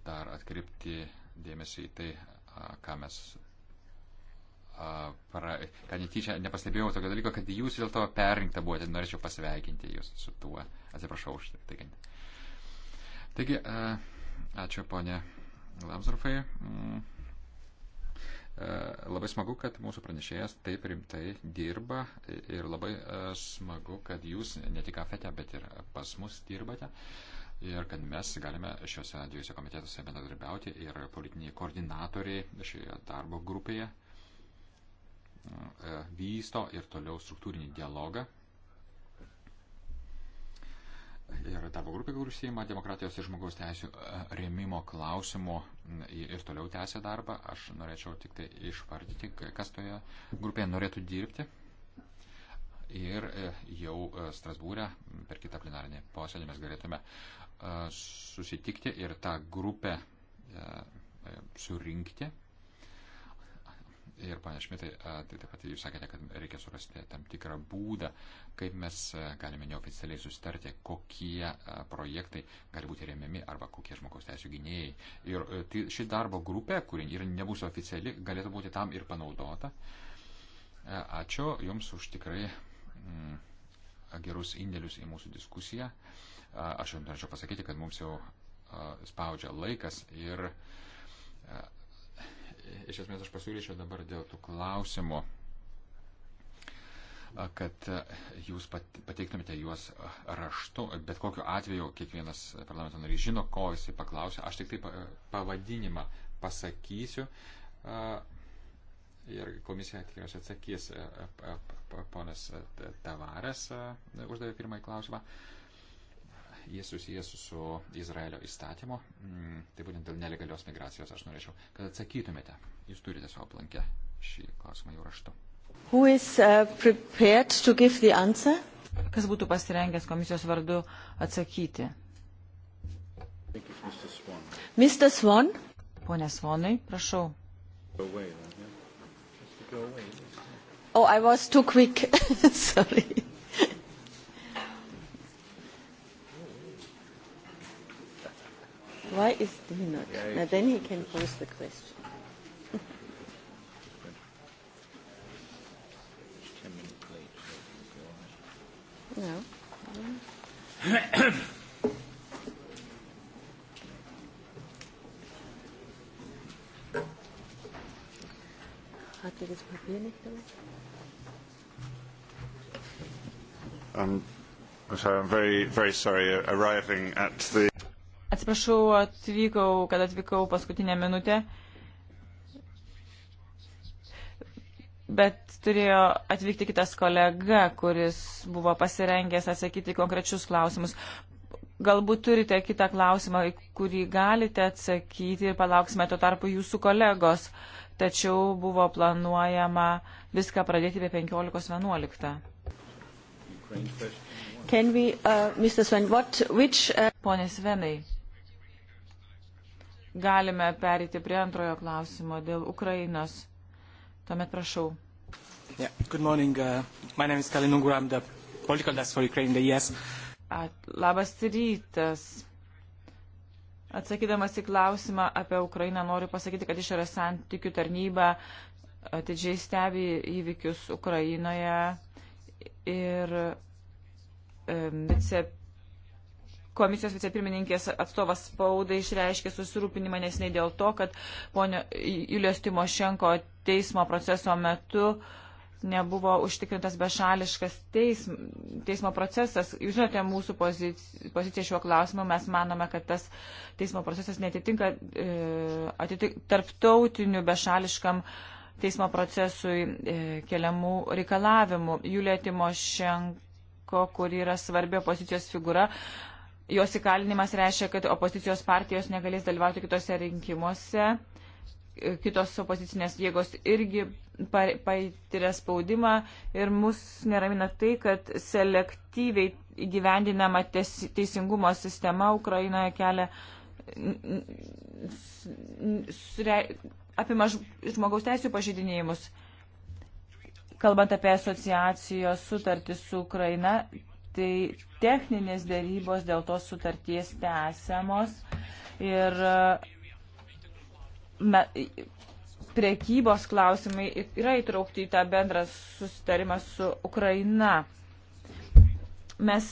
Dar atkreipti dėmesį į tai, ką mes pra, kad netyčia nepastebėjau tokio dalyko, kad jūs dėl to perrinkta buvote, norėčiau pasveikinti jūs su tuo. Atsiprašau už tai. Taigi, ačiū ponė Lamsrufai. Mm. Labai smagu, kad mūsų pranešėjas taip rimtai dirba ir labai smagu, kad jūs ne tik afete, bet ir pas mus dirbate ir kad mes galime šiuose dviejose komitetuose bendradarbiauti ir politiniai koordinatoriai šioje darbo grupėje E, vysto ir toliau struktūrinį dialogą. Ir darbo grupė, kur užsieima demokratijos ir žmogaus teisų e, rėmimo klausimų ir toliau tęsia darbą. Aš norėčiau tik tai išvardyti, kas toje grupėje norėtų dirbti. Ir e, jau Strasbūrė per kitą plenarinį posėdį mes galėtume susitikti ir tą grupę surinkti Ir, pane Šmitai, tai taip pat jūs sakėte, kad reikia surasti tam tikrą būdą, kaip mes galime neoficialiai sustarti, kokie projektai gali būti remiami arba kokie žmogaus teisų gynėjai. Ir e, tai ši darbo grupė, kuri ir nebus oficiali, galėtų būti tam ir panaudota. Ačiū Jums už tikrai mm, gerus indėlius į mūsų diskusiją. Aš Jums norėčiau pasakyti, kad mums jau spaudžia laikas ir iš esmės aš pasiūlyčiau dabar dėl tų klausimų, kad jūs pateiktumėte juos raštu, bet kokiu atveju kiekvienas parlamento narys žino, ko jisai paklausė. Aš tik tai pavadinimą pasakysiu ir komisija tikriausiai atsakys, ponas Tavaras uždavė pirmąjį klausimą jis susijęs su Izraelio įstatymu, mm, tai būtent dėl nelegalios migracijos aš norėčiau, kad atsakytumėte. Jūs turite savo aplankę šį klausimą jau raštu. Is, uh, Kas būtų pasirengęs komisijos vardu atsakyti? Mr. Swan. Mr. Swan. Pone Swanai, prašau. Oh, I was too quick. Sorry. Why is he not? Yeah, now then he can pose the question. No. Hat er das Papier nicht dabei? Um, I'm sorry, I'm very, very sorry arriving at the Atsiprašau, atvykau, kad atvykau paskutinę minutę, bet turėjo atvykti kitas kolega, kuris buvo pasirengęs atsakyti konkrečius klausimus. Galbūt turite kitą klausimą, kurį galite atsakyti ir palauksime tuo tarpu jūsų kolegos. Tačiau buvo planuojama viską pradėti be 15.11. Uh, Sven, what, which, uh... Pone Svenai, galime perėti prie antrojo klausimo dėl Ukrainos. Tuomet prašau. Yeah. Good morning. Uh, my name is Kalin Ungur. I'm the political desk for Ukraine, the ES. At, labas rytas. Atsakydamas į klausimą apie Ukrainą, noriu pasakyti, kad išorės santykių tarnyba atidžiai stebi įvykius Ukrainoje ir vice komisijos vicepirmininkės atstovas spaudai išreiškė susirūpinimą nesnei dėl to, kad ponio Julius Timošenko teismo proceso metu nebuvo užtikrintas bešališkas teism, teismo procesas. Jūs žinote mūsų poziciją šiuo klausimu, mes manome, kad tas teismo procesas netitinka e, atitik, tarptautiniu bešališkam teismo procesui e, keliamų reikalavimų. Julija Timošenko, kur yra svarbi opozicijos figūra, e, jos įkalinimas reiškia, kad opozicijos partijos negalės dalyvauti kitose rinkimuose, kitos opozicinės jėgos irgi patiria spaudimą ir mus neramina tai, kad selektyviai įgyvendinama teisingumo sistema Ukrainoje kelia apima žmogaus teisų pažydinėjimus. Kalbant apie asociacijos sutartį su Ukraina, tai techninės dėrybos dėl tos sutarties tęsiamos ir me, priekybos klausimai yra įtraukti į tą bendrą susitarimą su Ukraina. Mes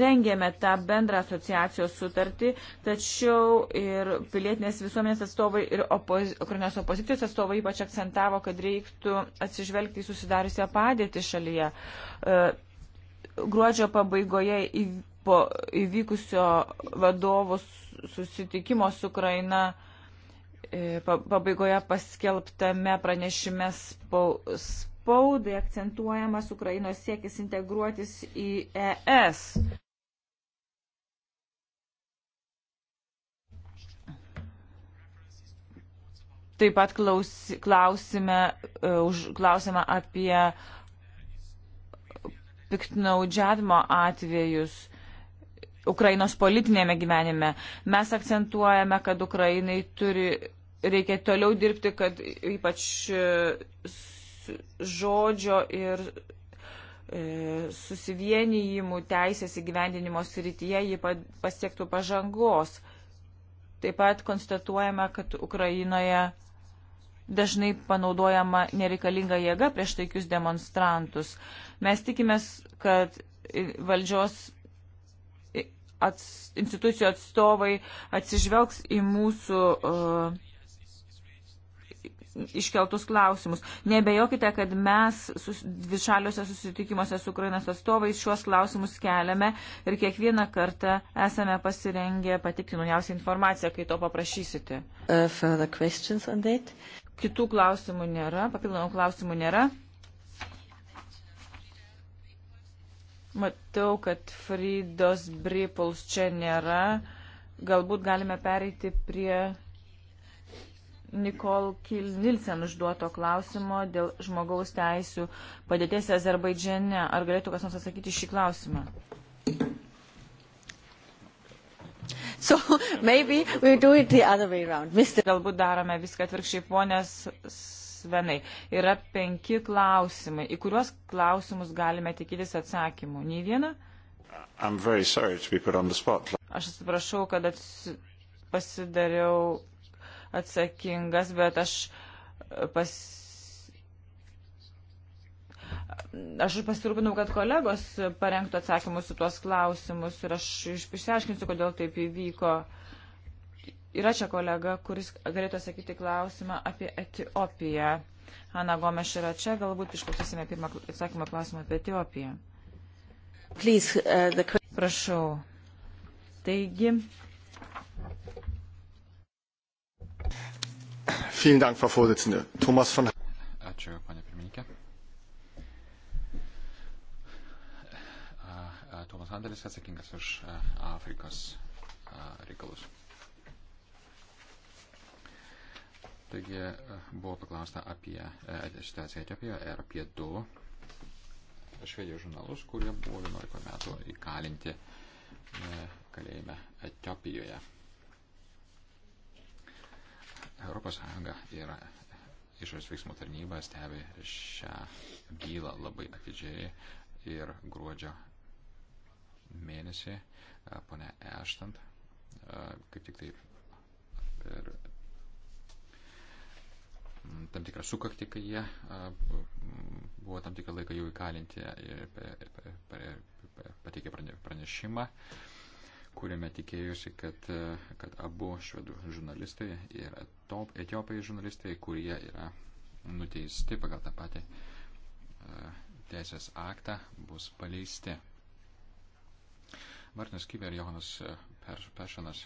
rengėme tą bendrą asociacijos sutartį, tačiau ir pilietinės visuomenės atstovai ir opozi Ukrainos opozicijos atstovai ypač akcentavo, kad reiktų atsižvelgti į susidariusią padėtį šalyje. E, gruodžio pabaigoje į, po įvykusio vadovų susitikimo su Ukraina e, pabaigoje paskelbtame pranešime spaus spaudai akcentuojamas Ukrainos siekis integruotis į ES. Taip pat klaus, klausime, e, už, klausime apie piktnaudžiavimo atvejus Ukrainos politinėme gyvenime. Mes akcentuojame, kad Ukrainai turi, reikia toliau dirbti, kad ypač e, žodžio ir e, susivienijimų teisės įgyvendinimo srityje ji pasiektų pažangos. Taip pat konstatuojame, kad Ukrainoje dažnai panaudojama nereikalinga jėga prieš taikius demonstrantus. Mes tikimės, kad valdžios ats, institucijų atstovai atsižvelgs į mūsų uh, iškeltus klausimus. Nebejokite, kad mes sus, dvišaliuose susitikimuose su Ukrainos atstovais šiuos klausimus keliame ir kiekvieną kartą esame pasirengę patikti naujausią informaciją, kai to paprašysite. Uh, Kitų klausimų nėra, papildomų klausimų nėra. Matau, kad Fridos Bripuls čia nėra. Galbūt galime pereiti prie Nikol Kilnilsen užduoto klausimo dėl žmogaus teisų padėties Azerbaidžiane. Ar galėtų kas nors atsakyti šį klausimą? So maybe we do it the other way around. Mister... Galbūt darome viską atvirkščiai, ponės Svenai. Yra penki klausimai. Į kuriuos klausimus galime tikėtis atsakymų? Nei vieną? Aš atsiprašau, kad ats... pasidariau atsakingas, bet aš pas Aš pasirūpinau, kad kolegos parengtų atsakymus su tuos klausimus ir aš išsiaiškinsiu, kodėl taip įvyko. Yra čia kolega, kuris galėtų sakyti klausimą apie Etiopiją. Ana Gomes yra čia, galbūt išklausysime pirmą atsakymą klausimą apie Etiopiją. Please, uh, the... Prašau. Taigi. Vielen Dank, Frau Vorsitzende. Thomas von. Ačiū, panė pirmininkė. Tomas Andelis atsakingas už e, Afrikos e, reikalus. Taigi e, buvo paklausta apie situaciją Etiopijoje ir apie du švedijos žurnalus, kurie buvo 11 metų įkalinti kalėjime Etiopijoje. Europos Sąjunga yra išorės veiksmų tarnyba stebi šią bylą labai atidžiai ir gruodžio mėnesį ponė Eštant, kaip tik tai per tam tikrą sukaktį, kai jie buvo tam tikrą laiką jau įkalinti ir pateikė pranešimą, kuriame tikėjusi, kad, kad abu švedų žurnalistai ir etiopai žurnalistai, kurie yra nuteisti pagal tą patį teisės aktą, bus paleisti. Martinas Kybė ir Johanas e, Pešanas.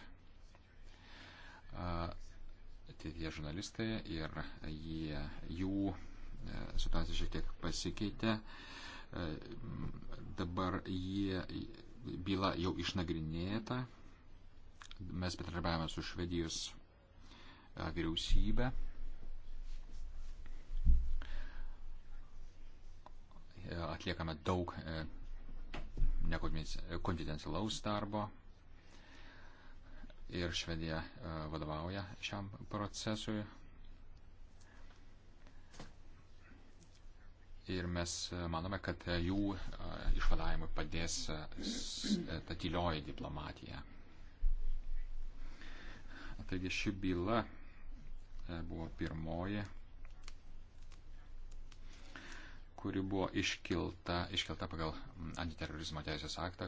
Tai tie žurnalistai ir jie, jų e, situacija šiek tiek pasikeitė. E, dabar jie byla jau išnagrinėta. Mes bendradarbiavame su Švedijos vyriausybė. Atliekame daug nekonfidencialaus darbo. Ir Švedija e, vadovauja šiam procesui. Ir mes e, manome, kad jų e, išvadavimui padės ta tylioji diplomatija. Taigi ši byla buvo pirmoji kuri buvo iškilta, iškilta pagal antiterorizmo teisės aktą,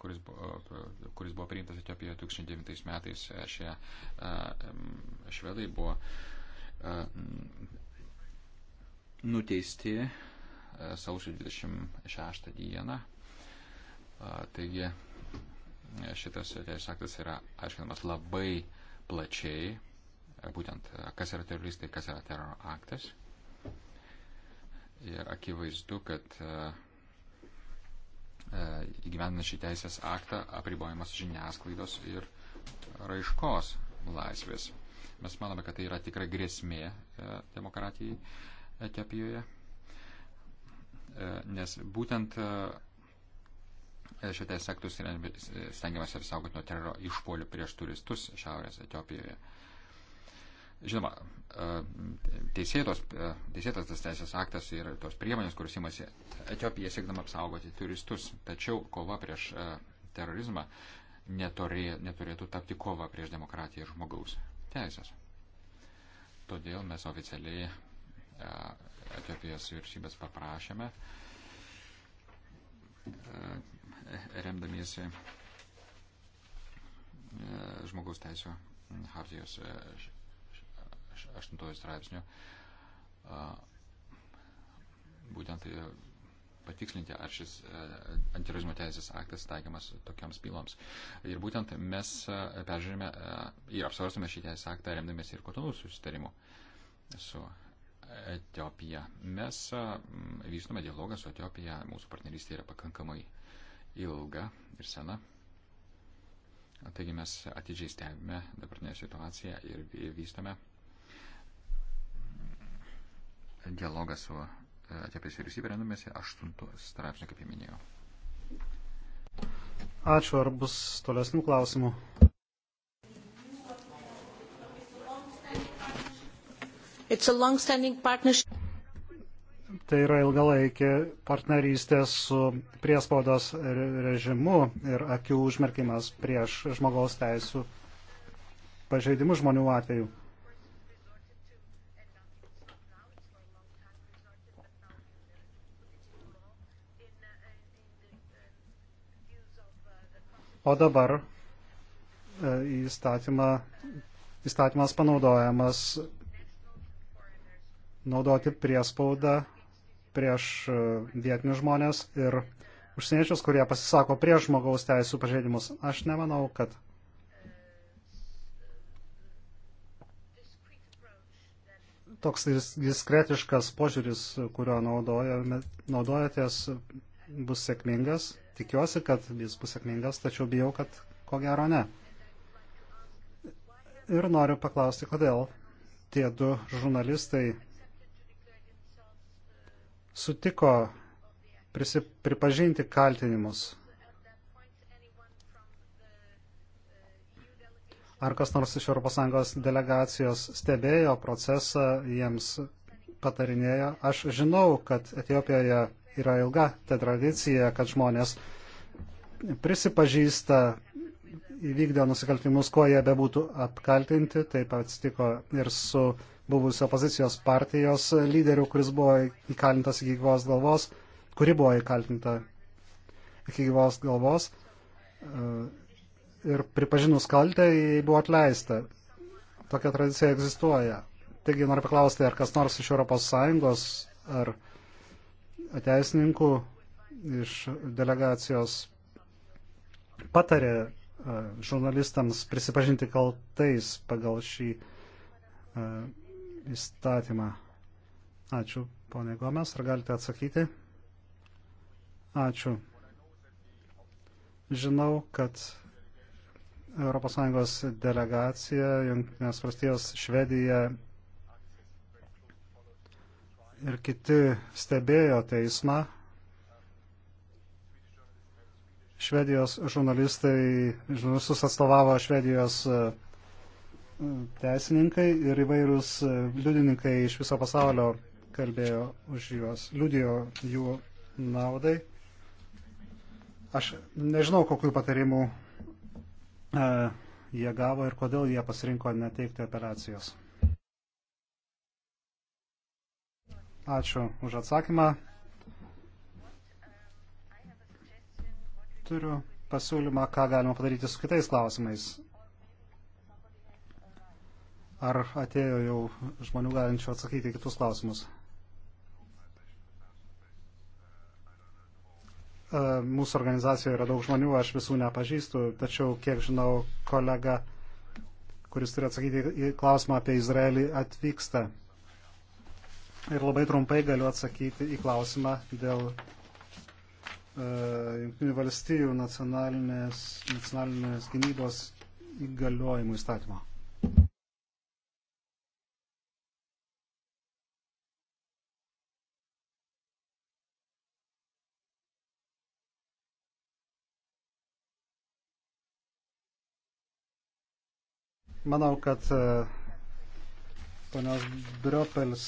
kuris buvo, e, kuris buvo priimtas Etiopijoje 2009 metais. E, šie e, švedai buvo nuteisti sausio 26 dieną. Taigi šitas teisės aktas yra aiškinamas labai plačiai, būtent kas yra teroristai, kas yra teroro aktas. Ir akivaizdu, kad e, e, įgyvendinant šį teisės aktą apribojamas žiniasklaidos ir raiškos laisvės. Mes manome, kad tai yra tikra grėsmė e, demokratijai Etiopijoje, nes būtent šitą sektus stengiamas ir saugoti nuo teroro išpolių prieš turistus Šiaurės Etiopijoje. Žinoma, E, teisėtos, e, teisėtas tas teisės aktas ir tos priemonės, kuris imasi Etiopija siekdama apsaugoti turistus. Tačiau kova prieš e, terorizmą netorė, neturėtų tapti kova prieš demokratiją ir žmogaus teisės. Todėl mes oficialiai Etiopijos vyriausybės paprašėme, remdamiesi žmogaus teisų hartijos 8 straipsnio būtent e, patikslinti, ar šis e, antiterorizmo teisės aktas taikiamas tokiams byloms. Ir būtent mes e, peržiūrime ir apsvarstome šį teisės aktą, remdamės ir kotonų susitarimu su Etiopija. Mes vystome dialogą su Etiopija, mūsų partnerystė yra pakankamai ilga ir sena. Taigi mes atidžiai stebime dabartinę situaciją ir vystome dialogą su Etiopijos vyriausybė remiamėsi 8 straipsnio, kaip jau minėjau. Ačiū, ar bus tolesnių klausimų? Tai yra ilgalaikė partnerystė su priespaudos režimu ir akių užmerkimas prieš žmogaus teisų pažeidimų žmonių atveju. O dabar e, įstatymą, įstatymas panaudojamas naudoti priespaudą prieš e, vietinius žmonės ir užsieniečius, kurie pasisako prieš žmogaus teisų pažeidimus. Aš nemanau, kad toks diskretiškas požiūris, kurio naudojatės, bus sėkmingas tikiuosi, kad jis bus sėkmingas, tačiau bijau, kad ko gero ne. Ir noriu paklausti, kodėl tie du žurnalistai sutiko prisip, pripažinti kaltinimus. Ar kas nors iš ES delegacijos stebėjo procesą, jiems patarinėjo. Aš žinau, kad Etiopijoje yra ilga ta tradicija, kad žmonės prisipažįsta įvykdę nusikaltimus, kuo jie bebūtų apkaltinti. Taip atsitiko ir su buvusio opozicijos partijos lyderiu, kuris buvo įkalintas iki gyvos galvos, kuri buvo įkalinta iki gyvos galvos. Ir pripažinus kaltę, jai buvo atleista. Tokia tradicija egzistuoja. Taigi noriu paklausti, ar kas nors iš ES ar teisininkų iš delegacijos patarė e, žurnalistams prisipažinti kaltais pagal šį e, įstatymą. Ačiū, ponė Gomes, ar galite atsakyti? Ačiū. Žinau, kad ES delegacija, Junktinės valstijos, Švedija ir kiti stebėjo teismą. Švedijos žurnalistai, žurnalistus atstovavo Švedijos e, teisininkai ir įvairūs e, liudininkai iš viso pasaulio kalbėjo už juos, liudijo jų naudai. Aš nežinau, kokiu patarimu e, jie gavo ir kodėl jie pasirinko neteikti apeliacijos. Ačiū už atsakymą. Turiu pasiūlymą, ką galima padaryti su kitais klausimais. Ar atėjo jau žmonių galinčių atsakyti kitus klausimus? E, mūsų organizacijoje yra daug žmonių, aš visų nepažįstu, tačiau, kiek žinau, kolega, kuris turi atsakyti į klausimą apie Izraelį, atvyksta. Ir labai trumpai galiu atsakyti į klausimą dėl e, Junktinių valstybių nacionalinės, nacionalinės gynybos įgaliojimų įstatymo. Manau, kad e, ponios Briopels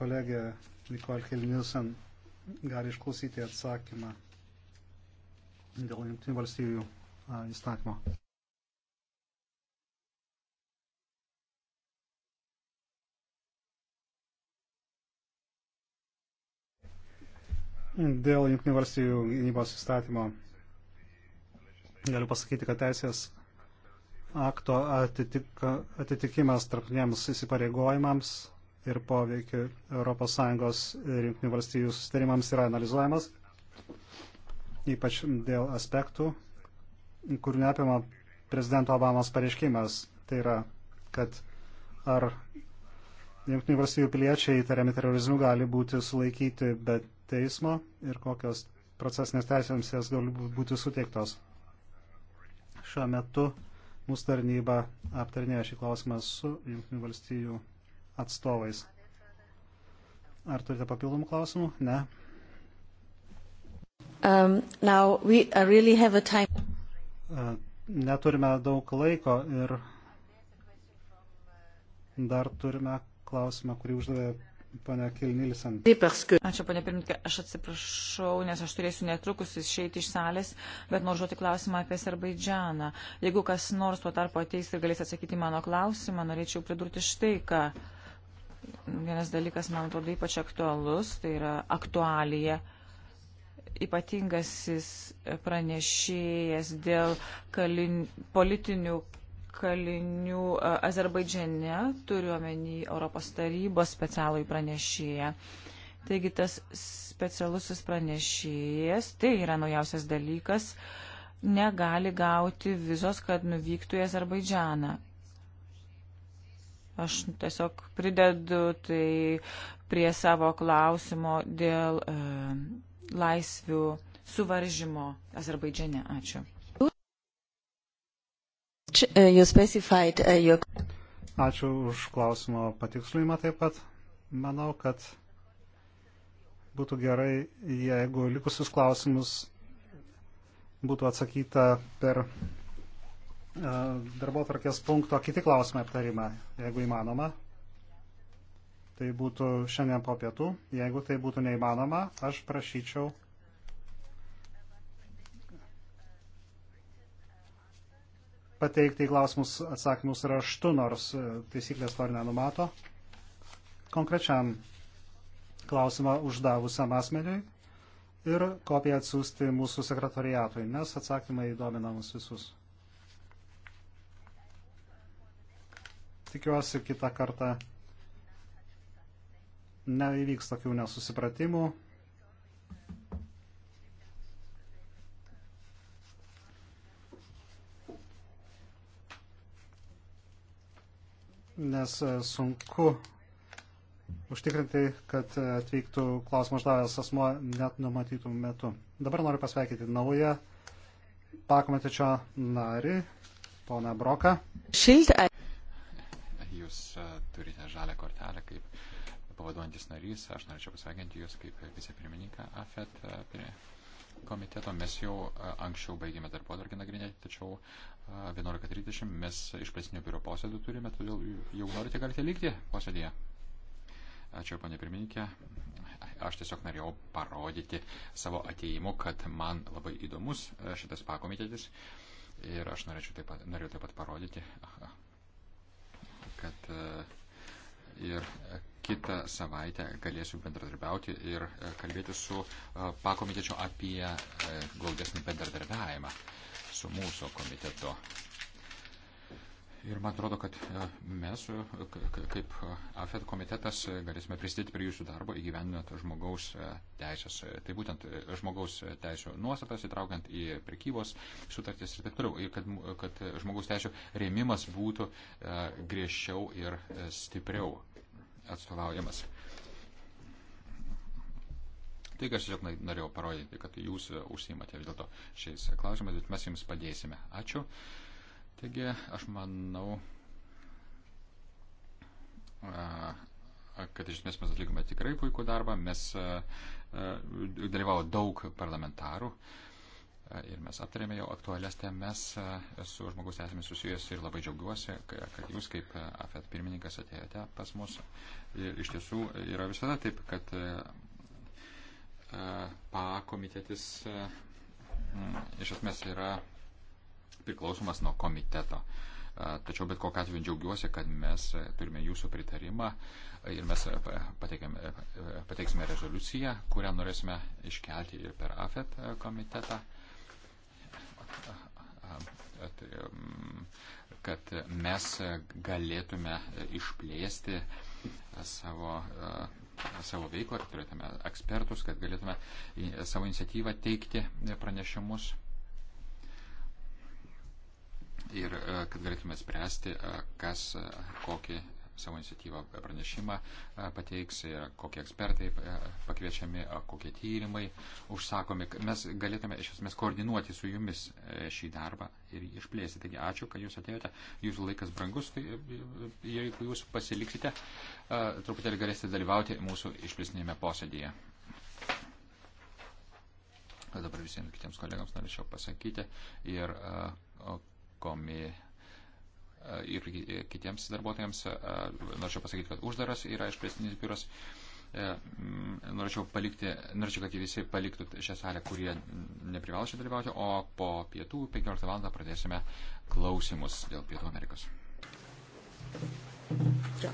kolegė Nikol Kelnilsen gali išklausyti atsakymą dėl Junktinių valstybių įstatymo. Dėl Junktinių valstybių gynybos įstatymo galiu pasakyti, kad teisės akto atitik, atitikimas tarptautiniams įsipareigojimams ir poveikiu ES ir Junktinių valstybių sustarimams yra analizuojamas, ypač dėl aspektų, kur neapima prezidento Obamos pareiškimas. Tai yra, kad ar Junktinių valstybių piliečiai įtariami terorizmu gali būti sulaikyti be teismo ir kokios procesinės teisėms jas gali būti suteiktos. Šiuo metu mūsų tarnyba aptarinėja šį klausimą su Junktinių valstybių atstovais. Ar turite papildomų klausimų? Ne. Um, now we uh, really have a time. Uh, neturime daug laiko ir dar turime klausimą, kurį uždavė Pane Kilnilsen. Taip, paskui. Ačiū, pane pirmininkė, aš atsiprašau, nes aš turėsiu netrukus išeiti iš salės, bet noriu žodį klausimą apie Azerbaidžianą. Jeigu kas nors tuo tarpu ateis ir galės atsakyti mano klausimą, norėčiau pridurti štai ką. Uh, Vienas dalykas, man atrodo, ypač aktualus, tai yra aktualija ypatingasis pranešėjas dėl kalin, politinių kalinių e, Azerbaidžiane, turiuomenį Europos tarybos specialų pranešėją. Taigi tas specialusis pranešėjas, tai yra naujausias dalykas, negali gauti vizos, kad nuvyktų į Azerbaidžianą. Aš tiesiog pridedu tai prie savo klausimo dėl e, laisvių suvaržymo Azerbaidžiane. Ačiū. E, e, Ačiū už klausimo patikslinimą taip pat. Manau, kad būtų gerai, jeigu likusius klausimus būtų atsakyta per E, darbo tvarkės punkto kiti klausimai aptarimą, jeigu įmanoma. Tai būtų šiandien po pietų. Jeigu tai būtų neįmanoma, aš prašyčiau pateikti į klausimus atsakymus raštu, nors e, taisyklės to ir nenumato. Konkrečiam klausimą uždavusiam asmeniui ir kopiją atsiųsti mūsų sekretoriatui, nes atsakymai įdomina mus visus. tikiuosi kitą kartą neįvyks tokių nesusipratimų. Nes e, sunku užtikrinti, kad atvyktų klausimą uždavęs asmo net numatytų metu. Dabar noriu pasveikyti naują pakomitečio narį, poną Broką. Šild jūs e, turite žalę kortelę kaip pavaduojantis narys. Aš norėčiau pasveikinti jūs kaip vicepirmininką AFET e, komiteto. Mes jau e, anksčiau baigėme darbo dargi nagrinėti, tačiau 11.30 mes išplėstinio biuro posėdį turime, todėl jau norite galite likti posėdėje. Ačiū, ponė pirmininkė. Aš tiesiog norėjau parodyti savo ateimu, kad man labai įdomus šitas pakomitėtis. Ir aš norėčiau taip pat, norėjau taip pat parodyti, aha, kad e, ir kitą savaitę galėsiu bendradarbiauti ir e, kalbėti su e, pakomitečiu apie glaudesnį bendradarbiavimą su mūsų komitetu. Ir man atrodo, kad e, mes, e, kaip e, AFET komitetas, galėsime prisidėti prie jūsų darbo įgyvendinant žmogaus teisės. Tai būtent žmogaus teisų nuostatas įtraukiant į prekybos sutartis ir taip toliau. Ir kad, kad žmogaus teisų rėmimas būtų griežčiau ir stipriau atstovaujamas. Taigi aš tiesiog norėjau parodyti, kad jūs užsiimate vis dėlto šiais klausimais, bet mes jums padėsime. Ačiū. Taigi, aš manau, kad iš esmės mes atlikome tikrai puikų darbą, mes dalyvavo daug parlamentarų ir mes aptarėme jau aktualias temas su žmogus esame susijęs ir labai džiaugiuosi, kad jūs kaip AFET pirmininkas atėjote pas mus. Ir iš tiesų yra visada taip, kad PA komitetis iš esmės yra priklausomas nuo komiteto. E, tačiau bet kokiu atveju džiaugiuosi, kad mes turime jūsų pritarimą ir mes e, e, pateiksime rezoliuciją, kurią norėsime iškelti ir per AFET komitetą, kad mes galėtume išplėsti savo, savo veiklą, kad turėtume ekspertus, kad galėtume savo iniciatyvą teikti pranešimus ir e, kad galėtume spręsti, e, kas e, kokį savo iniciatyvą pranešimą pateiks, kokie ekspertai pakviečiami, kokie tyrimai užsakomi. Mes galėtume iš esmės koordinuoti su jumis šį darbą ir išplėsti. Taigi ačiū, kad jūs atėjote. Jūsų laikas brangus, tai jeigu jūs pasiliksite, truputėlį galėsite dalyvauti mūsų išplėsnėme posėdėje. Dabar visiems kitiems kolegams norėčiau pasakyti ir taikomi e, ir e, kitiems darbuotojams. E, norėčiau pasakyti, kad uždaras yra išplėstinis biuras. Norėčiau, palikti, norėčiau, kad visi paliktų šią salę, kurie neprivalo čia dalyvauti, o po pietų 15 val. pradėsime klausimus dėl Pietų Amerikos. Ja.